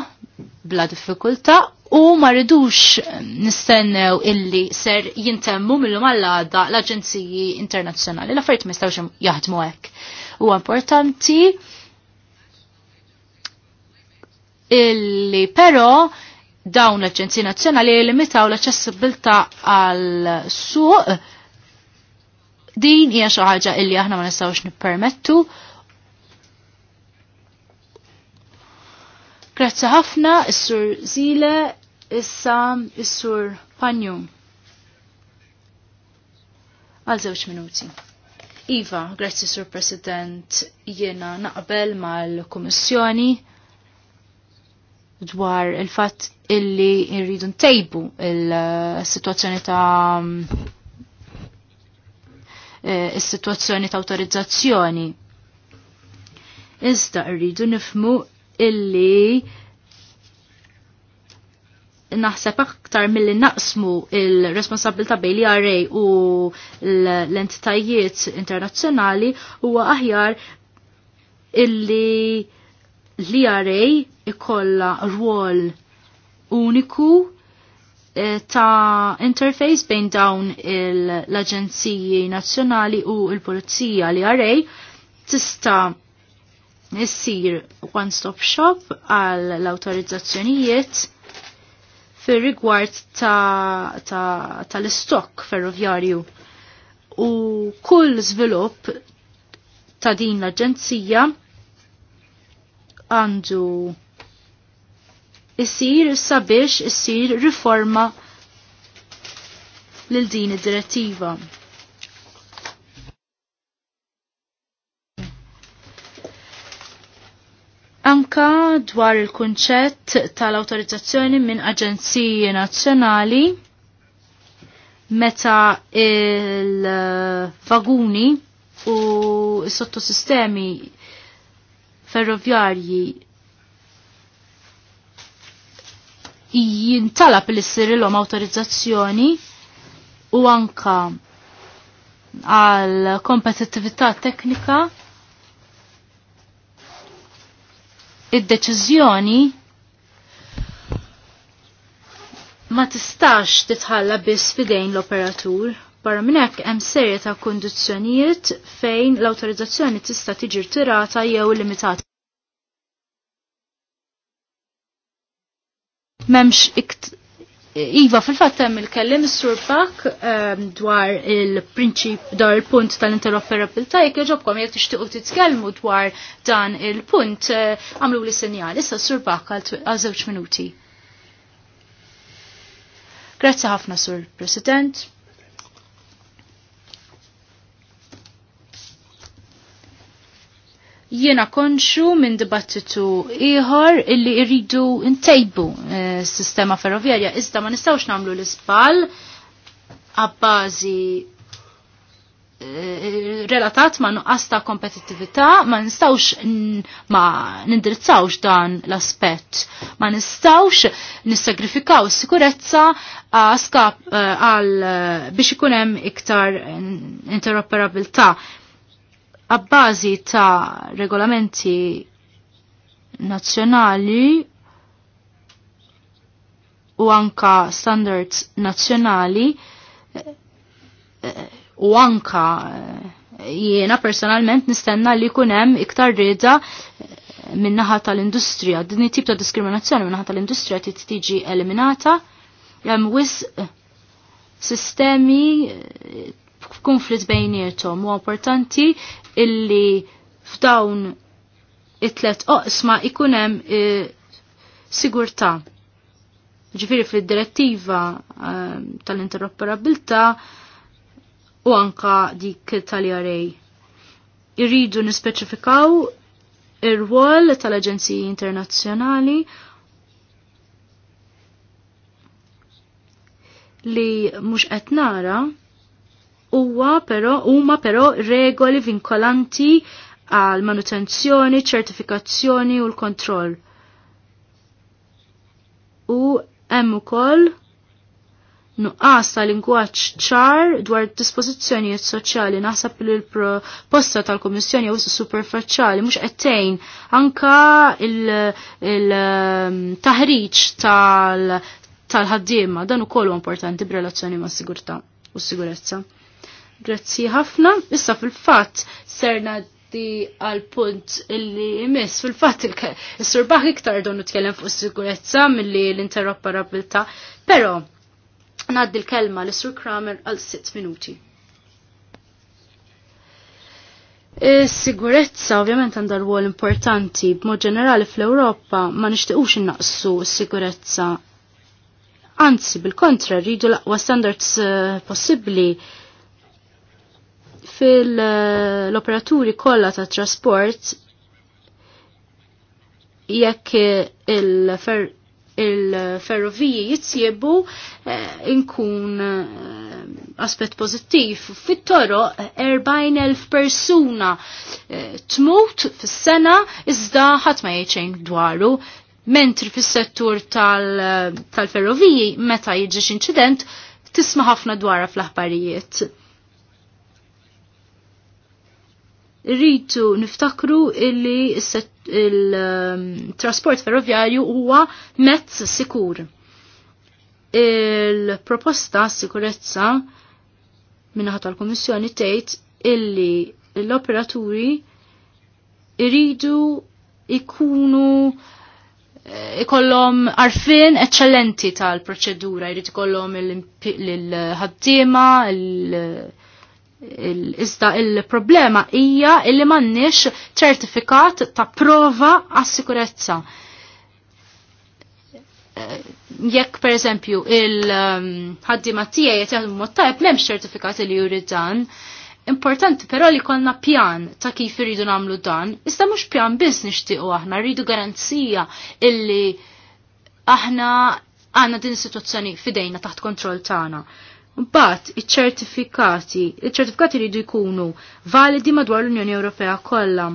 bla diffikultà u ma ridux nistennew illi ser jintemmu millu mal-għada l-Aġenziji Internazzjonali. L-affarijiet ma jistawx jaħdmu hekk. Huwa importanti illi però dawn l-Aġenziji Nazzjonali limitaw l-aċċessibilità għal suq din hija xi ħaġa illi aħna ma nistgħux nippermettu. Grazzi ħafna, is-sur Zile, issa is-sur Panju. Għal żewġ minuti. Iva, grazzi sur President, jiena naqbel mal-Kummissjoni dwar il fat illi irridu ntejbu il-situazzjoni ta' eh, il-situazzjoni ta' autorizzazzjoni. Iżda rridu nifmu illi naħseb aktar mill-li naqsmu il-responsabilta bej li għarrej u l-entitajiet internazzjonali huwa aħjar illi li għarrej ikolla rwol uniku eh, ta' interface bejn dawn l-Aġenziji Nazzjonali u l-Pulizija li għarrej tista' issir one-stop shop għal l-autorizzazzjonijiet fir rigward tal-istokk ta, ta ferroviarju u kull żvilupp ta' din l-Aġenzija għandu issir sabiex issir riforma lil din id-direttiva. Anka dwar il-kunċett tal-autorizzazzjoni minn aġenziji nazzjonali meta il-vaguni u s-sottosistemi ferroviarji jintalab li l-om autorizzazzjoni u anka għal kompetitività teknika id-deċiżjoni ma tistax titħalla biss fidejn l-operatur. Barra minn hekk hemm serje ta' kundizzjonijiet fejn l-awtorizzazzjoni tista' tiġi tirata jew limitata. Memx Iva, fil-fatt hemm il kellim sur Pak ehm, dwar il-prinċip dwar il-punt tal-interoperabilità jekk jogħġobkom jekk tixtiequ titkellmu dwar dan il-punt eh, għamlu li sinjal. Issa Sur Pak għal żewġ minuti. Grazzi ħafna Sur President. jiena konxu minn dibattitu ieħor illi irridu ntejbu eh, s-sistema e, ferroviarja iżda ma nistgħux nagħmlu l-isbal għabbażi eh, relatat ma nuqqas ta' kompetittività ma nistawx ma nindirizzawx dan l-aspett ma nistawx nissagrifikaw s-sikurezza eh, għal biex ikun hemm iktar interoperabilta' Abbażi ta' regolamenti nazzjonali u anka standards nazzjonali u anka jiena personalment nistenna li kunem iktar rida minnaħa tal-industrija. Din tip ta' diskriminazzjoni minnaħa tal-industrija ti tiġi eliminata. Jem wis sistemi f'kunflitt bejnietom u importanti illi f'dawn it-tlet oqsma ikunem hemm e, sigurta. Ġifiri fil-direttiva e, tal-interoperabilta u anka dik tal-jarej. Irridu nispeċifikaw ir-rwol tal-Aġenziji Internazzjonali li mhux qed nara huwa però huma però regoli vinkolanti għal manutenzjoni, ċertifikazzjoni u l-kontroll. U hemm ukoll nuqqas ta' lingwaġġ ċar dwar dispożizzjonijiet soċjali naħseb li l-proposta tal-Kummissjoni jew superfaċċali mhux qed tgħin anka il-taħriġ ehm, tal-ħaddiema dan ukoll importanti b'relazzjoni ma' sigurtà u sigurezza. Grazzi ħafna. Issa fil-fatt serna di għal punt illi jmiss fil-fatt il surbaħ iktar donu tkellem fuq sigurezza milli l-interoperabilta. Pero, naddi l-kelma l-sur Kramer għal 6 minuti. Is-sigurezza ovvjament għandha rwol importanti b'mod ġenerali fl-Ewropa ma nixtiequx innaqsu s-sigurezza. Anzi, bil-kontra, rridu l-aqwa standards eh, possibbli fil-operaturi kollha ta' trasport jekk il-ferroviji jitsiebu eh, inkun eh, aspet pozittiv. Fit-toro 40.000 persuna eh, tmut fis-sena iżda ħadd ma jgħid dwaru mentri fis-settur tal-ferroviji meta jiġix incident tisma' ħafna dwara fl-aħbarijiet rritu niftakru illi il-trasport um, ferroviarju huwa mezz sikur. Il-proposta sikurezza minnaħat tal-Komissjoni tgħid illi l-operaturi iridu ikunu eh, ikollhom arfin eccellenti tal-proċedura, jrid ikollhom l-ħaddiema, l-, -l, -l Iżda il-problema hija illi m'għandniex ċertifikat ta' prova għas-sikurezza. Eh, jekk pereżempju il-ħaddima tiegħi qed jaħdmu mod tajjeb m'hemmx ċertifikat li juri dan. Importanti però li konna pjan ta' kif irridu nagħmlu dan, iżda mhux pjan biss nixtiequ aħna, rridu garanzija illi aħna għandna din situazzjoni fidejna taħt kontroll tagħna. Mbagħad iċ-ċertifikati, iċ-ċertifikati jridu jkunu validi madwar l-Unjoni Ewropea kollha.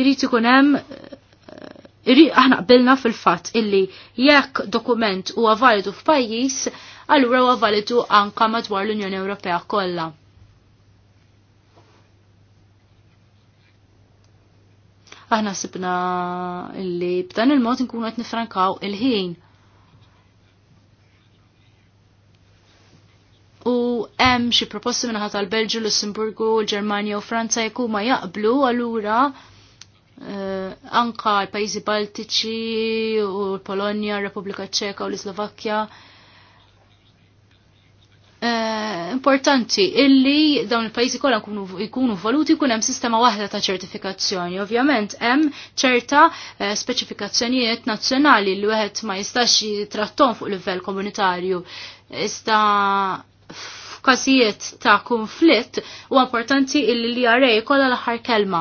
Irid ikun hemm eh, aħna qbilna fil-fatt illi jekk dokument huwa validu f'pajjiż, allura huwa validu anka madwar l-Unjoni Ewropea kollha. Aħna sibna illi b'dan il-mod nkunu qed nifrankaw il-ħin. il ħin u hemm xi proposti minnaħa tal-Belġu, Lussemburgu, l-Ġermanja u Franza jekk ma jaqblu allura uh, anka l-pajjiżi Baltiċi u l-Polonja, r-Repubblika Ċeka u l islovakkja Uh, eh, importanti illi dawn il-pajjiżi kollha jkunu valuti jkun hemm sistema waħda ta' ċertifikazzjoni. Ovvjament hemm ċerta uh, speċifikazzjonijiet nazzjonali li wieħed ma jistax jitrattom fuq livell komunitarju. Ista' f'każijiet ta' konflitt u importanti illi li għarej kolla l-aħħar kelma.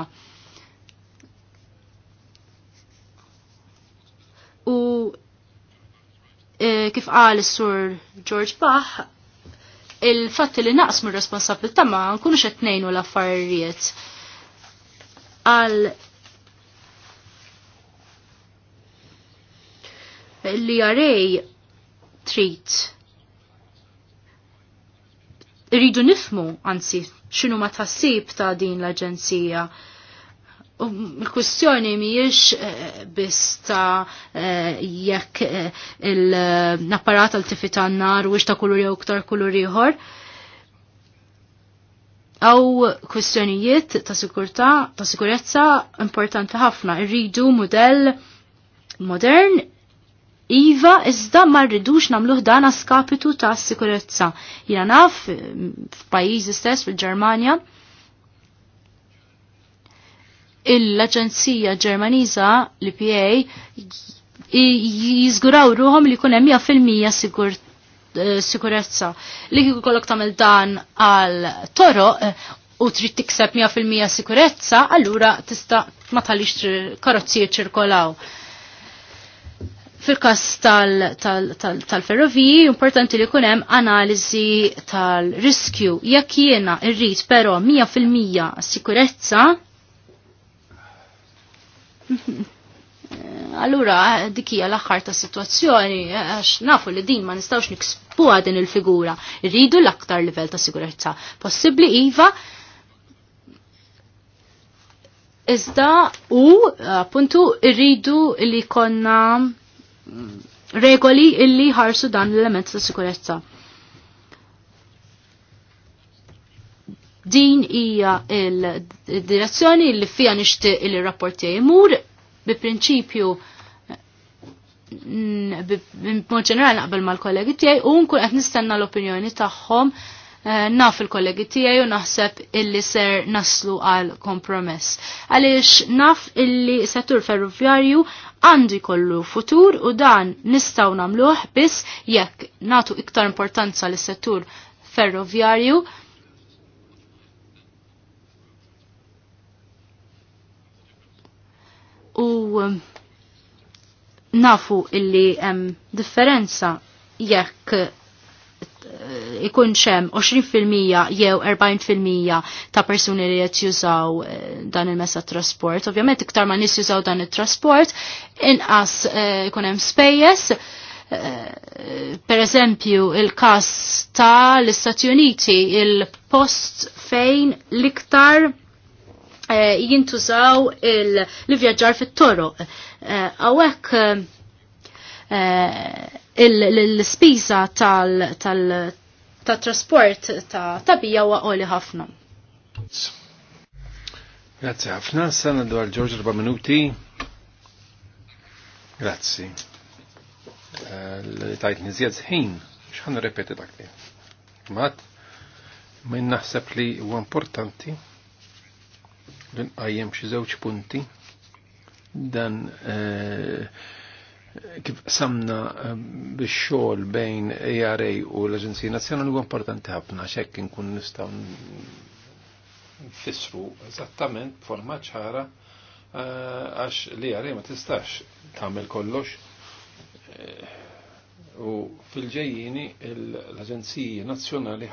U e, kif qal is-sur George Bach, il-fatt li naqsmu r-responsabilità ma nkunux qed tnejnu l-affarijiet għal li għarej trit Irridu nifmu, anzi, xinu ma tassib ta' din l-Aġenzija. Il-kwistjoni miex eh, biss ta' eh, jekk eh, l-apparat għal tifit n-nar u ta' kulur jew ktar kulur ieħor. Aw kwistjonijiet ta' sikurta, ta' sikurezza importanti ħafna. Irridu model modern Iva, iżda ma rridux namluħ dan skapitu ta' sikurezza. Jina naf, f'pajjiżi stess, fil-Ġermanja, l-Aġenzija Ġermaniża, l-PA, jizguraw ruħom li kunem 100% sigur eh, sikurezza. Li kiku kollok tamil dan għal toro eh, u trid tikseb 100% sikurezza, allura tista' ma talix karozzijiet ċirkolaw. Fil-kas tal-ferroviji, importanti li kunem analizi tal-riskju. Jekk jiena irrid però 100% sikurezza, [laughs] Allura, dikija l-axħar ta' situazzjoni, għax nafu li din ma nistawx nikspuha din il-figura. Rridu l-aktar livell ta' sigurezza. Possibli iva, iżda u appuntu rridu li konna regoli illi ħarsu dan l-element ta' sikurezza. Din hija il-direzzjoni li fija nixtieq il rapporti jmur bi prinċipju b'mod ġenerali naqbel mal-kollegi tiegħi u nkun qed nistenna l-opinjoni tagħhom eh, naf il-kollegi tiegħi u naħseb illi ser naslu għal kompromess. Għaliex naf illi settur ferroviarju għandu jkollu futur u dan nistaw namluħ biss jekk natu iktar importanza l settur ferroviarju u um, nafu illi hemm differenza jekk Eh, ikun xem 20% jew 40% ta' persuni li qed jużaw eh, dan il-messa trasport. Ovvjament iktar ma nis jużaw dan it-trasport, inqas eh, ikun hemm spejjeż. Per eżempju, il-kas ta' l-Istati Uniti, il-post fejn l-iktar jintużaw l-vjaġġar fit-toroq. Għawek l spisa tal-trasport ta' tabija huwa għoli ħafna. Grazzi ħafna, sanna dwar Ġorġ 4 minuti. Grazzi. Eh, L-tajt zjed zħin, xħan repeti dak li. Mat, minn naħseb li huwa importanti l-inqajjem xi żewġ punti dan eh, kif samna ehm, biex xogħol bejn ARA u l-Aġenzija Nazzjonali huwa importanti ħafna x'hekk inkun nistgħu nfissru eżattament b'forma ċara eh, għax li ARA ma tistax tagħmel kollox. Eh, u fil-ġejjini l-Aġenziji Nazzjonali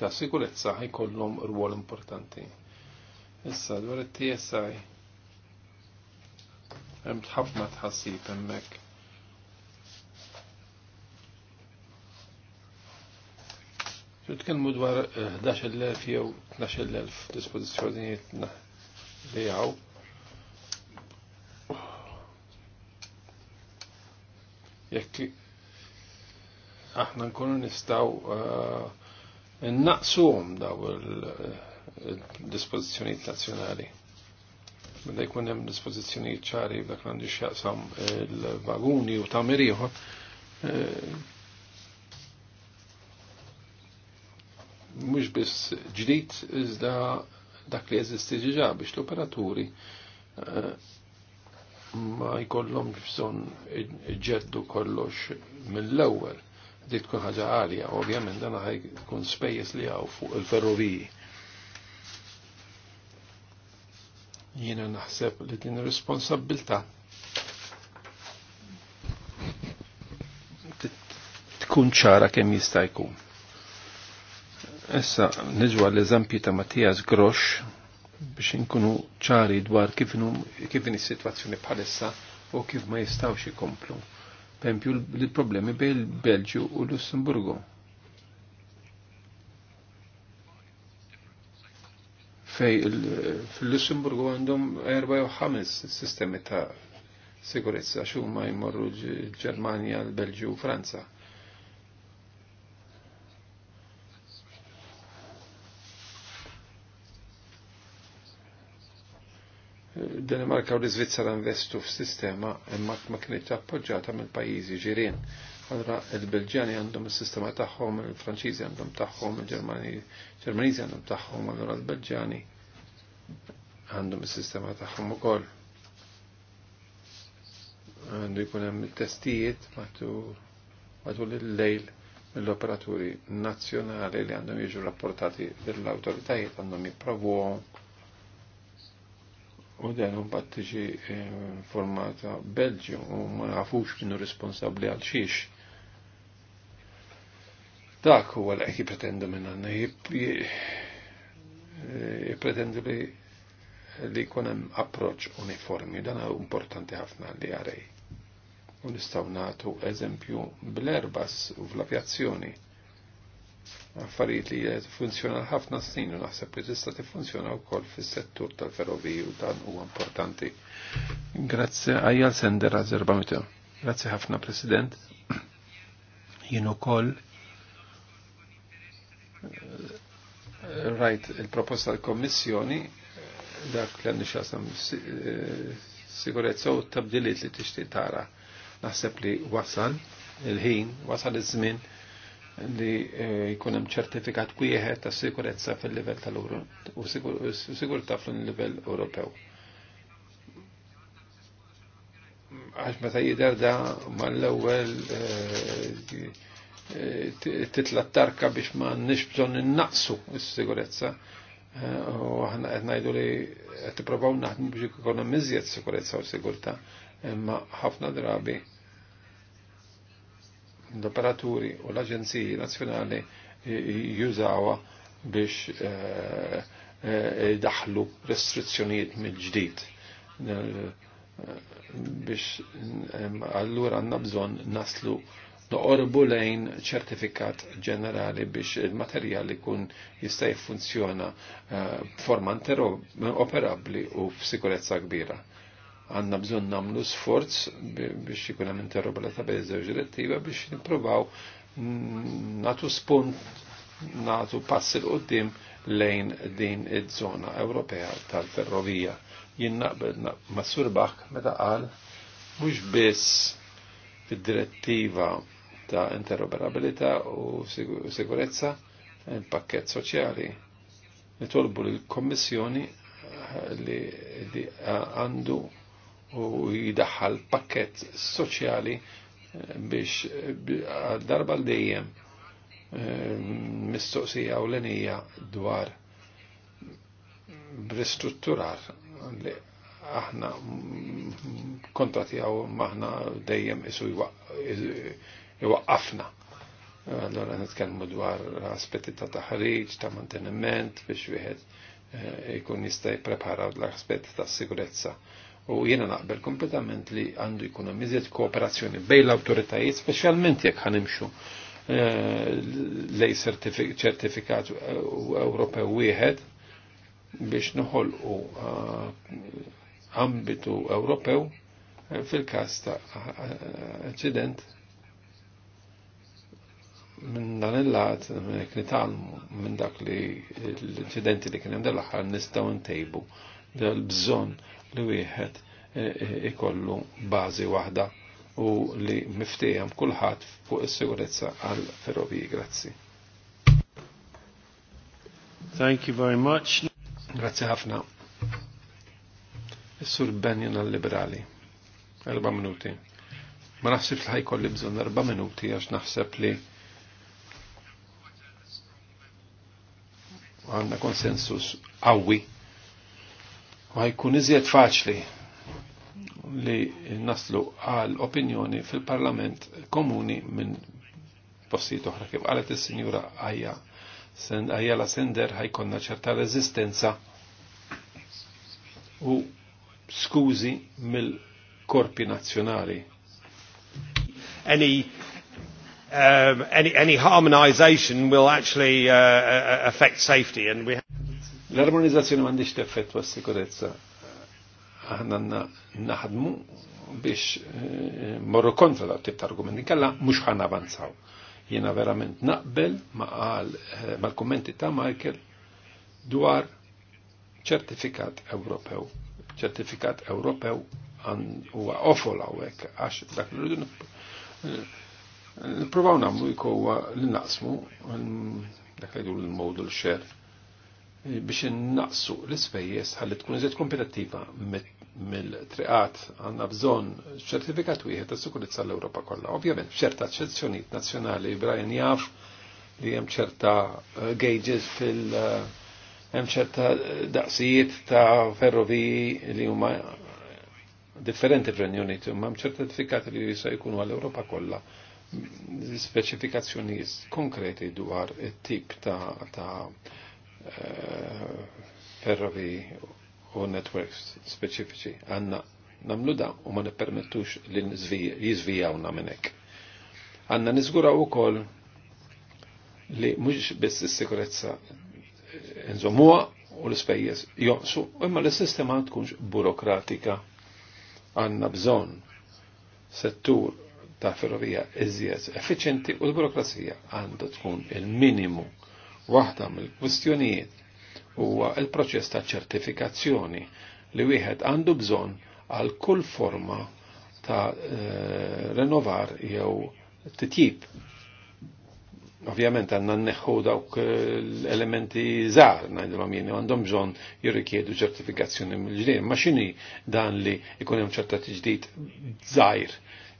ta' Sikurezza ħajkollhom rwol importanti. Issa dwar it-TSI hemm ħafna tħassib hemmhekk Nitkellmu dwar 11.000 eh, jew 12.000 dispożizzjonijiet li għaw. Jekk aħna nkunu nistaw eh, n naqsuhom daw eh, il-dispożizzjonijiet nazjonali. Bada jkun hemm dispożizzjonijiet ċari dak għandi jaqsam il-vaguni u tagħmir mhux biss ġdid iżda dak li jeżisti ġiġa biex l-operaturi eh, ma jkollhom bżonn ġeddu kollox mill-ewwel. Dik tkun ħaġa għalja, ovvjament dan ħaj tkun spejjeż li għaw fuq il-ferroviji. Jiena naħseb li din responsabilta tkun ċara kemm jista' jkun. Essa, nġu għall-eżempju ta' Mattias Grosh biex inkunu ċari dwar kif in is-sitwazzjoni bħalissa u kif ma jistawx ikomplu. Pempju l-problemi bej il-Belġju u l-Lussemburgu. Fej fil-Lussemburgu għandhom erba jew ħames sistemi ta' sikurezza xumma jmorru l-Ġermanja, l-Belġju u Franza. Danimarka u l-Svizzera investu f-sistema imma ma kienet appoġġata mill pajjiżi ġirien. Allora il-Belġani għandhom is-sistema tagħhom, il-Franċiżi għandhom tagħhom, il-Ġermaniżi għandhom tagħhom, allora l-Belġani għandhom is-sistema tagħhom ukoll. Għandu jkun hemm testijiet matul il-lejl mill-operaturi nazzjonali li għandhom jiġu rapportati lill-awtoritajiet għandhom jipprovuhom U dan u bat tiġi eh, formata Belġju u ma nafux kienu responsabli għal xiex. Dak huwa għal qed pretendu minn għandna eh, jippretendu li li jkun hemm approċċ uniformi, dan għu importanti ħafna li għarej. U nistgħu nagħtu eżempju bl-erbas u fl-avjazzjoni affarijiet li funzjona ħafna snin u naħseb li tista' tiffunzjona wkoll fis-settur tal ferroviju dan huwa importanti. Grazzi għajjal sender għażerba mitu. Grazzi ħafna President. Jien ukoll eh, rajt il-proposta tal-Kommissjoni dak li għandu xasam eh, sigurezza u tabdiliet li tixtieq tara. Naħseb li wasal il-ħin, wasal iż-żmien il ħin wasal iż żmien il li eh, jkun hemm ċertifikat wieħed ta' sikurezza fil-livell tal-Ewro u sigurtà fil-livell Ewropew. Għax meta jidher da mal-ewwel eh, eh, titla tarka biex ma nix bżonn innaqsu s-sigurezza. U aħna qed ngħidu li qed tippruvaw naħdmu biex ikun hemm sikurezza u sigurtà imma ħafna drabi l-operaturi u l-aġenziji nazzjonali jużawa biex eh, eh, daħlu restrizzjonijiet mill-ġdid eh, biex allura għanna bżon naslu noqorbu lejn ċertifikat ġenerali biex il materjali kun jista' jiffunzjona b'forma interoperabli u f'sikurezza kbira għanna bżon namlu sforz biex ikun hemm interoperabilità bejn iż-żewġ direttiva biex nippruvaw natu spunt natu pass il qoddim lejn din id-zona Ewropea tal-ferrovija. Jien naqbel ma' Surbaħ meta qal mhux biss fid-direttiva ta' interoperabilità u sigurezza il-pakket soċjali. Nitolbu l-Kommissjoni eh, li għandu u jidaħħal pakket soċjali eh, biex eh, darba l dejjem eh, mistoqsija u l-enija dwar ristrutturar li aħna kontrati għaw maħna dejjem isu jwaqqafna. Allora nitkellmu dwar aspetti ta' taħriġ, ta' manteniment biex wieħed ikun jista' jipprepara l-aspetti ta' sigurezza U jiena naqbel kompletament li għandu jkun miżiet iżjed kooperazzjoni bejn l autoritajiet speċjalment jekk ħanimxu eh, lej ċertifikat Ewropew wieħed biex noħolqu eh, ambitu Ewropew eh, fil-każ ta' aċċident minn dan il-lat minn dak li l-inċidenti li kien hemm dal-aħħar nistgħu ntejbu l-bżonn li wieħed ikollu bażi waħda u li miftieħem kulħadd fuq is-sigurezza għal ferroviji. Grazzi. Thank you very much. Grazzi ħafna. Is-sur Benjen liberali Erba' minuti. Ma naħsibx li ħajkolli bżonn erba' minuti għax naħseb li għandna konsensus qawwi u ħajkun iżjed faċli li naslu għal opinjoni fil-parlament komuni minn postijiet oħra kif għalet il sinjura għajja għajja la Sender ħajkonna ċerta rezistenza u skużi mill-korpi nazjonali. Any um, any, any harmonization will actually uh, uh, uh affect safety and we have L-armonizzazzjoni m'għandix teffettwa s-sikurezza. Għanna naħdmu biex eh, morru kontra da tip ta' argumenti kalla mux ħan avanzaw. Jena verament naqbel ma' eh, l-kommenti ta' Michael dwar ċertifikat Ewropew. ċertifikat Ewropew huwa ofol hawnhekk għax dak li rridu eh, nippruvaw nagħmlu jkollha li naqsmu mm, dak li jgħidu l-modul xer, biex innaqsu l-ispejjeż ħalli tkun iżjed kompetittiva mill-triqat għandna bżonn ċertifikat wieħed ta' sikurezza l-Ewropa kollha. Ovvjament ċerta ċezzjonijiet nazzjonali Brian jaf li hemm ċerta eh, gauges fil- eh, hemm ċerta eh, daqsijiet ta' ferroviji li huma differenti fl-Renju Uniti, ma' ċerta ċertifikati li jista' jkunu għall-Ewropa kollha speċifikazzjonijiet konkreti dwar it-tip ta', ta ferrovi eh, u networks speċifiċi għanna namlu da u ma nippermettux li jizvijawna minnek. Għanna nizguraw u kol li mux biss s-sikurezza nżomua u l-spejjeż jonqsu, imma l-sistema tkunx burokratika. Għanna bżon settur ta' ferrovija iżjed effiċenti u l-burokrazija għandha tkun il-minimu Waħda mill-kwistjonijiet huwa l-proċess ta' ċertifikazzjoni li wieħed għandu bżonn għal kull forma ta' eh, renovar jew titjib. Ovvjament għanna nneħħu dawk l-elementi eh, żgħar ngħidhom jeni, għandhom bżon jirrikjedu ċertifikazzjoni mill ġdien Ma dan li jkun hemm ċerta ġdid zaħir,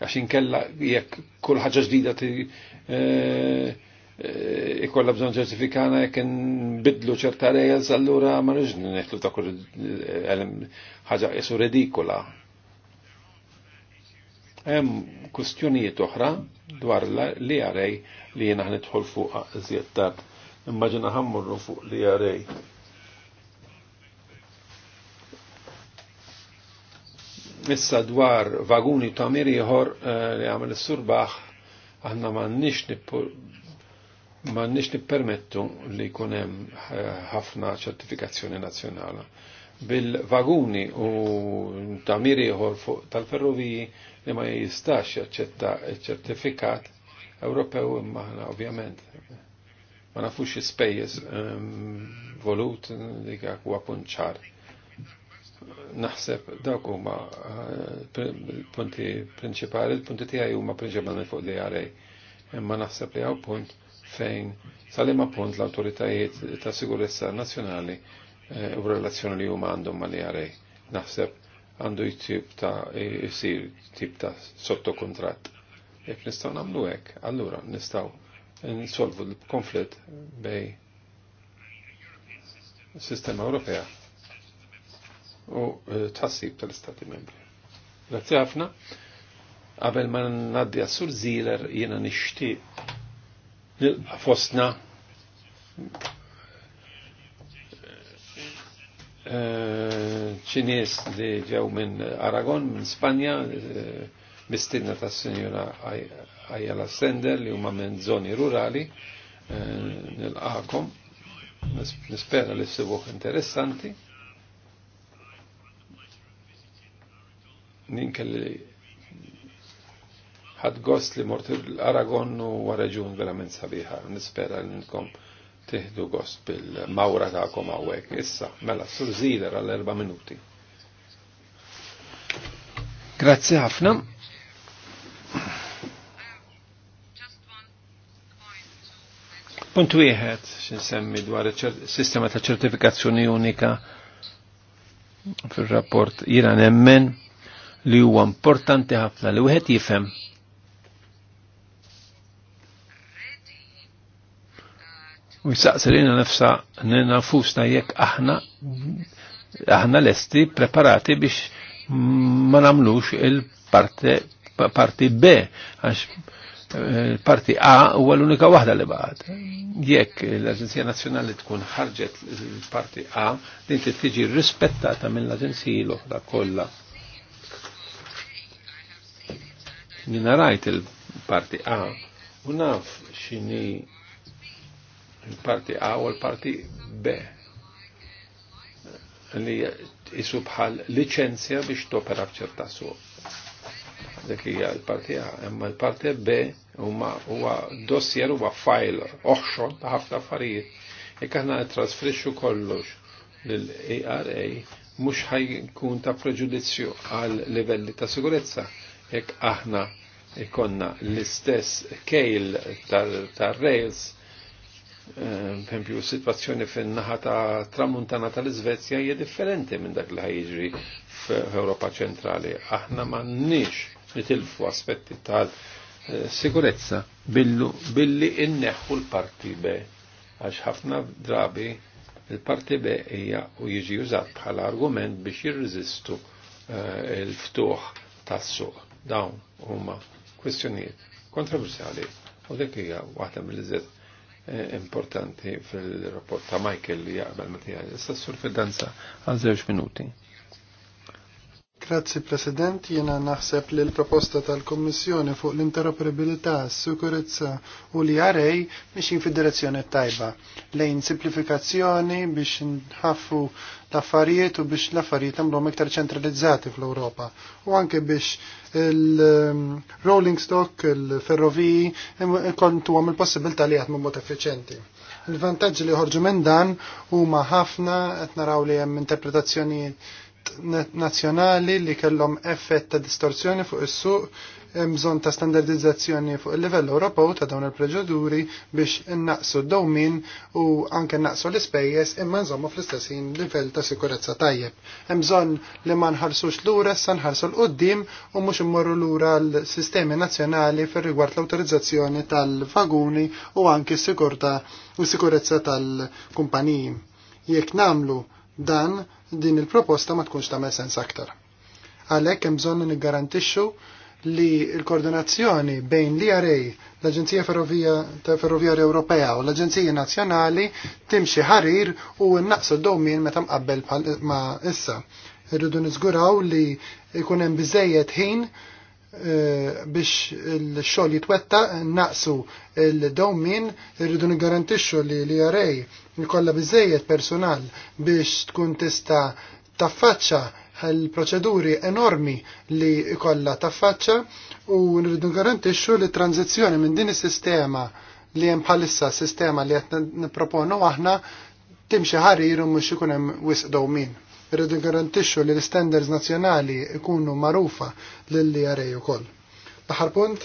għax inkella jekk kull ħaġa ġdida eh, Eh, ikolla bżon ċertifikana jek nbidlu ċerta rejels, allura ma nix neħtlu ta' kull eh, ħaġa jesu ridikola. Hemm kustjonijiet oħra dwar li għarej li jena ħnitħol fuq iżjed Immaġina ħammurru fuq li għarej. Issa dwar vaguni ta' jħor eh, li għamil s surbaħ għanna ma nix ma nix nippermettu li kunem eh, ħafna ċertifikazzjoni nazjonala. Bil-vaguni u tamiri ieħor fuq tal-ferroviji li ma jistax jaċċetta ċertifikat Ewropew maħna ovvjament ma nafux ispejjeż ehm, volut dik huwa punt ċar. Naħseb dawk huma eh, punti prinċipali, l-punti tiegħi huma prinċipali fuq DRA. Imma naħseb li hawn punt fejn sal-imma punt l-autoritajiet ta' sigurezza nazjonali eh, u relazzjoni li huma għandhom ma' li għarej. Naħseb għandu jtib ta' jisir tip ta' sottokontrat. Jek nistaw namlu hekk, allura nistaw nsolvu l-konflitt bej sistema Ewropea u eh, tħassib tal-Istati Membri. Grazzi ħafna. Qabel ma naddi għas-sur Ziler jiena nixtieq fosna eh, ċinies li ġew minn Aragon, minn Spanja, eh, mistinna ta' s Sinjora Ajala Sender li huma minn zoni rurali, eh, nil-għakom, nispera li s-sibuħ interessanti. Ninkelli ħad gost li mort l-Aragon u għaraġun verament sabiħa. Nispera li nkom tiħdu gost bil-mawra ta'kom għek. Issa, mela, sur għall-erba minuti. Grazzi ħafna. Punt wieħed semmi dwar sistema ta' ċertifikazzjoni unika fir-rapport Iran Emmen li huwa importanti ħafna li wieħed jifhem U jisaqsirina nifsa nafusna jekk aħna aħna lesti preparati biex ma namlux il-parti B għax il eh, parti A huwa l-unika waħda li baqgħet. Jekk l-Aġenzija Nazzjonali tkun ħarġet il-parti A, din trid tiġi rispettata mill aġenzija l-oħra kollha. Jina rajt il-parti A u naf x'inhi il-parti A u l-parti B li jisu bħal licenzja biex topera f'ċerta suq. Dik hija l-parti A, imma l-parti B huma huwa dossier huwa file oħxon ta' ħafna affarijiet. Jekk aħna nittrasferixxu kollox lill ara mhux ħajkun ta' preġudizzju għal livelli ta' sigurezza jekk aħna ikonna l-istess kejl tar-rails Ehm, Pempju, situazzjoni fin-naħa ta' tramuntana tal-Iżvezja hija differenti minn dak li ħajġri europa ċentrali. Aħna m'għandniex nitilfu aspetti tal eh, sigurezza billi inneħħu l-parti B għax ħafna drabi il-parti B hija u jiġi użat bħala argument biex jirriżistu eh, il-ftuħ tas-suq. Dawn huma kwestjonijiet kontroversjali u dik hija waħda mill importanti fil-rapport ta' Michael li jaqbel ma tiegħi. Issa sur għal żewġ minuti. Grazzi President, jena naħseb li l-proposta tal-Kommissjoni fuq l-interoperabilità, s-sikurezza u li għarej biex fid-direzzjoni tajba lejn simplifikazzjoni biex nħaffu l-affarijiet u biex l-affarijiet għamlu iktar ċentralizzati fl-Ewropa u anke biex il-rolling stock, il-ferroviji, kontu għam il-possibilità li għatmu mod effiċenti. Il-vantaġġi li ħorġu minn dan huma ħafna qed naraw li hemm interpretazzjoni nazzjonali li kellhom effett ta' distorsjoni fuq is-suq bżonn ta' standardizzazzjoni fuq il-livell Ewropew ta' dawn il-proċeduri biex innaqsu d-dowmin u anke naqsu l-ispejjeż imma nżommu fl-istessin livell ta' sikurezza tajjeb. Hemm bżonn li ma nħarsux lura sa nħarsu l-qudiem u mhux immorru lura l-sistemi nazzjonali fir-rigward l-awtorizzazzjoni tal-vaguni u anke s-sikurta u s-sikurezza tal-kumpaniji. Jekk namlu Dan din il-proposta ma tkunx tagħmel sens aktar. Għalhekk hemm bżonn niggarantixxu li l-koordinazzjoni bejn l-IRA, l-Aġenzija Ferrovija Ewropea u l-Aġenzija Nazzjonali timxi ħarir u naqsu d-dowmin meta mqabbel ma' issa. Irridu niżguraw li jkun hemm biżejjed ħin Eh, biex il-xogħol jitwetta naqsu il-dawmin irridu nigarantixxu li li jarej jkollha biżejjed personal biex tkun tista' taffaċċa l-proċeduri enormi li jkollha taffaċċa u nridu garantixxu li tranzizzjoni minn din is-sistema li hemm bħalissa sistema li qed nipproponu aħna timxi ħarir u mhux ikun hemm wisq dawmin. Irridu garantixxu li l-standards nazzjonali ikunu marufa lilli għarej ukoll. L-aħħar punt,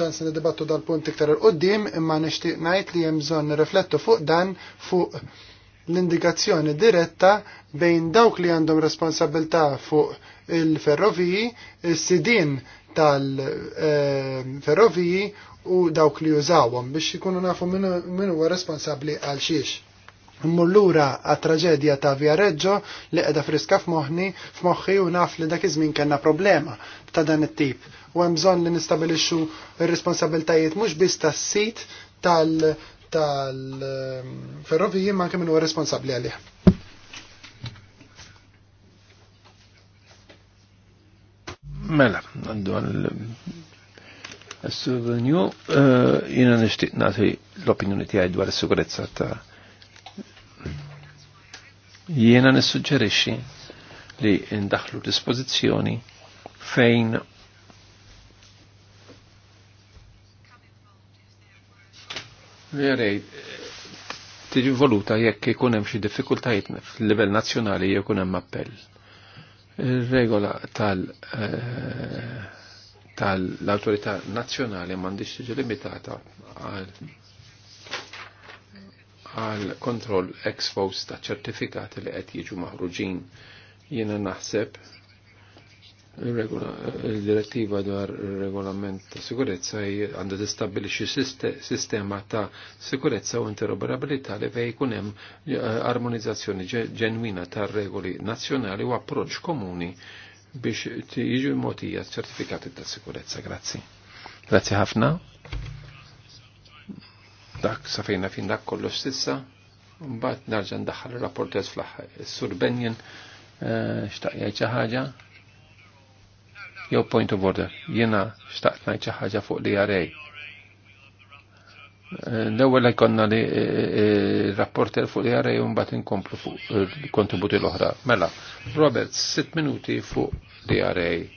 ċans li dibattu dal-punt iktar il-qoddim, imma nixtieq ngħid li hemm bżonn nirriflettu fuq dan fuq l-indikazzjoni diretta bejn dawk li għandhom responsabilità fuq il-ferroviji, s sidin tal-ferroviji u dawk li jużawhom biex ikunu nafu minu, huwa responsabbli għal xiex. Mullura a għat traġedja ta' Viareggio li qiegħda friska f'moħħni f'moħħi u naf li dak iż-żmien kellna problema ta' dan it-tip. U hemm bżonn li nistabilixxu r-responsabiltajiet mhux biss tas-sit tal tal-ferroviji ma' kemm huwa responsabbli għalih. Mela, għandu għal Assur Venju, eh, jina nishtiq nati l-opinjoni tijaj dwar s-sigurezza ta' Jiena nissuġġerixxi li ndaħlu dispożizzjoni fejn Verej, tiġi voluta jekk ikun hemm xi diffikultajiet fil-livell nazzjonali jew ikun hemm appell. Ir-regola tal eh, tal awtorità nazzjonali m'għandix tiġi limitata għal għal kontroll ex post ta' ċertifikat li qed jiġu maħruġin. Jiena naħseb il-direttiva dwar il-regolament ta' sikurezza għandha tistabbilixxi sistema ta' sigurezza u interoperabilità li fej jkun hemm eh, armonizzazzjoni ġenwina ta' regoli nazzjonali u approċċ komuni biex jiġu motija ċertifikati ta' sigurezza. Grazzi. Grazie ħafna dak safejna fin dak kollox sissa, mbagħad narġa' ndaħħal ir-rapportez fl-aħħar is-Sur Benjen eh, xtaq jgħid xi ħaġa. Jew point of order, jiena xtaqt ngħid xi ħaġa fuq li jarej. Eh, l-ewwel jkollna li eh, rapporter fuq li jarej u mbagħad inkomplu fuq il-kontributi l-oħra. Mela, Robert, sitt minuti fuq li jarej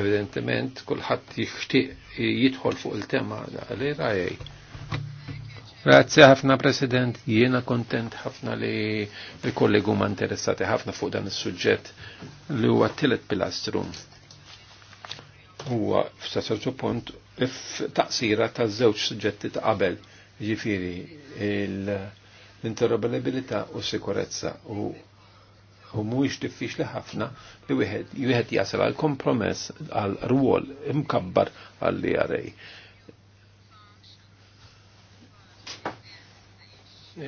evidentement kullħat jixtieq jidħol fuq il-tema li rajej Grazie ħafna President, jiena kontent ħafna li l-kollegu ma interessati ħafna fuq dan is-suġġett li huwa t-tielet pilastru. Huwa f'sa ċertu punt f'taqsira ta' żewġ suġġetti ta' qabel, jiġifieri l-interoperabilità u sikurezza u u mhuwiex diffiċli ħafna li wieħed jasal għal kompromess għal rwol imkabbar għall-li għarej.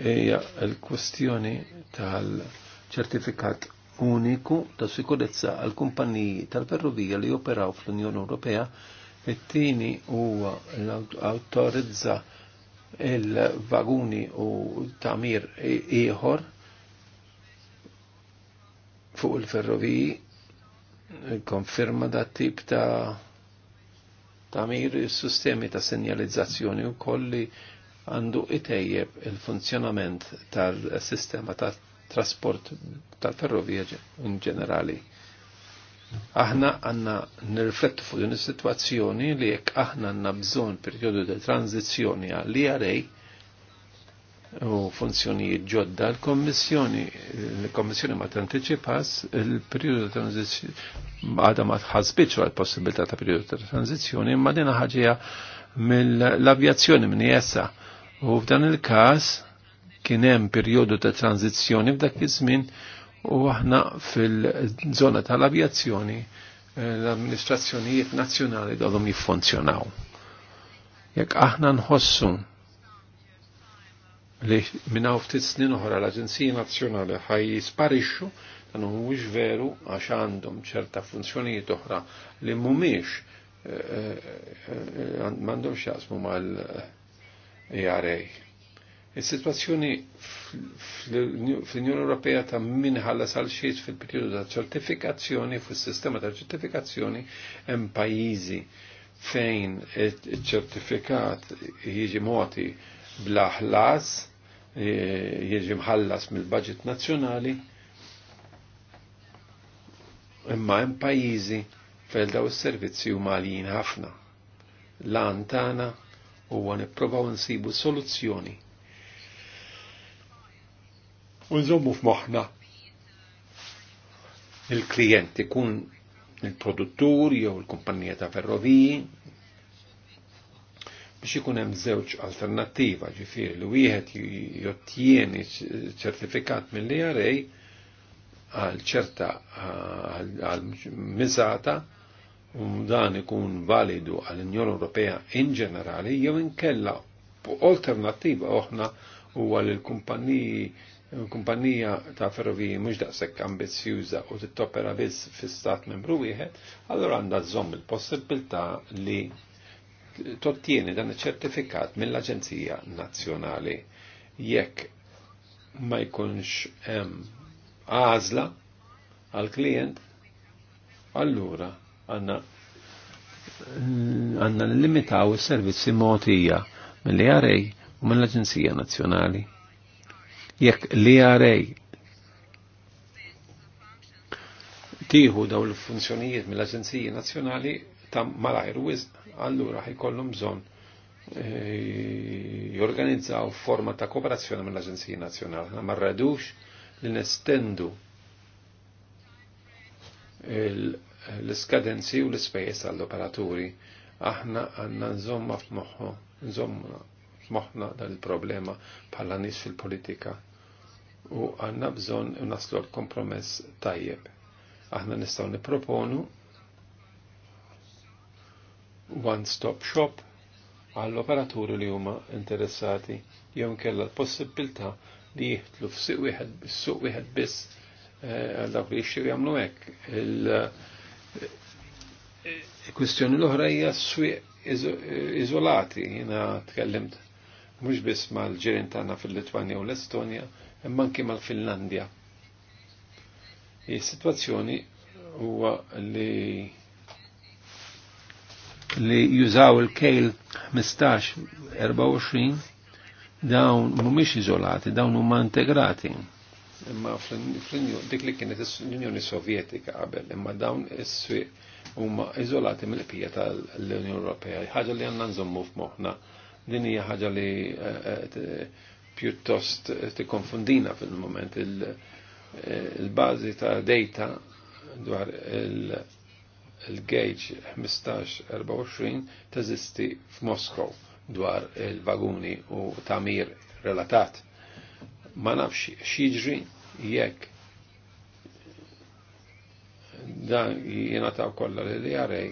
hija l-kwestjoni tal-ċertifikat uniku ta' sikurezza għal kumpaniji tal-ferrovija li operaw fl-Unjoni Ewropea it-tieni huwa l-autorizza il-vaguni u tamir ieħor fuq il-ferroviji konferma da tip ta' tamir sistemi ta' senjalizzazzjoni u kolli għandu itejjeb il-funzjonament tal-sistema ta' trasport tal-ferrovija in ġenerali. Aħna għanna nirriflettu fuq din is-sitwazzjoni li jekk aħna għandna bżonn perjodu ta' tranzizzjoni għal IRA u funzjonijiet ġodda, l-Kommissjoni, l-Kommissjoni ma tantiċipas il-periodu ta' tranzizjoni, għadha ma tħasbitx għal possibilità ta' periodu ta' tranzizjoni, imma dina ħaġija mill-avjazzjoni minn jessa U f'dan il-każ kien hemm perjodu ta' tranzizzjoni f'dak iż-żmien u aħna fil-żona tal-avjazzjoni eh, l-amministrazzjonijiet nazzjonali għadhom jiffunzjonaw. Jekk aħna nħossu li minnaw ftit snin oħra l-Aġenziji Nazzjonali ħaj jisparixxu dan mhuwiex veru għax għandhom ċerta funzjonijiet oħra li mhumiex eh, eh, m'għandhomx jaqsmu mal- ERA. Is-sitwazzjoni fl-Unjoni Ewropea ta' minħalla sal xiet fil-periodu ta' ċertifikazzjoni, fil-sistema ta' ċertifikazzjoni, hemm pajjiżi fejn iċ-ċertifikat jiġi moti bla ħlas, e, jiġi mħallas mill-budget nazzjonali, imma hemm pajjiżi fejn daw is-servizzi huma għalijin ħafna. Lantana, tagħna u għan nipprovaw nsibu soluzzjoni. U nżommu f'moħħna il-klient ikun il-produttur jew il-kumpanija ta' ferroviji biex ikun hemm żewġ alternattiva ġifieri li wieħed jottieni ċertifikat mill-IRA għal ċerta għal miżata um dan ikun validu għall-Unjoni Ewropea in ġenerali jew inkella alternattiva oħna u li l-kumpaniji kumpanija ta' ferroviji mhux daqshekk ambizzjuża u tittopera biss fi-stat membru wieħed, allura għandha żomm il-possibilità li tottieni dan iċ-ċertifikat mill-Aġenzija Nazzjonali jekk ma jkunx hemm għażla għall-klijent, allura għanna għanna limitaw il-servizzi motija mill IRA u mill-Aġenzija Nazzjonali. Jekk l-IRA tiħu daw l-funzjonijiet mill-Aġenzija Nazzjonali tam malajr wiz, allura ħajkollhom bżonn e, jorganizzaw forma ta' kooperazzjoni mill-Aġenzija Nazzjonali. Ma marradux li nestendu l-iskadenzi u l-ispejjeż għall-operaturi. Aħna għandna nżomma f'moħħu, nżomma f'moħħna dan il-problema bħala nies fil-politika u għandna bżonn naslu kompromess tajjeb. Aħna nistgħu nipproponu one-stop shop għall-operaturi li huma interessati jew kella l-possibilità li jihtlu f'suq wieħed biss eh, għal dawk li jixtru jagħmlu hekk. Kwistjoni l-oħra hija s-swieq iżolati, jiena tkellimt mhux biss mal-ġirin tagħna fil-Litwanja u l-Estonja, imma anke mal-Finlandja. Is-sitwazzjoni huwa li li jużaw il-kejl 15-24 dawn mhumiex iżolati, dawn huma integrati imma fl-Unjoni dik li kienet l-Unjoni Sovjetika qabel, imma dawn is-swieq huma iżolati mill pija tal-Unjoni Ewropea, ħaġa li għandna nżommu f'moħħna. Din hija ħaġa li eh, eh, pjuttost tikkonfundina fil-moment eh, il-bażi ta' data dwar il gage 15-24 teżisti f'Moskow dwar il-vaguni u tamir relatat ma nafx xieġri jekk dan jiena ta' kollha li jarej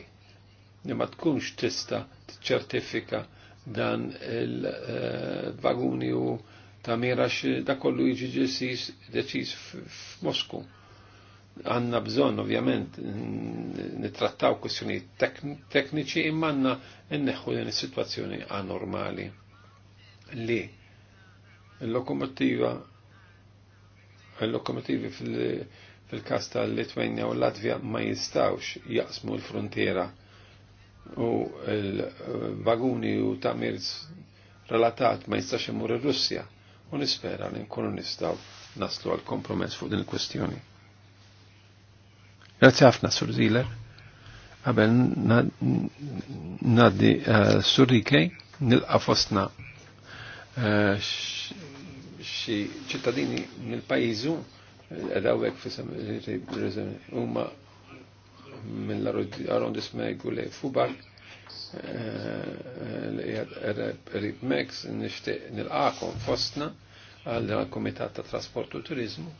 li ma tkunx tista t-ċertifika dan il-vaguni u ta' mirax da' kollu jiġi ġesis deċis f'Mosku. Għanna bżon, ovvjament, nitrattaw kwestjoni tekniċi imma għanna n-neħu din is-situazzjoni anormali li il-lokomotiva il-lokomotivi fil-kas tal-Litwenja u Latvija ma jistawx jaqsmu l-frontiera u l-vaguni u tamirz relatat ma jistax imur ir-Russja u nispera li nkunu nistaw naslu għal kompromess fuq din il-kwestjoni. Grazie ħafna, Sur Ziller. Għabel naddi Surrikej nilqa fostna xi ċittadini mill-pajjiżu eh, fi eh, eh, huma mill-arrondisment gule fubak rib Mex nishtiq nil-għakom fostna għal komitat ta' trasport u turizmu.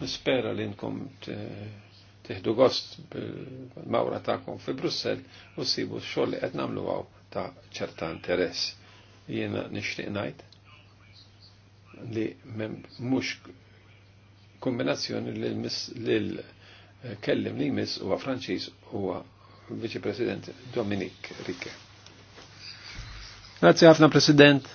Nispera li nkom tiħdu gost mawra ta'kom fi Brussel u sibu xoll li qed namlu ta' ċerta interess. Jiena nishtiq najt li mux kombinazzjoni li l kellim li jmiss huwa Franċiż huwa Viċi President Dominik Rikke. Grazie għafna President.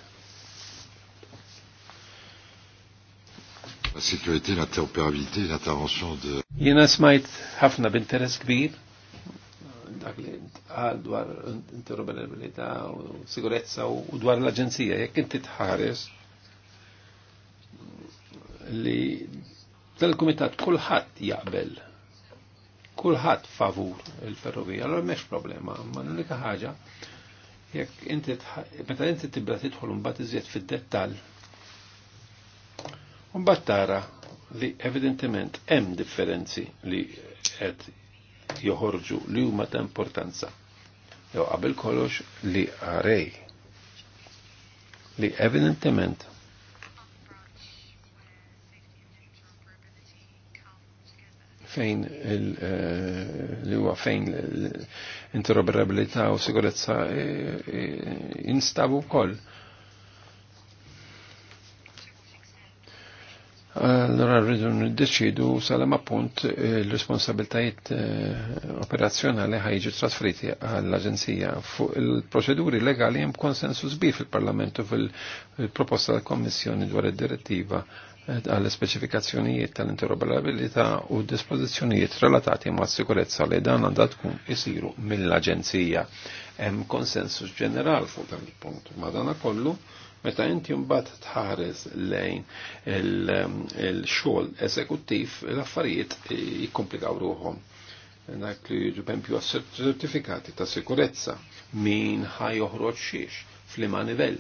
La sécurité, l'interopérabilité, l'intervention de... Jena smajt ħafna b'interess kbir dak li għal dwar interoperabilità u sigurezza u dwar l-Aġenzija, jekk inti tħares li tal-kumitat kulħadd jaqbel kulħadd favur il-ferrovija, allora mhex problema, ma l-unika ħaġa jekk inti meta inti tibda tidħol mbagħad iżjed fid-dettall. Mbagħad tara li evidentement hemm differenzi li qed joħorġu li huma ta' importanza. Jew qabel kollox li għarej li evidentement fejn eh, li huwa fejn interoperabilità u sigurezza eh, eh, instabu wkoll. Allora rridu niddeċidu salam appunt l-responsabiltajiet operazzjonali ħajġi trasferiti għall-Aġenzija. Fuq il-proċeduri legali hemm konsensus bi fil-Parlamentu fil-proposta tal-Kommissjoni dwar id-direttiva għall-speċifikazzjonijiet tal-interoperabilità u dispozizjonijiet relatati ma' sikurezza li dan għandha tkun isiru mill-Aġenzija. Hemm konsensus ġeneral fuq dan il-punt. Madana kollu, meta inti mbagħad tħares lejn il-xogħol eżekuttiv, l-affarijiet jikkomplikaw ruħhom dak li jiġu pempju certifikati ta' sikurezza min ħaj joħroġ xiex flima nivell.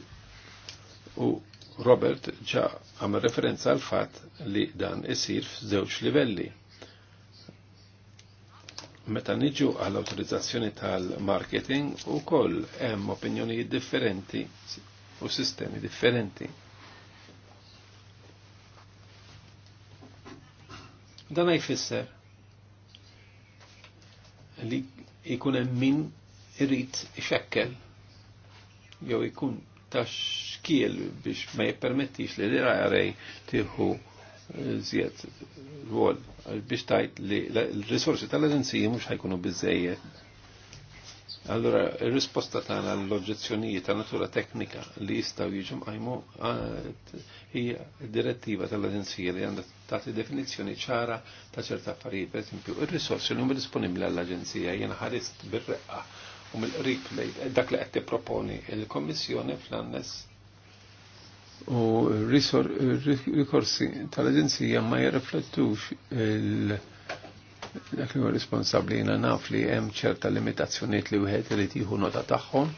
u Robert ġa għam referenza għal fatt li dan isir f'żewġ livelli. Meta niġu għall autorizzazzjoni tal-marketing u koll hemm opinjonijiet differenti u sistemi differenti. Dan jfisser li jkun hemm min irid ixekkel jew ikun ta' xkiel biex ma jippermettix li l-IRA tieħu eh, zjed rwol biex tajt li l-risorsi tal-agenzija mux ħajkunu biżejjed. Allora, il-risposta tana l-oġġezzjonijiet ta' natura teknika li jistaw jiġu għajmu eh, hija direttiva tal agenzija li għandha tagħti definizzjoni ċara ta' ċerta affarijiet, per esempio, il risorsi li huma disponibbli għall agenzija jiena ħarist bir-reqqa u mill-qrib dak li qed tipproponi il-Kommissjoni fl-annes u rikorsi tal-Aġenzija ma jirriflettux il- dak li huwa responsabbli jiena naf li hemm ċerta limitazzjonijiet li wieħed irid jieħu nota tagħhom,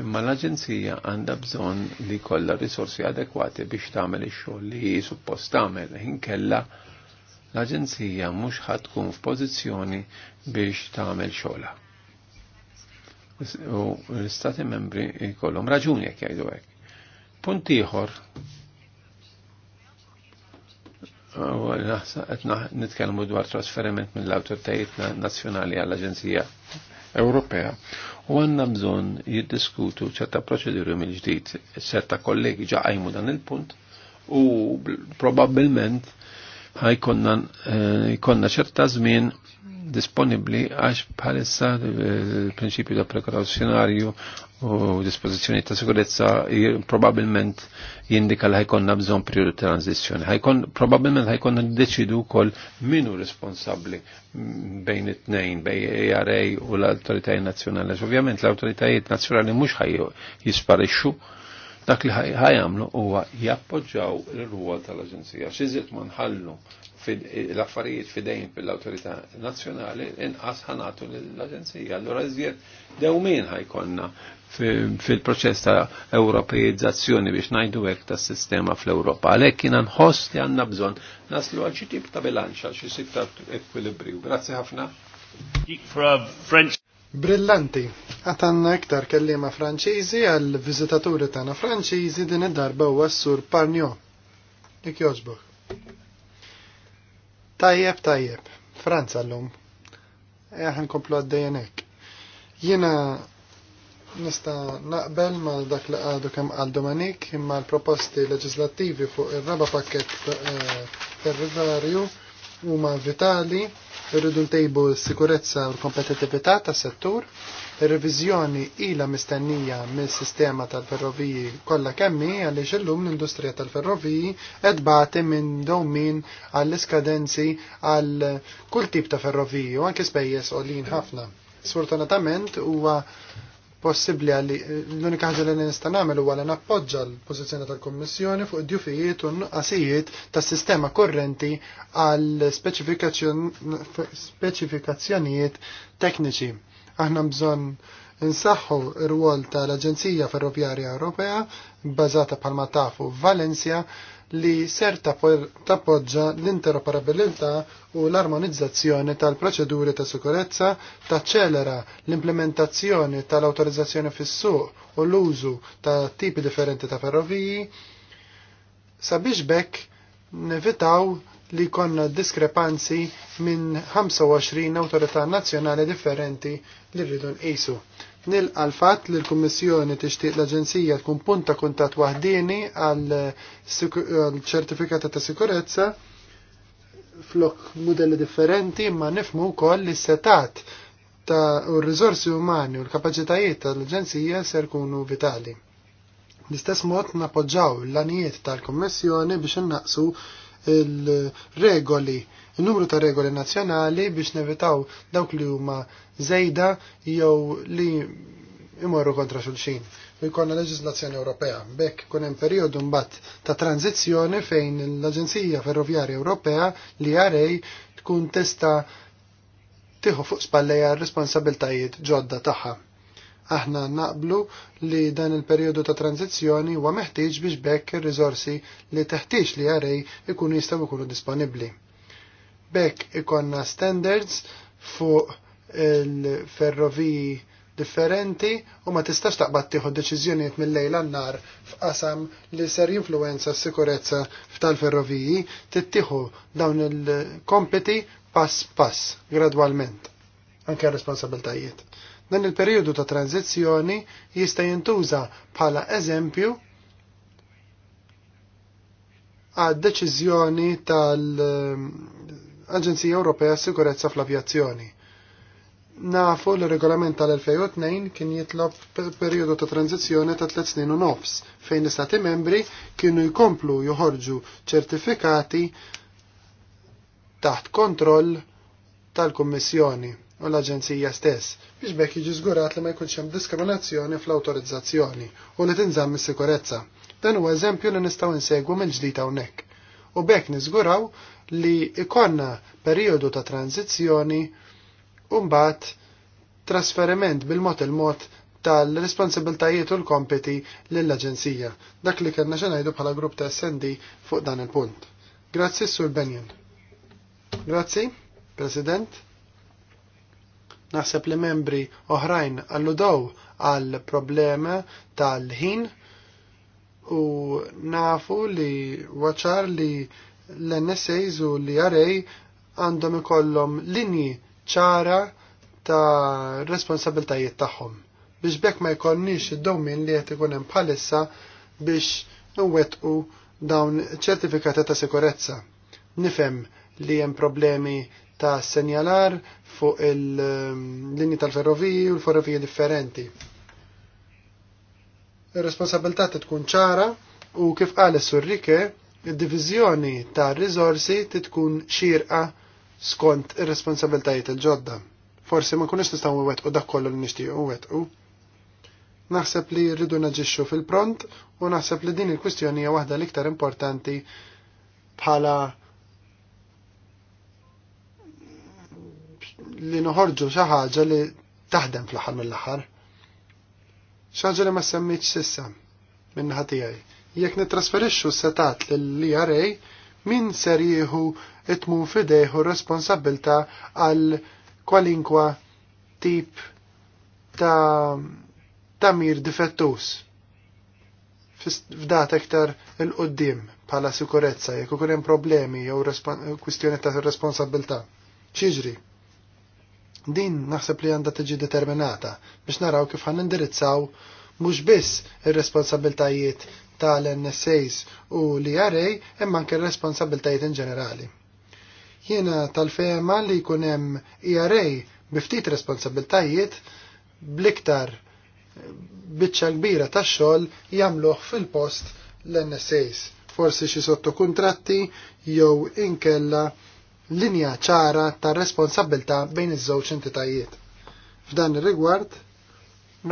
imma l-Aġenzija għandha bżonn li kollha risorsi adekwati biex tagħmel ix-xogħol li suppost tagħmel inkella l-Aġenzija mhux ħadd tkun f'pożizzjoni biex tagħmel xogħla u l-Stati membri jkollhom raġuni jekk jgħidu hekk. Punt ieħor nitkellmu dwar trasferiment mill-awtoritajiet nazzjonali għall-Aġenzija Ewropea u għanna bżon jiddiskutu ċerta proċeduri mill-ġdid, ċerta kollegi ġaqajmu dan il-punt u probabilment ħajkonna eh, ċerta żmien disponibli għax bħalissa eh, il-prinċipju ta' prekawzjonarju u dispożizzjoni ta' sikurezza probabilment jindika li ħajkonna bżon periodu ta' tranzizjoni. Ħajkon, probabilment ħajkonna deċidu kol minu responsabli mm, bejn it-tnejn, bejn ARA u l-autoritajiet nazjonali. Ovvjament l-autoritajiet nazjonali mhux ħaj jisparixxu, dak li ħajamlu huwa jappoġġaw l-rwol tal-Aġenzija. xi żied ma nħallu l-affarijiet fidejn fil-autorità nazzjonali inqas ħanatu l-Aġenzija. Allora iżjed dewmin ħajkonna fil-proċess ta' europeizzazzjoni biex najdu hekk tas sistema fl-Ewropa. Għalhekk kien nħoss li għandna bżonn naslu għal xi tip ta' bilanċa xi sib ta' ekwilibrju. Grazzi ħafna. Brillanti, għatanna iktar kellima franċiżi għal vizitaturi tana franċiżi din id-darba u s-sur Parnio. Dik joġbok. Tajjeb, tajjeb. Franza l-lum. Eħan eh, komplu għaddejenek. Jena nista naqbel ma dak li għadu kem għaldu manik imma l-proposti leġislattivi fuq il-raba pakket territorju eh, huma vitali, irridu ntejbu s-sikurezza u l-kompetitività tas settur, ir-reviżjoni ila mistennija mis-sistema tal-ferroviji kollha kemmi għaliex illum l-industrija tal-ferroviji qed bagħti minn domin għall-iskadenzi għal kull tip ta' ferroviji u anke spejjeż għolin ħafna. Sfortunatament huwa possibbli għalli l-unika ħaġa li nista' nagħmel huwa li nappoġġa l-pożizzjoni tal-Kummissjoni fuq id-djufijiet u nqasijiet tas-sistema korrenti għal speċifikazzjonijiet tekniċi. Aħna bżonn insaħħu r-rwol tal-Aġenzija Ferroviarja Ewropea bbażata bħalma tafu f'Valencia li ser tappoġġa l-interoperabilità u l-armonizzazzjoni tal-proċeduri ta' sikurezza taċċelera l-implementazzjoni tal-autorizzazzjoni fis-suq u l-użu ta' tipi differenti ta' ferroviji sabiex bekk nevitaw li konna diskrepanzi minn 25 autorità nazzjonali differenti li rridu nqisu. Nilqa l li l-Kummissjoni tixtieq l-Aġenzija tkun punta kuntat wahdini għal ċertifikata ta' sikurezza flok modelli differenti imma nifmu wkoll li setat ta' u r-riżorsi umani u l-kapaċitajiet tal-Aġenzija ser kunu vitali. L-istess mod napoġġaw l-anijiet tal-Kommissjoni biex innaqsu il-regoli, il-numru ta' regoli nazzjonali biex nevitaw dawk li huma zejda jew li imorru kontra xulxin. U jkollna leġislazzjoni Ewropea. Bekk kun hemm perjodu mbagħad ta' tranzizzjoni fejn l-Aġenzija Ferrovjarja Ewropea li għarej tkun testa tieħu fuq spallejja r-responsabiltajiet ġodda tagħha Aħna naqblu li dan il-periodu ta' tranzizjoni huwa meħtieġ biex bekk ir-riżorsi li teħtieġ li għarej ikunu jistgħu jkunu disponibbli. Bekk ikonna standards fuq il-ferroviji differenti u ma tistax taqbad tieħu deċiżjonijiet mill-lejl nar f'qasam li ser jinfluwenza s-sikurezza f'tal-ferroviji tittieħu dawn il-kompeti pass pass gradwalment anke responsabiltajiet. Dan il-periodu ta' tranzizjoni jista' jintuża bħala eżempju għad deċiżjoni tal-Aġenzija Ewropea Sikurezza fl-Avjazzjoni. Nafu l-regolament tal-2002 kien jitlob periodu ta' tranzizjoni ta' tliet snin u nofs, fejn l-istati membri kienu jkomplu joħorġu ċertifikati taħt kontroll tal-Kommissjoni u l-Aġenzija stess biex bekk jiġi żgurat li ma jkunx hemm diskriminazzjoni fl-awtorizzazzjoni u li tinżamm is-sikurezza. Dan huwa eżempju li nistgħu insegwu minn ġdid hawnhekk. U bekk niżguraw li ikonna perjodu ta' tranzizzjoni u mbagħad trasferiment bil-mod il-mod tal-responsabiltajiet u l-kompeti lill-Aġenzija, dak li kellna xi ngħidu bħala grupp ta' SND fuq dan il-punt. Grazzi, Sur Benjen. Grazzi, President. Naħseb li membri oħrajn alludaw għal problema tal-ħin u nafu li waċar li l-NSAs u li għarej għandhom ikollhom linji ċara ta' responsabiltajiet tagħhom biex bekk ma jkollniex id-dowmin li qed ikun hemm bħalissa biex nwettqu dawn ċertifikati ta' sikurezza. Nifhem li hemm problemi ta' senjalar fuq il-linji tal-ferroviji u l-ferroviji differenti. Ir-responsabilità tkun ċara u kif qal surrike id-diviżjoni ta' rizorsi tkun xirqa skont ir-responsabiltajiet il-ġodda. Forsi ma kunix nistgħu u dak kollu li nixtiequ u. Naħseb li rridu naġixxu fil-pront u naħseb li din il-kwistjoni hija waħda l-iktar importanti bħala li noħorġu xi ħaġa li taħdem fl-aħħar mill-aħħar. Xaġa li ma semmitx issa minn tiegħi. Jekk nittrasferixxu s-setat lill-IRA, min ser jieħu itmun fidejħu responsabilta għal kwalinkwa tip ta' tamir difettus f'dat iktar il-qoddim bħala sikurezza jekk ikun hemm problemi jew kwistjoni ta' responsabilità. Xiġri? Din naħseb li għandha tiġi determinata biex naraw kif ħan indirizzaw mhux biss ir-responsabiltajiet tal-NSAs u l-IRA imma anke r-responsabiltajiet in ġenerali. Jiena tal-fema li jkun hemm IRA biftit responsabiltajiet bliktar biċċa kbira ta' xogħol jagħmluh fil-post l-NSAs, forsi xi sottokuntratti jew inkella linja ċara ta' responsabilta bejn iż-żewġ entitajiet. F'dan ir-rigward,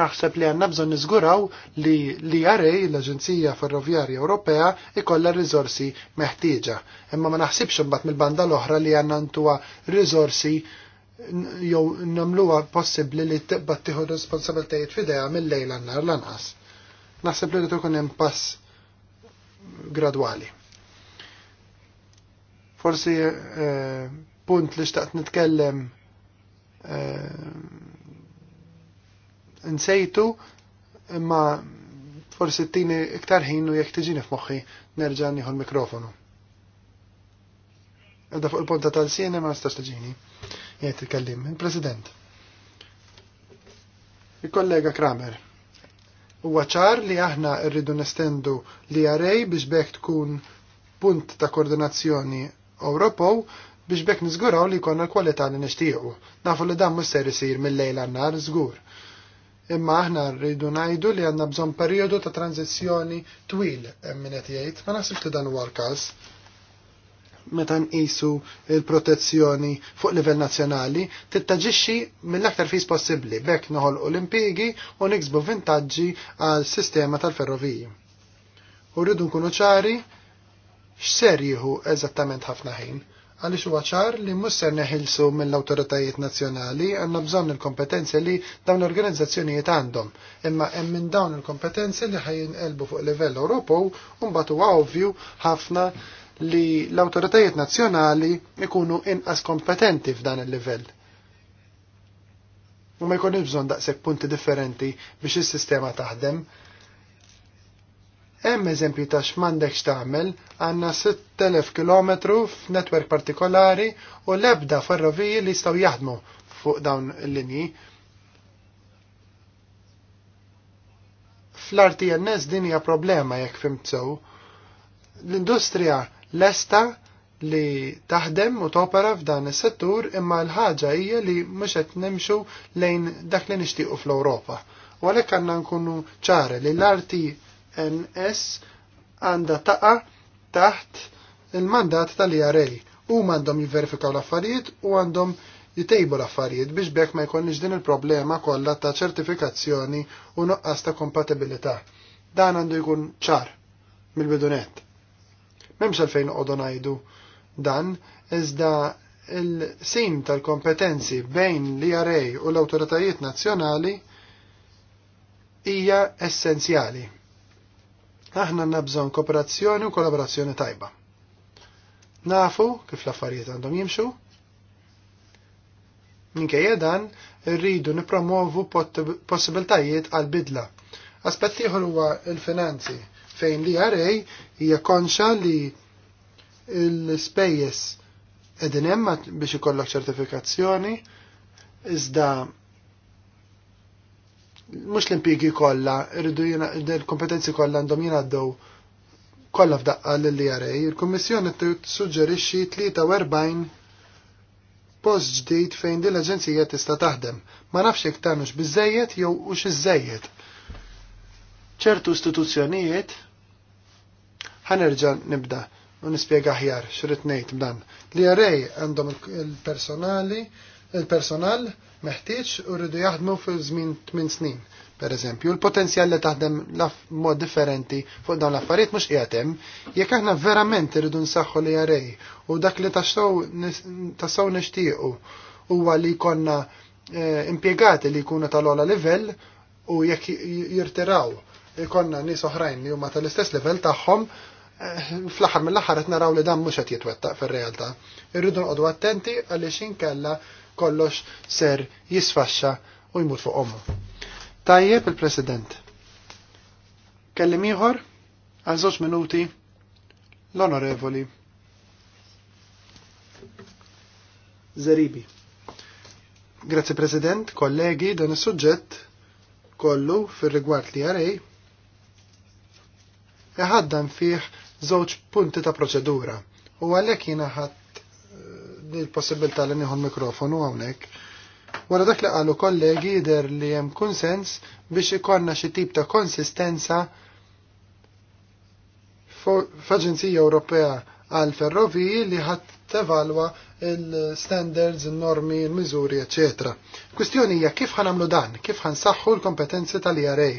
naħseb li għanna bżon nizguraw li li għarej l-Aġenzija Ferroviarja Ewropea ikolla rizorsi meħtieġa. Imma ma naħsibx mbagħad mill-banda l-oħra li għandna ntuwa rizorsi jew nagħmluha possibbli li tibba tieħu responsabiltajiet f'idea mill-lejla nar lanqas. Naħseb li rrid ikun hemm pass gradwali. Forsi eh, punt li xtaqt nitkellem eh, nsejtu imma forsi t-tini iktar ħin u jek tiġini f'moħħi nerġa' nieħu l-mikrofonu. Għadda fuq il-ponta tal-siena ma nistax tiġini jgħid il-kellim. Il-President. Il-kollega Kramer. Huwa ċar li aħna rridu nestendu li għarej biex bekk tkun punt ta' koordinazzjoni Ewropew biex bekk niżguraw li jkollna l-kwalità li nixtiequ. Nafu li dan mhux ser isir mill-lejl għan-nar żgur. Imma aħna rridu ngħidu li għandna bżonn perjodu ta' tranzizzjoni twil hemm min qed jgħid, ma naħsibx li dan huwa l-każ meta nqisu il-protezzjoni fuq livell nazzjonali tittaġixxi mill-aktar fis possibbli bekk noħol l-impjiegi u niksbu vintaġġi għal sistema tal-ferroviji. U rridu nkunu ċari x'ser jieħu eżattament ħafna ħin għaliex huwa ċar li musser neħilsu mill-awtoritajiet nazzjonali għandna bżonn il-kompetenzi li dawn l-organizzazzjonijiet għandhom, imma hemm minn dawn il-kompetenzi li ħajinqelbu fuq livell Ewropew mbagħad huwa ovvju ħafna li l-awtoritajiet nazzjonali ikunu inqas kompetenti f'dan il-livell. U ma jkunx bżonn daqshekk punti differenti biex is-sistema taħdem Hemm eżempji ta' x'mandek x'tagħmel għandna 6000 km f'netwerk partikolari u l-ebda ferroviji li jistgħu jaħdmu fuq dawn il-linji. Fl-RTNS din hija problema jekk fimt sew. L-industrija lesta li taħdem u topera f'dan is-settur imma l-ħaġa hija li mhux qed nimxu lejn dak li nixtiequ fl-Ewropa. U għalhekk għandna nkunu ċari li l-arti NS għanda taqa taħt il-mandat tal-IRA u għandhom jiverifikaw l-affarijiet u għandhom jitejbu l-affarijiet biex bekk ma jkollniex din il-problema kollha ta' ċertifikazzjoni u nuqqas ta' kompatibilità. Dan għandu jkun ċar mill-bidunet. Memx għalfejn qodu ngħidu dan, iżda il-sim tal-kompetenzi bejn l-IRA u l-autoritajiet nazzjonali hija essenzjali Aħna nabżon kooperazzjoni u kollaborazzjoni tajba. Nafu kif l-affarijiet għandhom jimxu. Minkejja dan, rridu nipromovu possibiltajiet għal bidla. Aspett ieħor huwa l-finanzi fejn li għarej hija konxa li l-spejjes edin hemm biex ikollok ċertifikazzjoni iżda mhux l-impjiegi kollha, irridu l-kompetenzi kollha għandhom jingħaddew kollha f'daqqa lill IRA. Il-Kummissjoni tissuġġerixxi 43 post ġdid fejn din l-Aġenzija tista' taħdem. Ma nafx jekk tagħmilx bizzejiet jew ux iżejjed. ċertu istituzzjonijiet ħanerġa' nibda' u nispjega ħjar x'rid ngħid b'dan. L-IRA għandhom il-personali il personali Il-personal meħtieġ u rridu jaħdmu fil żmien 8 snin, per eżempju. l potenzjal li taħdem mod differenti fuq dawn l-affarijiet mhux qiegħed hemm, jekk aħna verament irridu nsaħħu li jarej u dak li tasgħu nixtiequ huwa li jkollna eh, impjegati li jkunu tal-ola livell u jekk jirtiraw ikonna nies oħrajn li huma tal-istess livell tagħhom, eh, fl-aħħar mill-aħħar qed naraw li dan mhux qed jitwettaq fir-realtà. Irridu nqogħdu attenti għaliex inkella kollox ser jisfaxxa u jmut fuq ommu. Tajjeb il-President. Kellim ieħor għal żewġ minuti l-Onorevoli Zeribi. Grazie President, kollegi, dan is-suġġett kollu fir-rigward li għarej Eħaddan fih żewġ punti ta' proċedura u għalhekk jiena ħadd il-possibilità li nieħu l-mikrofonu hawnhekk. Wara dak li qalu kollegi jidher li hemm kunsens biex ikonna xi tip ta' konsistenza f'Aġenzija Ewropea għal ferroviji li ħadd tevalwa il-standards, il-normi, il-miżuri, ecc. Kwistjoni hija kif ħanamlu dan, kif ħansaħħu l-kompetenzi tal-IRA.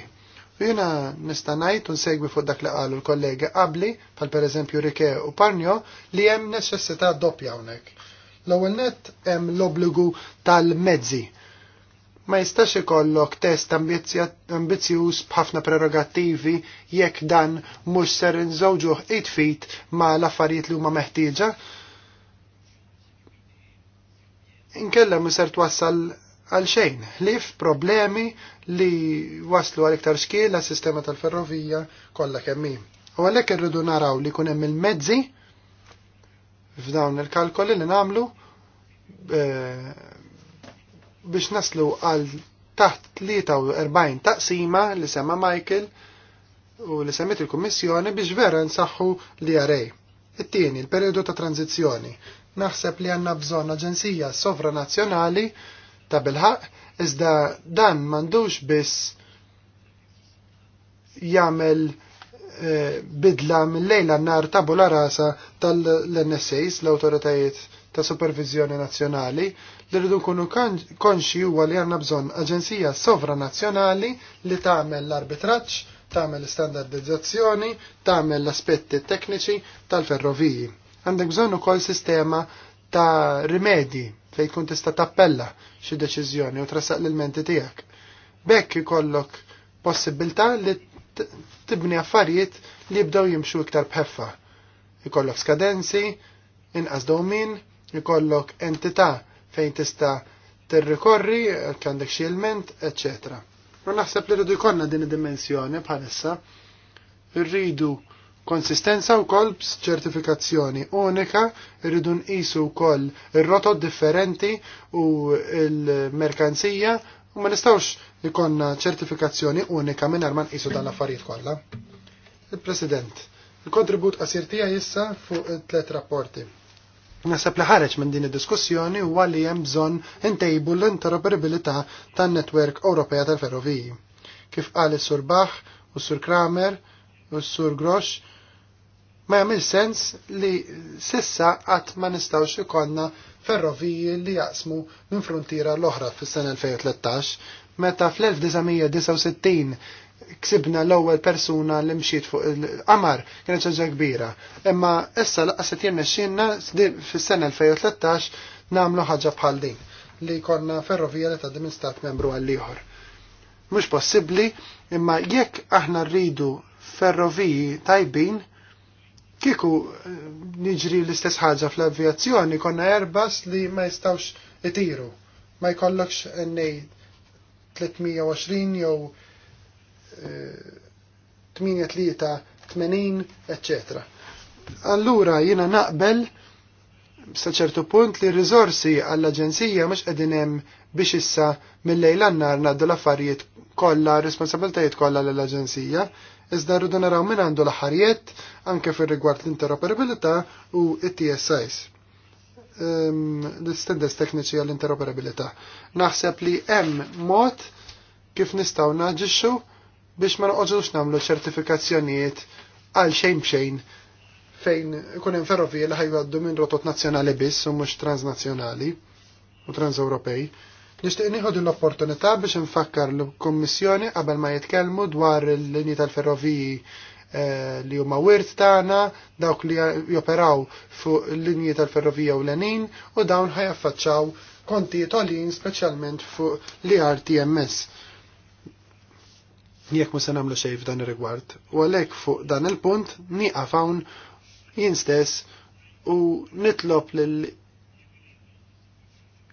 Jina nistanajt un segwi fuq dak li qalu l kollegi qabli, pal per eżempju Rike u Parnio, li hemm neċessità doppja hawnhekk. L-ewwel nett hemm l-obbligu tal-mezzi. Ma jistax ikollok test ambizzjuż b'ħafna prerogattivi jekk dan mhux ser inżewġuh it-fit ma l-affarijiet li huma meħtieġa. Inkellem ser twassal għal xejn, lif problemi li waslu għal iktar xkiel sistema tal-ferrovija kollha kemm hemm. U għalhekk irridu naraw li kun hemm il-mezzi f'dawn il-kalkoli li namlu e, biex naslu għal taħt 43 taqsima li sema Michael u li semmet il-Kummissjoni biex vera nsaħħu li għarej. It-tieni, il-periodu ta' tranzizjoni. Naħseb li għanna bżon aġenzija sovranazzjonali ta' bilħaq, iżda dan mandux biss jagħmel bidla mill-lejla nar tabula rasa tal-NSAs, l-autoritajiet ta' supervizjoni nazzjonali, li rridu nkunu konxi huwa li għandna bżonn aġenzija sovranazzjonali li tagħmel l-arbitraġġ, tagħmel standardizzazzjoni, tagħmel l-aspetti tekniċi tal-ferroviji. Għandek bżonn ukoll sistema ta' rimedi fejn kun tista' tappella xi deċiżjoni u trasaq l-menti tiegħek. Bekk ikollok possibilità li tibni affarijiet li jibdaw jimxu iktar bħeffa. Ikollok skadenzi, inqas domin, ikollok entità fejn tista' tirrikorri, għandek xi ilment, eċċetera. naħseb li rridu jkollna din id-dimensjoni bħalissa. Irridu konsistenza u koll b'ċertifikazzjoni unika, rridu nqisu wkoll ir-rotot differenti u l-merkanzija U ma nistawx ikon ċertifikazzjoni unika minn ma nqisu dan l-affarijiet kollha. Il-President, il-kontribut qasir tiegħi issa fuq tliet rapporti. Nasab li ħareġ minn din id-diskussjoni huwa li hemm bżonn intejbu l-interoperabilità tan-netwerk Ewropea tal-Ferroviji. Kif qal is-Sur u s-Sur Kramer, u s-Sur Grosh, ma jagħmel sens li sissa qatt ma nistgħux ikollna ferroviji li jaqsmu minn frontiera l-oħra fis-sena 2013 meta fl-1969 ksibna l-ewwel persuna li mxiet fuq il-qamar kienet ċaġa kbira. Imma issa laqas qed jirnexxielna fis-sena 2013 nagħmlu ħaġa bħal din li jkollna ferrovija li tgħaddi minn stat membru għal ieħor. Mhux possibbli, imma jekk aħna rridu ferroviji tajbin Kieku eh, niġri l-istess ħaġa fl-avjazzjoni konna erbas li ma jistawx itiru. Ma jkollokx eh, NA 320 jew 83, eh, ecc. Allura jina naqbel saċertu punt li r-rizorsi għall-Aġenzija mhux qegħdin hemm biex issa mill-lejl għannar ngħaddu l-affarijiet Kolla responsabiltajiet kollha lill-Aġenzija, iżda rridu naraw min għandu l-ħarijiet anke fir-rigward l-interoperabilità u it-TSIs. Ehm, L-standards tekniċi għall-interoperabilità. Naħseb li hemm mod kif nistgħu naġixxu biex ma noqogħdux nagħmlu ċertifikazzjonijiet għal xejn b'xejn fejn ikun hemm ferrovija li ħajgħaddu minn rotot nazzjonali biss u mhux transnazzjonali u transewropej. Nixtieq nieħu l-opportunità biex nfakkar l-Kummissjoni qabel ma jitkellmu dwar il-linji tal-ferroviji eh, li huma wirt tagħna, dawk li joperaw fuq linji tal-ferrovija u l-enin u dawn ħajaffaċċaw konti tolin speċjalment fuq li RTMS. Jekk ma se nagħmlu xejn f'dan ir-rigward. U għalhekk fuq dan il-punt nieqaf hawn jien stess u nitlob lill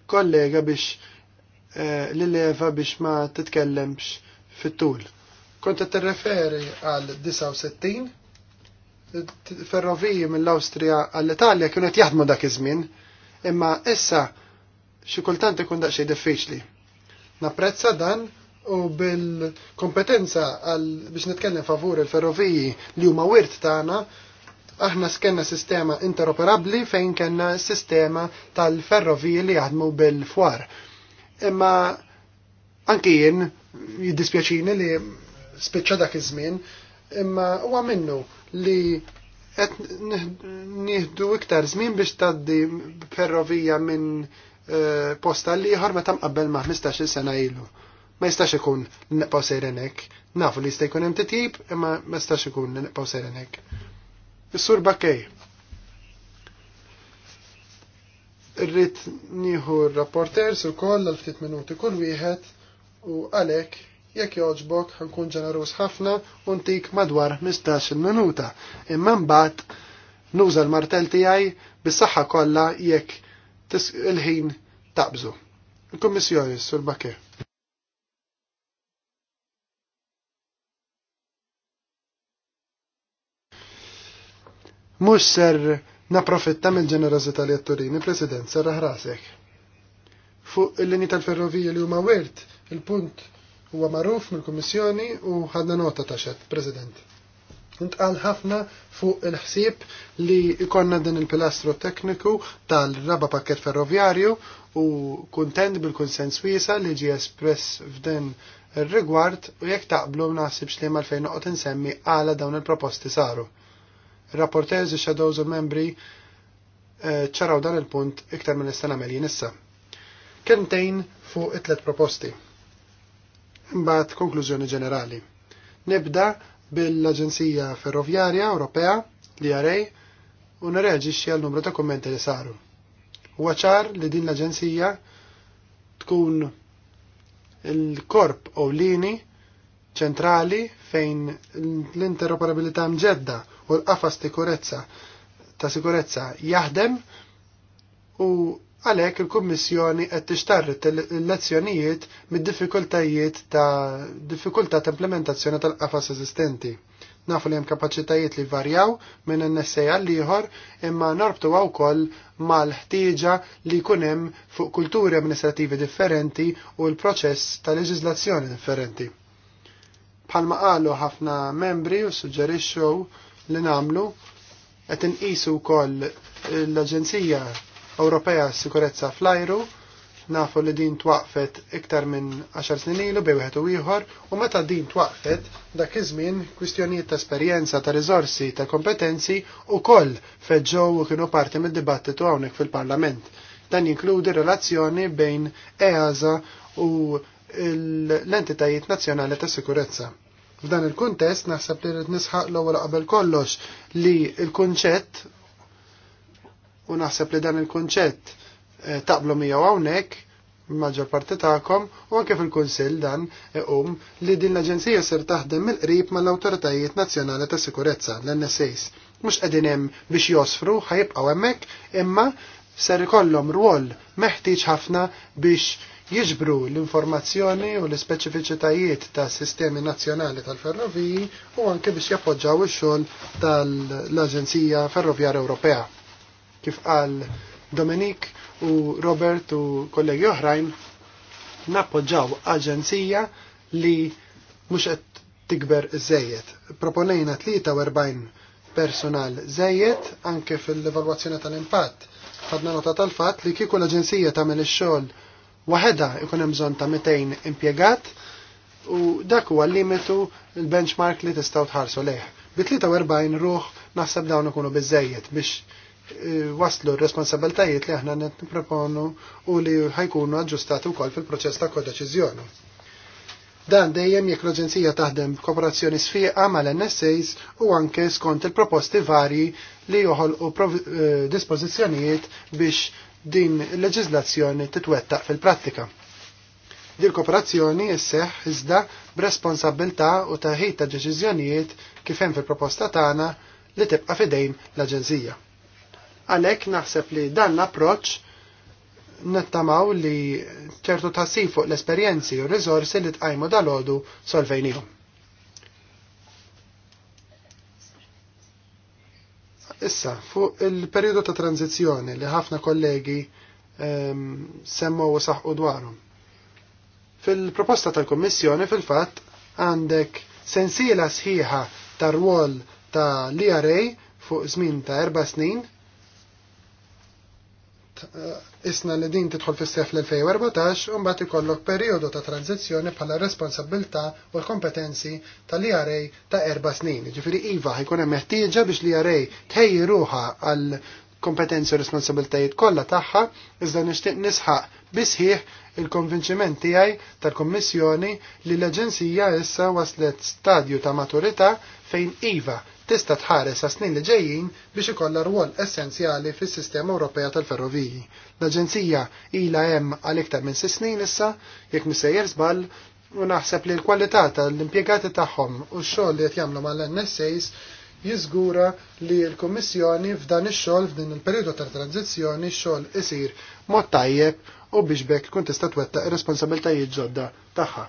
kollega biex Eh, l-leva biex ma titkellemx fit-tul. Konta t-referi għal 69, ferroviji mill-Austria għall-Italja kienu qed jaħdmu dak iż-żmien, imma issa xi kultant ikun daqsxejn diffiċli. Napprezza dan u bil-kompetenza għal biex nitkellem favur il-ferroviji li huma wirt tagħna, aħna skenna sistema interoperabbli fejn kenna sistema tal-ferroviji li jaħdmu bil-fwar imma anki jien jiddispjaċini li spiċċa dak iż-żmien, imma huwa minnu li qed nieħdu iktar żmien biex tgħaddi ferrovija minn e, posta li ieħor meta mqabbel ma' 15-il sena ilu. Ma jistax ikun li sejrenek. Nafu li jista' jkun hemm titjib, imma ma jistax ikun li sejrenek. Is-sur Bakkej. rrit nieħu rapporters u koll l-ftit minuti kull wieħed u għalek jekk joġbok ħankun ġeneruż ħafna u ntik madwar 15 minuta. Imma mbagħad nuża l-martel tiegħi bis-saħħa kollha jekk il-ħin taqbżu. Il-Kummissjoni sur Bakke. Mux ser Naprofitta mill ġenerozità li għatturini President Serra rasek. Fuq il-linji tal-ferrovija li huma wirt, il-punt huwa magħruf mill-Kummissjoni u ħadna nota ta' xed, President. Intqal ħafna fuq il-ħsieb li ikonna din il-pilastru tekniku tal-raba pakket ferroviarju u kuntent bil-konsens wiesa li ġi espress f'den ir-rigward u jekk taqblu naħsibx li mal fejn noqgħod insemmi għala dawn il-proposti saru rapporters, shadows u membri eh, ċaraw dan il-punt iktar minn istana melin issa. Kentejn fuq it proposti. Mbagħad konklużjoni ġenerali. Nibda bil-Aġenzija Ferrovjarja Ewropea li għarej u nirreġixxi għal numru ta' kommenti li saru. Huwa ċar li din l-Aġenzija tkun il-korp ewlieni ċentrali fejn l-interoperabilità mġedda u l-qafas ta' sikurezza jaħdem u għalhekk il-Kummissjoni qed tixtarret l-lezzjonijiet mid-diffikultajiet ta' diffikultà ta' implementazzjoni tal-qafas eżistenti. Nafu li hemm kapaċitajiet li varjaw minn NSA għal ieħor imma norbtu wkoll mal-ħtieġa li jkun hemm fuq kulturi amministrativi differenti u l-proċess ta' leġiżlazzjoni differenti. Bħalma qalu ħafna membri u suġġerixxu li namlu qed inqisu wkoll l-Aġenzija Ewropea Sikurezza fl-ajru nafu li din twaqfet iktar minn 10 snin ilu bej wieħed u ieħor u meta din twaqfet dak iż-żmien kwistjonijiet ta' esperjenza ta' riżorsi ta' kompetenzi ukoll feġġew u kienu parti mid-dibattitu hawnhekk fil-Parlament. Dan jinkludi relazzjoni bejn EASA u l-entitajiet nazzjonali ta' sikurezza. F'dan il-kuntest naħseb li rrid nisħaq l-ewwel qabel kollox li l-kunċett u naħseb li dan il-kunċett eh, taqblu miegħu hawnhekk maġġor parti tagħkom u anke fil-Kunsill dan iqum eh, li din l-Aġenzija ser taħdem mill-qrib mal-Awtoritajiet Nazzjonali ta' Sikurezza l-NSAs. Mhux qegħdin hemm biex josfru ħajibqgħu hemmhekk imma ser ikollhom rwol meħtieġ ħafna biex jiġbru l-informazzjoni u l-speċifiċitajiet ta' sistemi nazzjonali tal-ferroviji u anke biex jappoġġaw ix-xogħol tal-Aġenzija Ferrovjar Ewropea. Kif qal Dominik u Robert u kollegi oħrajn nappoġġaw aġenzija li mhux qed tikber żejjed. Proponejna 43 personal żejjed anke fil-evalwazzjoni tal-impatt. Ħadna nota tal-fatt li kieku l-aġenzija tagħmel ix-xogħol waħedha ikun hemm bżonn ta' 200 impjegat u dak huwa limitu l-benchmark li tistgħu tħarsu leh. Bi 43 ruħ naħseb dawn ikunu biżejjed biex e, waslu r-responsabiltajiet li aħna nipproponu u li ħajkunu aġġustati wkoll fil-proċess ta' kodeċiżjoni. Dan dejjem jekk l-Aġenzija taħdem kooperazzjoni sfiqa mal-NSAs u anke skont il-proposti varji li joħolqu e, dispożizzjonijiet biex din il-leġizlazzjoni titwettaq fil-prattika. Din kooperazzjoni jisseħ iżda b'responsabilità u taħid ta' deċiżjonijiet kif hemm fil-proposta tagħna li tibqa' fidejn l-Aġenzija. Għalhekk naħseb li dan l-approċċ nittamaw li ċertu tassin fuq l-esperienzi u r-rizorsi li tqajmu dal-ħodu solvejnijom. Issa, fuq il-periodu ta' tranzizjoni li ħafna kollegi ehm, semmu u dwarhom. Fil-proposta tal-Kommissjoni fil-fatt għandek sensiela sħiħa tar-rwol ta' l fuq żmien ta' erba' snin isna li din tidħol fis-sef l-2014 u mbagħad ikollok perjodu ta' tranzizzjoni bħala responsabilità u l-kompetenzi tal-IRA ta' erba' snin. Ġifiri iva ħajkun hemm meħtieġa biex l-IRA e tħejji ruħa għal kompetenzi u responsabiltajiet kollha tagħha iżda nixtieq nisħaq bisħiħ il-konvinċiment tiegħi tal-Kommissjoni li l-Aġenzija issa waslet stadju ta' maturità fejn iva tista' tħares għas snin li ġejjin biex ikollha rwol essenzjali fis-sistema Ewropea tal-Ferroviji. L-Aġenzija ilha hemm għal iktar minn sis snin issa, jekk misejjer żball, u naħseb li l-kwalità tal-impjegati tagħhom u x-xogħol li qed jagħmlu mal-NSAs jiżgura li l-Kummissjoni f'dan ix-xogħol f'din il-perjodu tal tranzizzjoni x-xogħol isir mod tajjeb u biex bekk kun tista' twettaq ir-responsabiltajiet ġodda tagħha.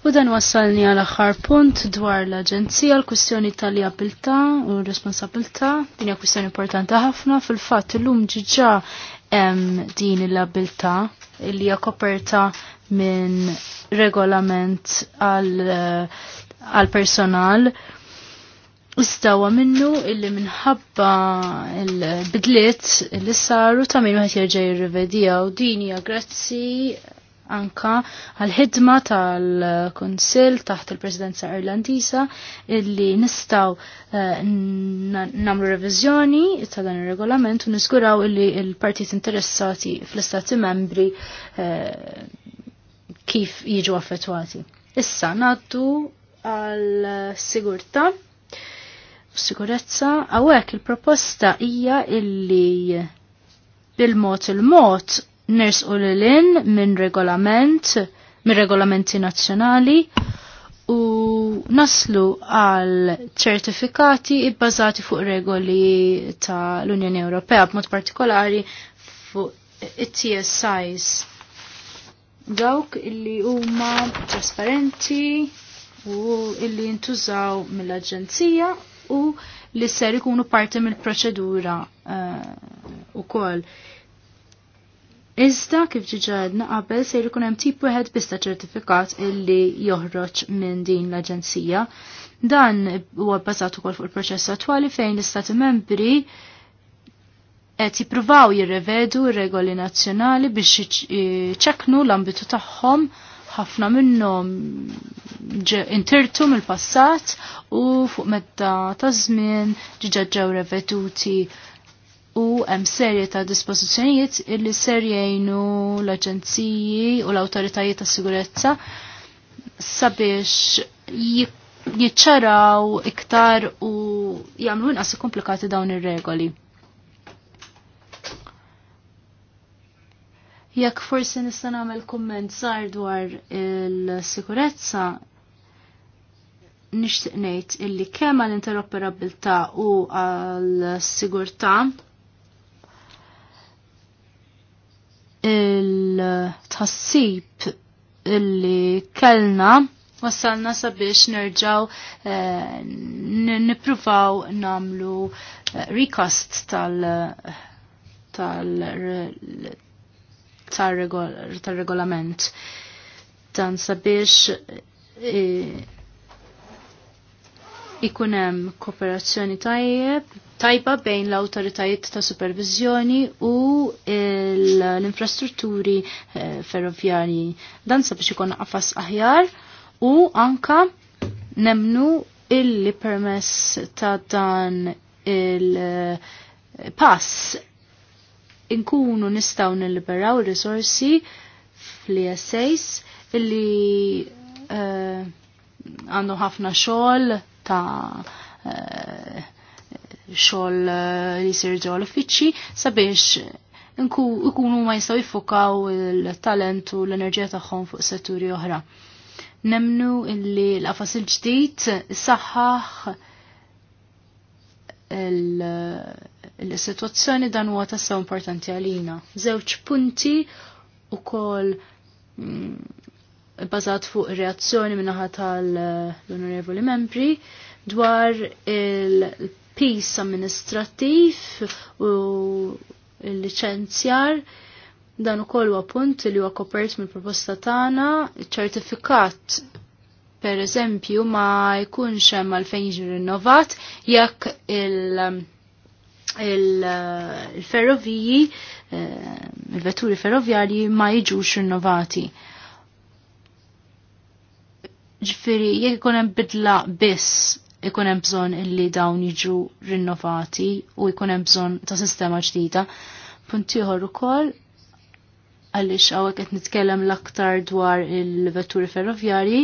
U dan wassalni għal aħħar punt dwar l-Aġenzija l-kwistjoni tal-jabilta u responsabilta. Din hija kwistjoni importanti ħafna fil-fatt illum ġiġa hemm din l-abilta li hija koperta minn regolament għal eh, personal. Istawa minnu illi minħabba l-bidliet li saru ta' minnu wieħed jerġa' jirrivedija u din hija grazzi anka għal-ħidma tal-Konsil taħt il-Presidenza Irlandisa illi nistaw eh, namlu revizjoni ta' dan il-regolament u niskuraw illi il-partijiet interessati fl-istati membri eh, kif jiġu affettwati. Issa naddu għal-sigurta sigurezza għawek il-proposta hija illi bil-mod il-mod u l-lin minn regolament, minn regolamenti nazzjonali u naslu għal ċertifikati bbażati fuq regoli ta' l-Unjoni Ewropea b'mod partikolari fuq it-TSIs. Dawk illi huma trasparenti u illi jintużaw mill-Aġenzija u li ser ikunu parti mill-proċedura uh, u koll Iżda kif ġiġedna qabel se jkun hemm tip wieħed bista ċertifikat illi joħroġ minn din l-aġenzija. Dan huwa bbażat ukoll fuq il-proċess attwali fejn l-Istati membri qed jippruvaw jirrevedu r-regoli nazzjonali biex ċeknu l-ambitu tagħhom ħafna minnhom intirtu mill-passat u fuq medda ta' żmien ġiġa ġew reveduti u hemm serje ta' dispożizzjonijiet illi ser jgħinu l-aġenziji u l-awtoritajiet ta' sigurezza sabiex jiċċaraw iktar u jagħmlu inqas komplikati dawn ir-regoli. Jekk forsi nista' nagħmel kumment żgħar dwar il-sikurezza, nixtieq ngħid illi kemm għall interoperabilità u għall sigurtà il-tassib illi kellna wassalna sabiex nerġaw eh, nipruvaw namlu eh, recast tal tal regolament dan sabiex eh, ikunem kooperazzjoni tajjeb tajba bejn l-autoritajiet ta' supervizjoni u l-infrastrutturi eh, ferrovjarji. Dan sabiex ikun qafas aħjar u anka nemnu illi permess ta' dan il-pass inkunu nistaw nil-liberaw risorsi fl-ESAs illi eh, għandu ħafna xogħol ta' uh, xogħol eh, li sirġaw ġew l-uffiċċji sabiex ikunu ma jistgħu jiffukaw il-talent u l-enerġija tagħhom fuq setturi oħra. Nemnu illi l-qafas il-ġdid saħħaħ il-situazzjoni dan huwa tassew importanti għalina. Żewġ punti u kol mm, bazat fuq reazzjoni minnaħa tal-onorevoli membri dwar il pis amministrativ u l-licenzjar dan ukoll huwa punt li huwa kopert mill-proposta tagħna, ċertifikat per eżempju ma jkunx hemm għalfejn jiġi rinnovat jekk il- il-ferroviji, il ferroviji eh, il vetturi ferrovjarji ma jiġux rinnovati. Ġifiri, jek ikun hemm bidla biss ikun hemm bżonn illi dawn jiġu rinnovati u jkun hemm bżonn ta' sistema ġdida. Punt ieħor ukoll għaliex hawnhekk qed nitkellem l-aktar dwar il-vetturi ferrovjarji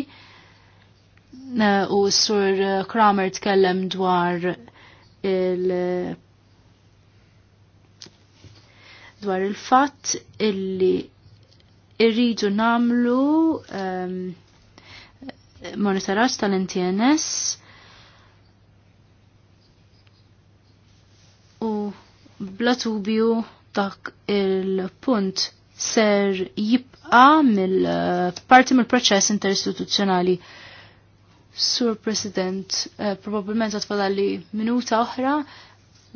u s-sur Kramer tkellem dwar il- dwar il-fatt illi irridu namlu um, monitoraġġ tal-NTNS u bla tubju dak il-punt ser jibqa mill-parti mill-proċess interistituzzjonali. Sur President, uh, eh, probabilment għatfada li minuta oħra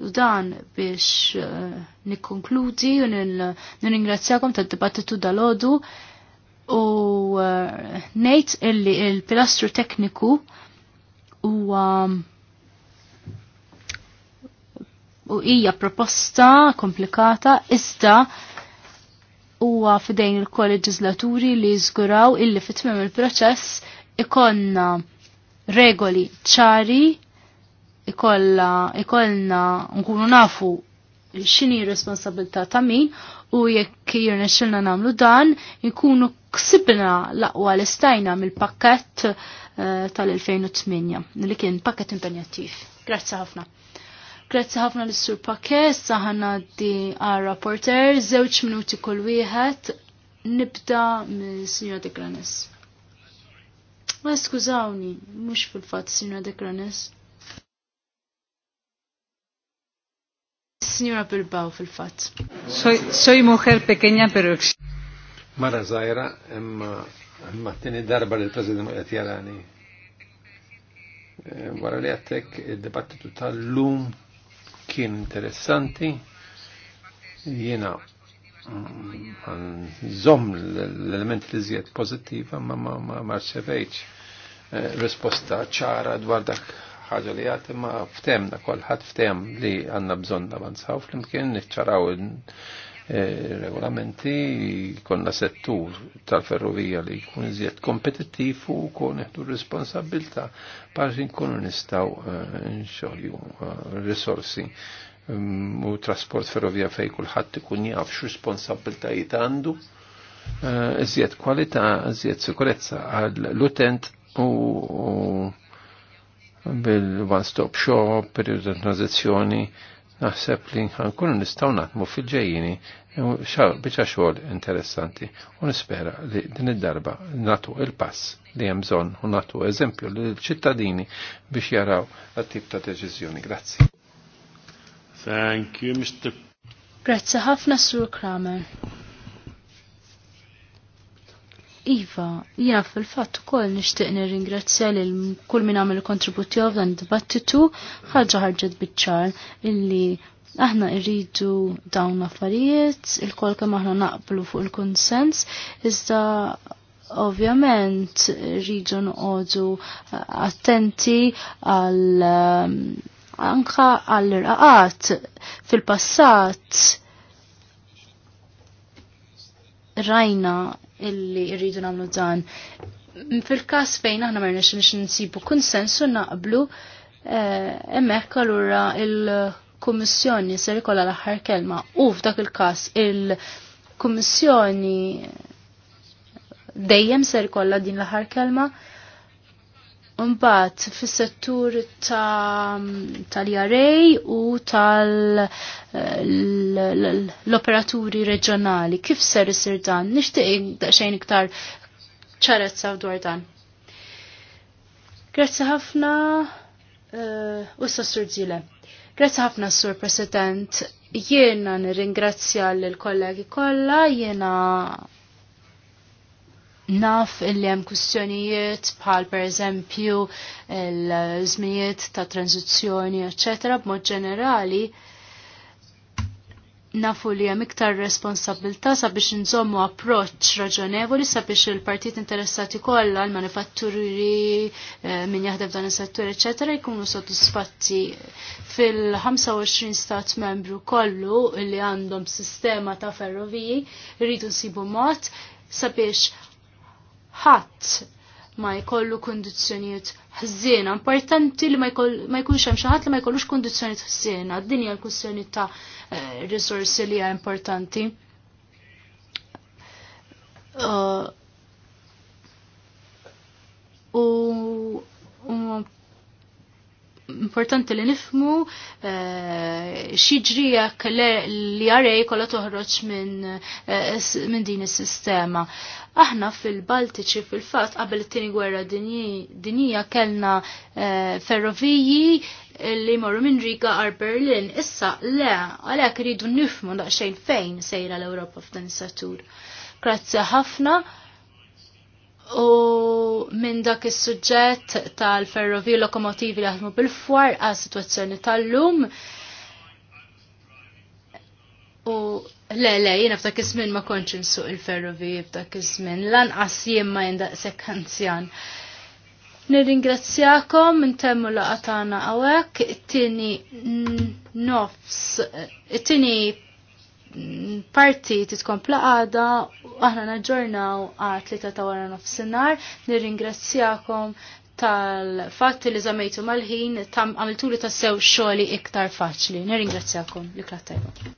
u dan biex uh, nikkonkludi u nirringrazzjakom tad-dibattitu dal-ħodu u uh, eh, nejt illi il-pilastru tekniku u um, u hija proposta komplikata iżda huwa fidejn il-kolleġislaturi li jżguraw illi fitmem il-proċess ikonna regoli ċari ikolla ikollna nkunu nafu x'inhi responsabilità ta' min u jekk jirna xilna namlu dan, ikunu ksibna laqwa l-istajna mill-pakket uh, eh, tal-2008, li kien pakket impenjattiv. Grazzi ħafna. Grazzi ħafna l-Sur Pakes, saħna di rapporter, zewċ minuti kull wieħed, nibda mill-Sinjora De Granes. Ma skużawni, mux fil-fat Sinjora De Granes. Signora Bilbao fil-fat. Soy, muħer mujer pequeña pero Mara Zajra, imma imma t-tini darba li l-President qed jarani. Eh, wara li għattek id debattitu tal-lum kien interessanti. Jiena mm, zom l-element li zjed pozittiva ma ma marċevejċ eh, risposta ċara dwar dak ħagġa li għati ma ftemna kolħat ftem li għanna bżon davanzaw fl-imkien nifċaraw E, regolamenti konna settur tal-ferrovija li kun iżjed kompetittiv u kun eħdu responsabilta par kun nistaw e, nxolju e, risorsi mm, u trasport ferrovija fej kulħadd kun jaf x'responsabiltajiet għandu iżjed kwalità, iżjed sikurezza għall-utent u bil-one-stop shop, periodu tranzizjoni, tranzizjoni naħseb li nkunu nistgħu naħdmu fil-ġejjini e, biċa xogħol interessanti u nispera li din id-darba natu il-pass li hemm bżonn u natu eżempju lill ċittadini biex jaraw għat-tip ta' deċiżjoni. Grazzi. Thank you, Mr. Grazzi ħafna Sur Kramer. Iva, ja fil-fatt ukoll nixtieq nirringrazzja lil kull min għamel kontributjew f'dan id-dibattitu ħaġa ħarġet biċ-ċar illi aħna rridu dawn affarijiet, il-kol kem aħna naqblu fuq il-konsens, iżda ovvjament rridu noqogħdu attenti għal um, anka għall-irqaqat fil-passat rajna illi rridu nagħmlu dan. Fil-każ fejn aħna ma rnex nsibu konsensu naqblu eh, hemmhekk allura il-Kummissjoni ser jkollha l-aħħar kelma u f'dak il-każ il-Kummissjoni dejjem ser jkollha din l-aħħar kelma Mbagħad fis-settur tal-jarej u tal-operaturi reġjonali kif ser isir dan? Nixtieq xejn iktar ċarezza dwar dan. Grazzi ħafna u eh, uh, sur Zile. Grazzi ħafna Sur President. Jiena nirringrazzja lill kollegi kollha, jiena Naf il hemm kwistjonijiet bħal pereżempju l żmijiet ta' tranzizzjoni, eċetera, b'mod ġenerali nafu li hemm iktar responsabilta sabiex nżommu approċċ raġonevoli sabiex il-partit interessati kollha l-manifatturi eh, min jaħdem dan is-settur eċetera jkunu sodisfatti fil-25 stat membru kollu li għandhom sistema ta' ferroviji rridu nsibu mod sabiex ħadd ma jkollu kondizzjonijiet ħżiena. Importanti li ma jkunx hemm xi ħadd li ma jkollux kondizzjonijiet ħżiena. Din hija l-kwistjoni ta' eh, risorsi li hija importanti. Eh, u importanti li nifmu eh, xieġri li għarej kolla toħroġ eh, minn din is-sistema. Aħna fil-Baltiċi fil-fatt qabel it-tieni gwerra dinija kellna eh, ferroviji li morru minn Riga għar Berlin. Issa le, għalhekk rridu nifmu daqsxejn fejn sejra l-Ewropa f'dan is-settur. Grazzi ħafna U minn dak is-suġġett tal-ferrovi lokomotivi li bil-fwar għas situazzjoni tal-lum. U le, le, jiena f'dak iż ma kontx insuq il-ferrovi f'dak iż-żmien, lanqas jien ma jindaqsek anzjan. Nirringrazzjakom intemmu laqatana għawek, it-tini nofs, it-tini parti titkompla għada, aħna naġġornaw għat tlita ta' wara nofsinhar, nirringrazzjakom tal-fatti li zamejtu mal-ħin, tam għamiltu li tassew xoli iktar faċli. Nirringrazzjakom, li klattajba.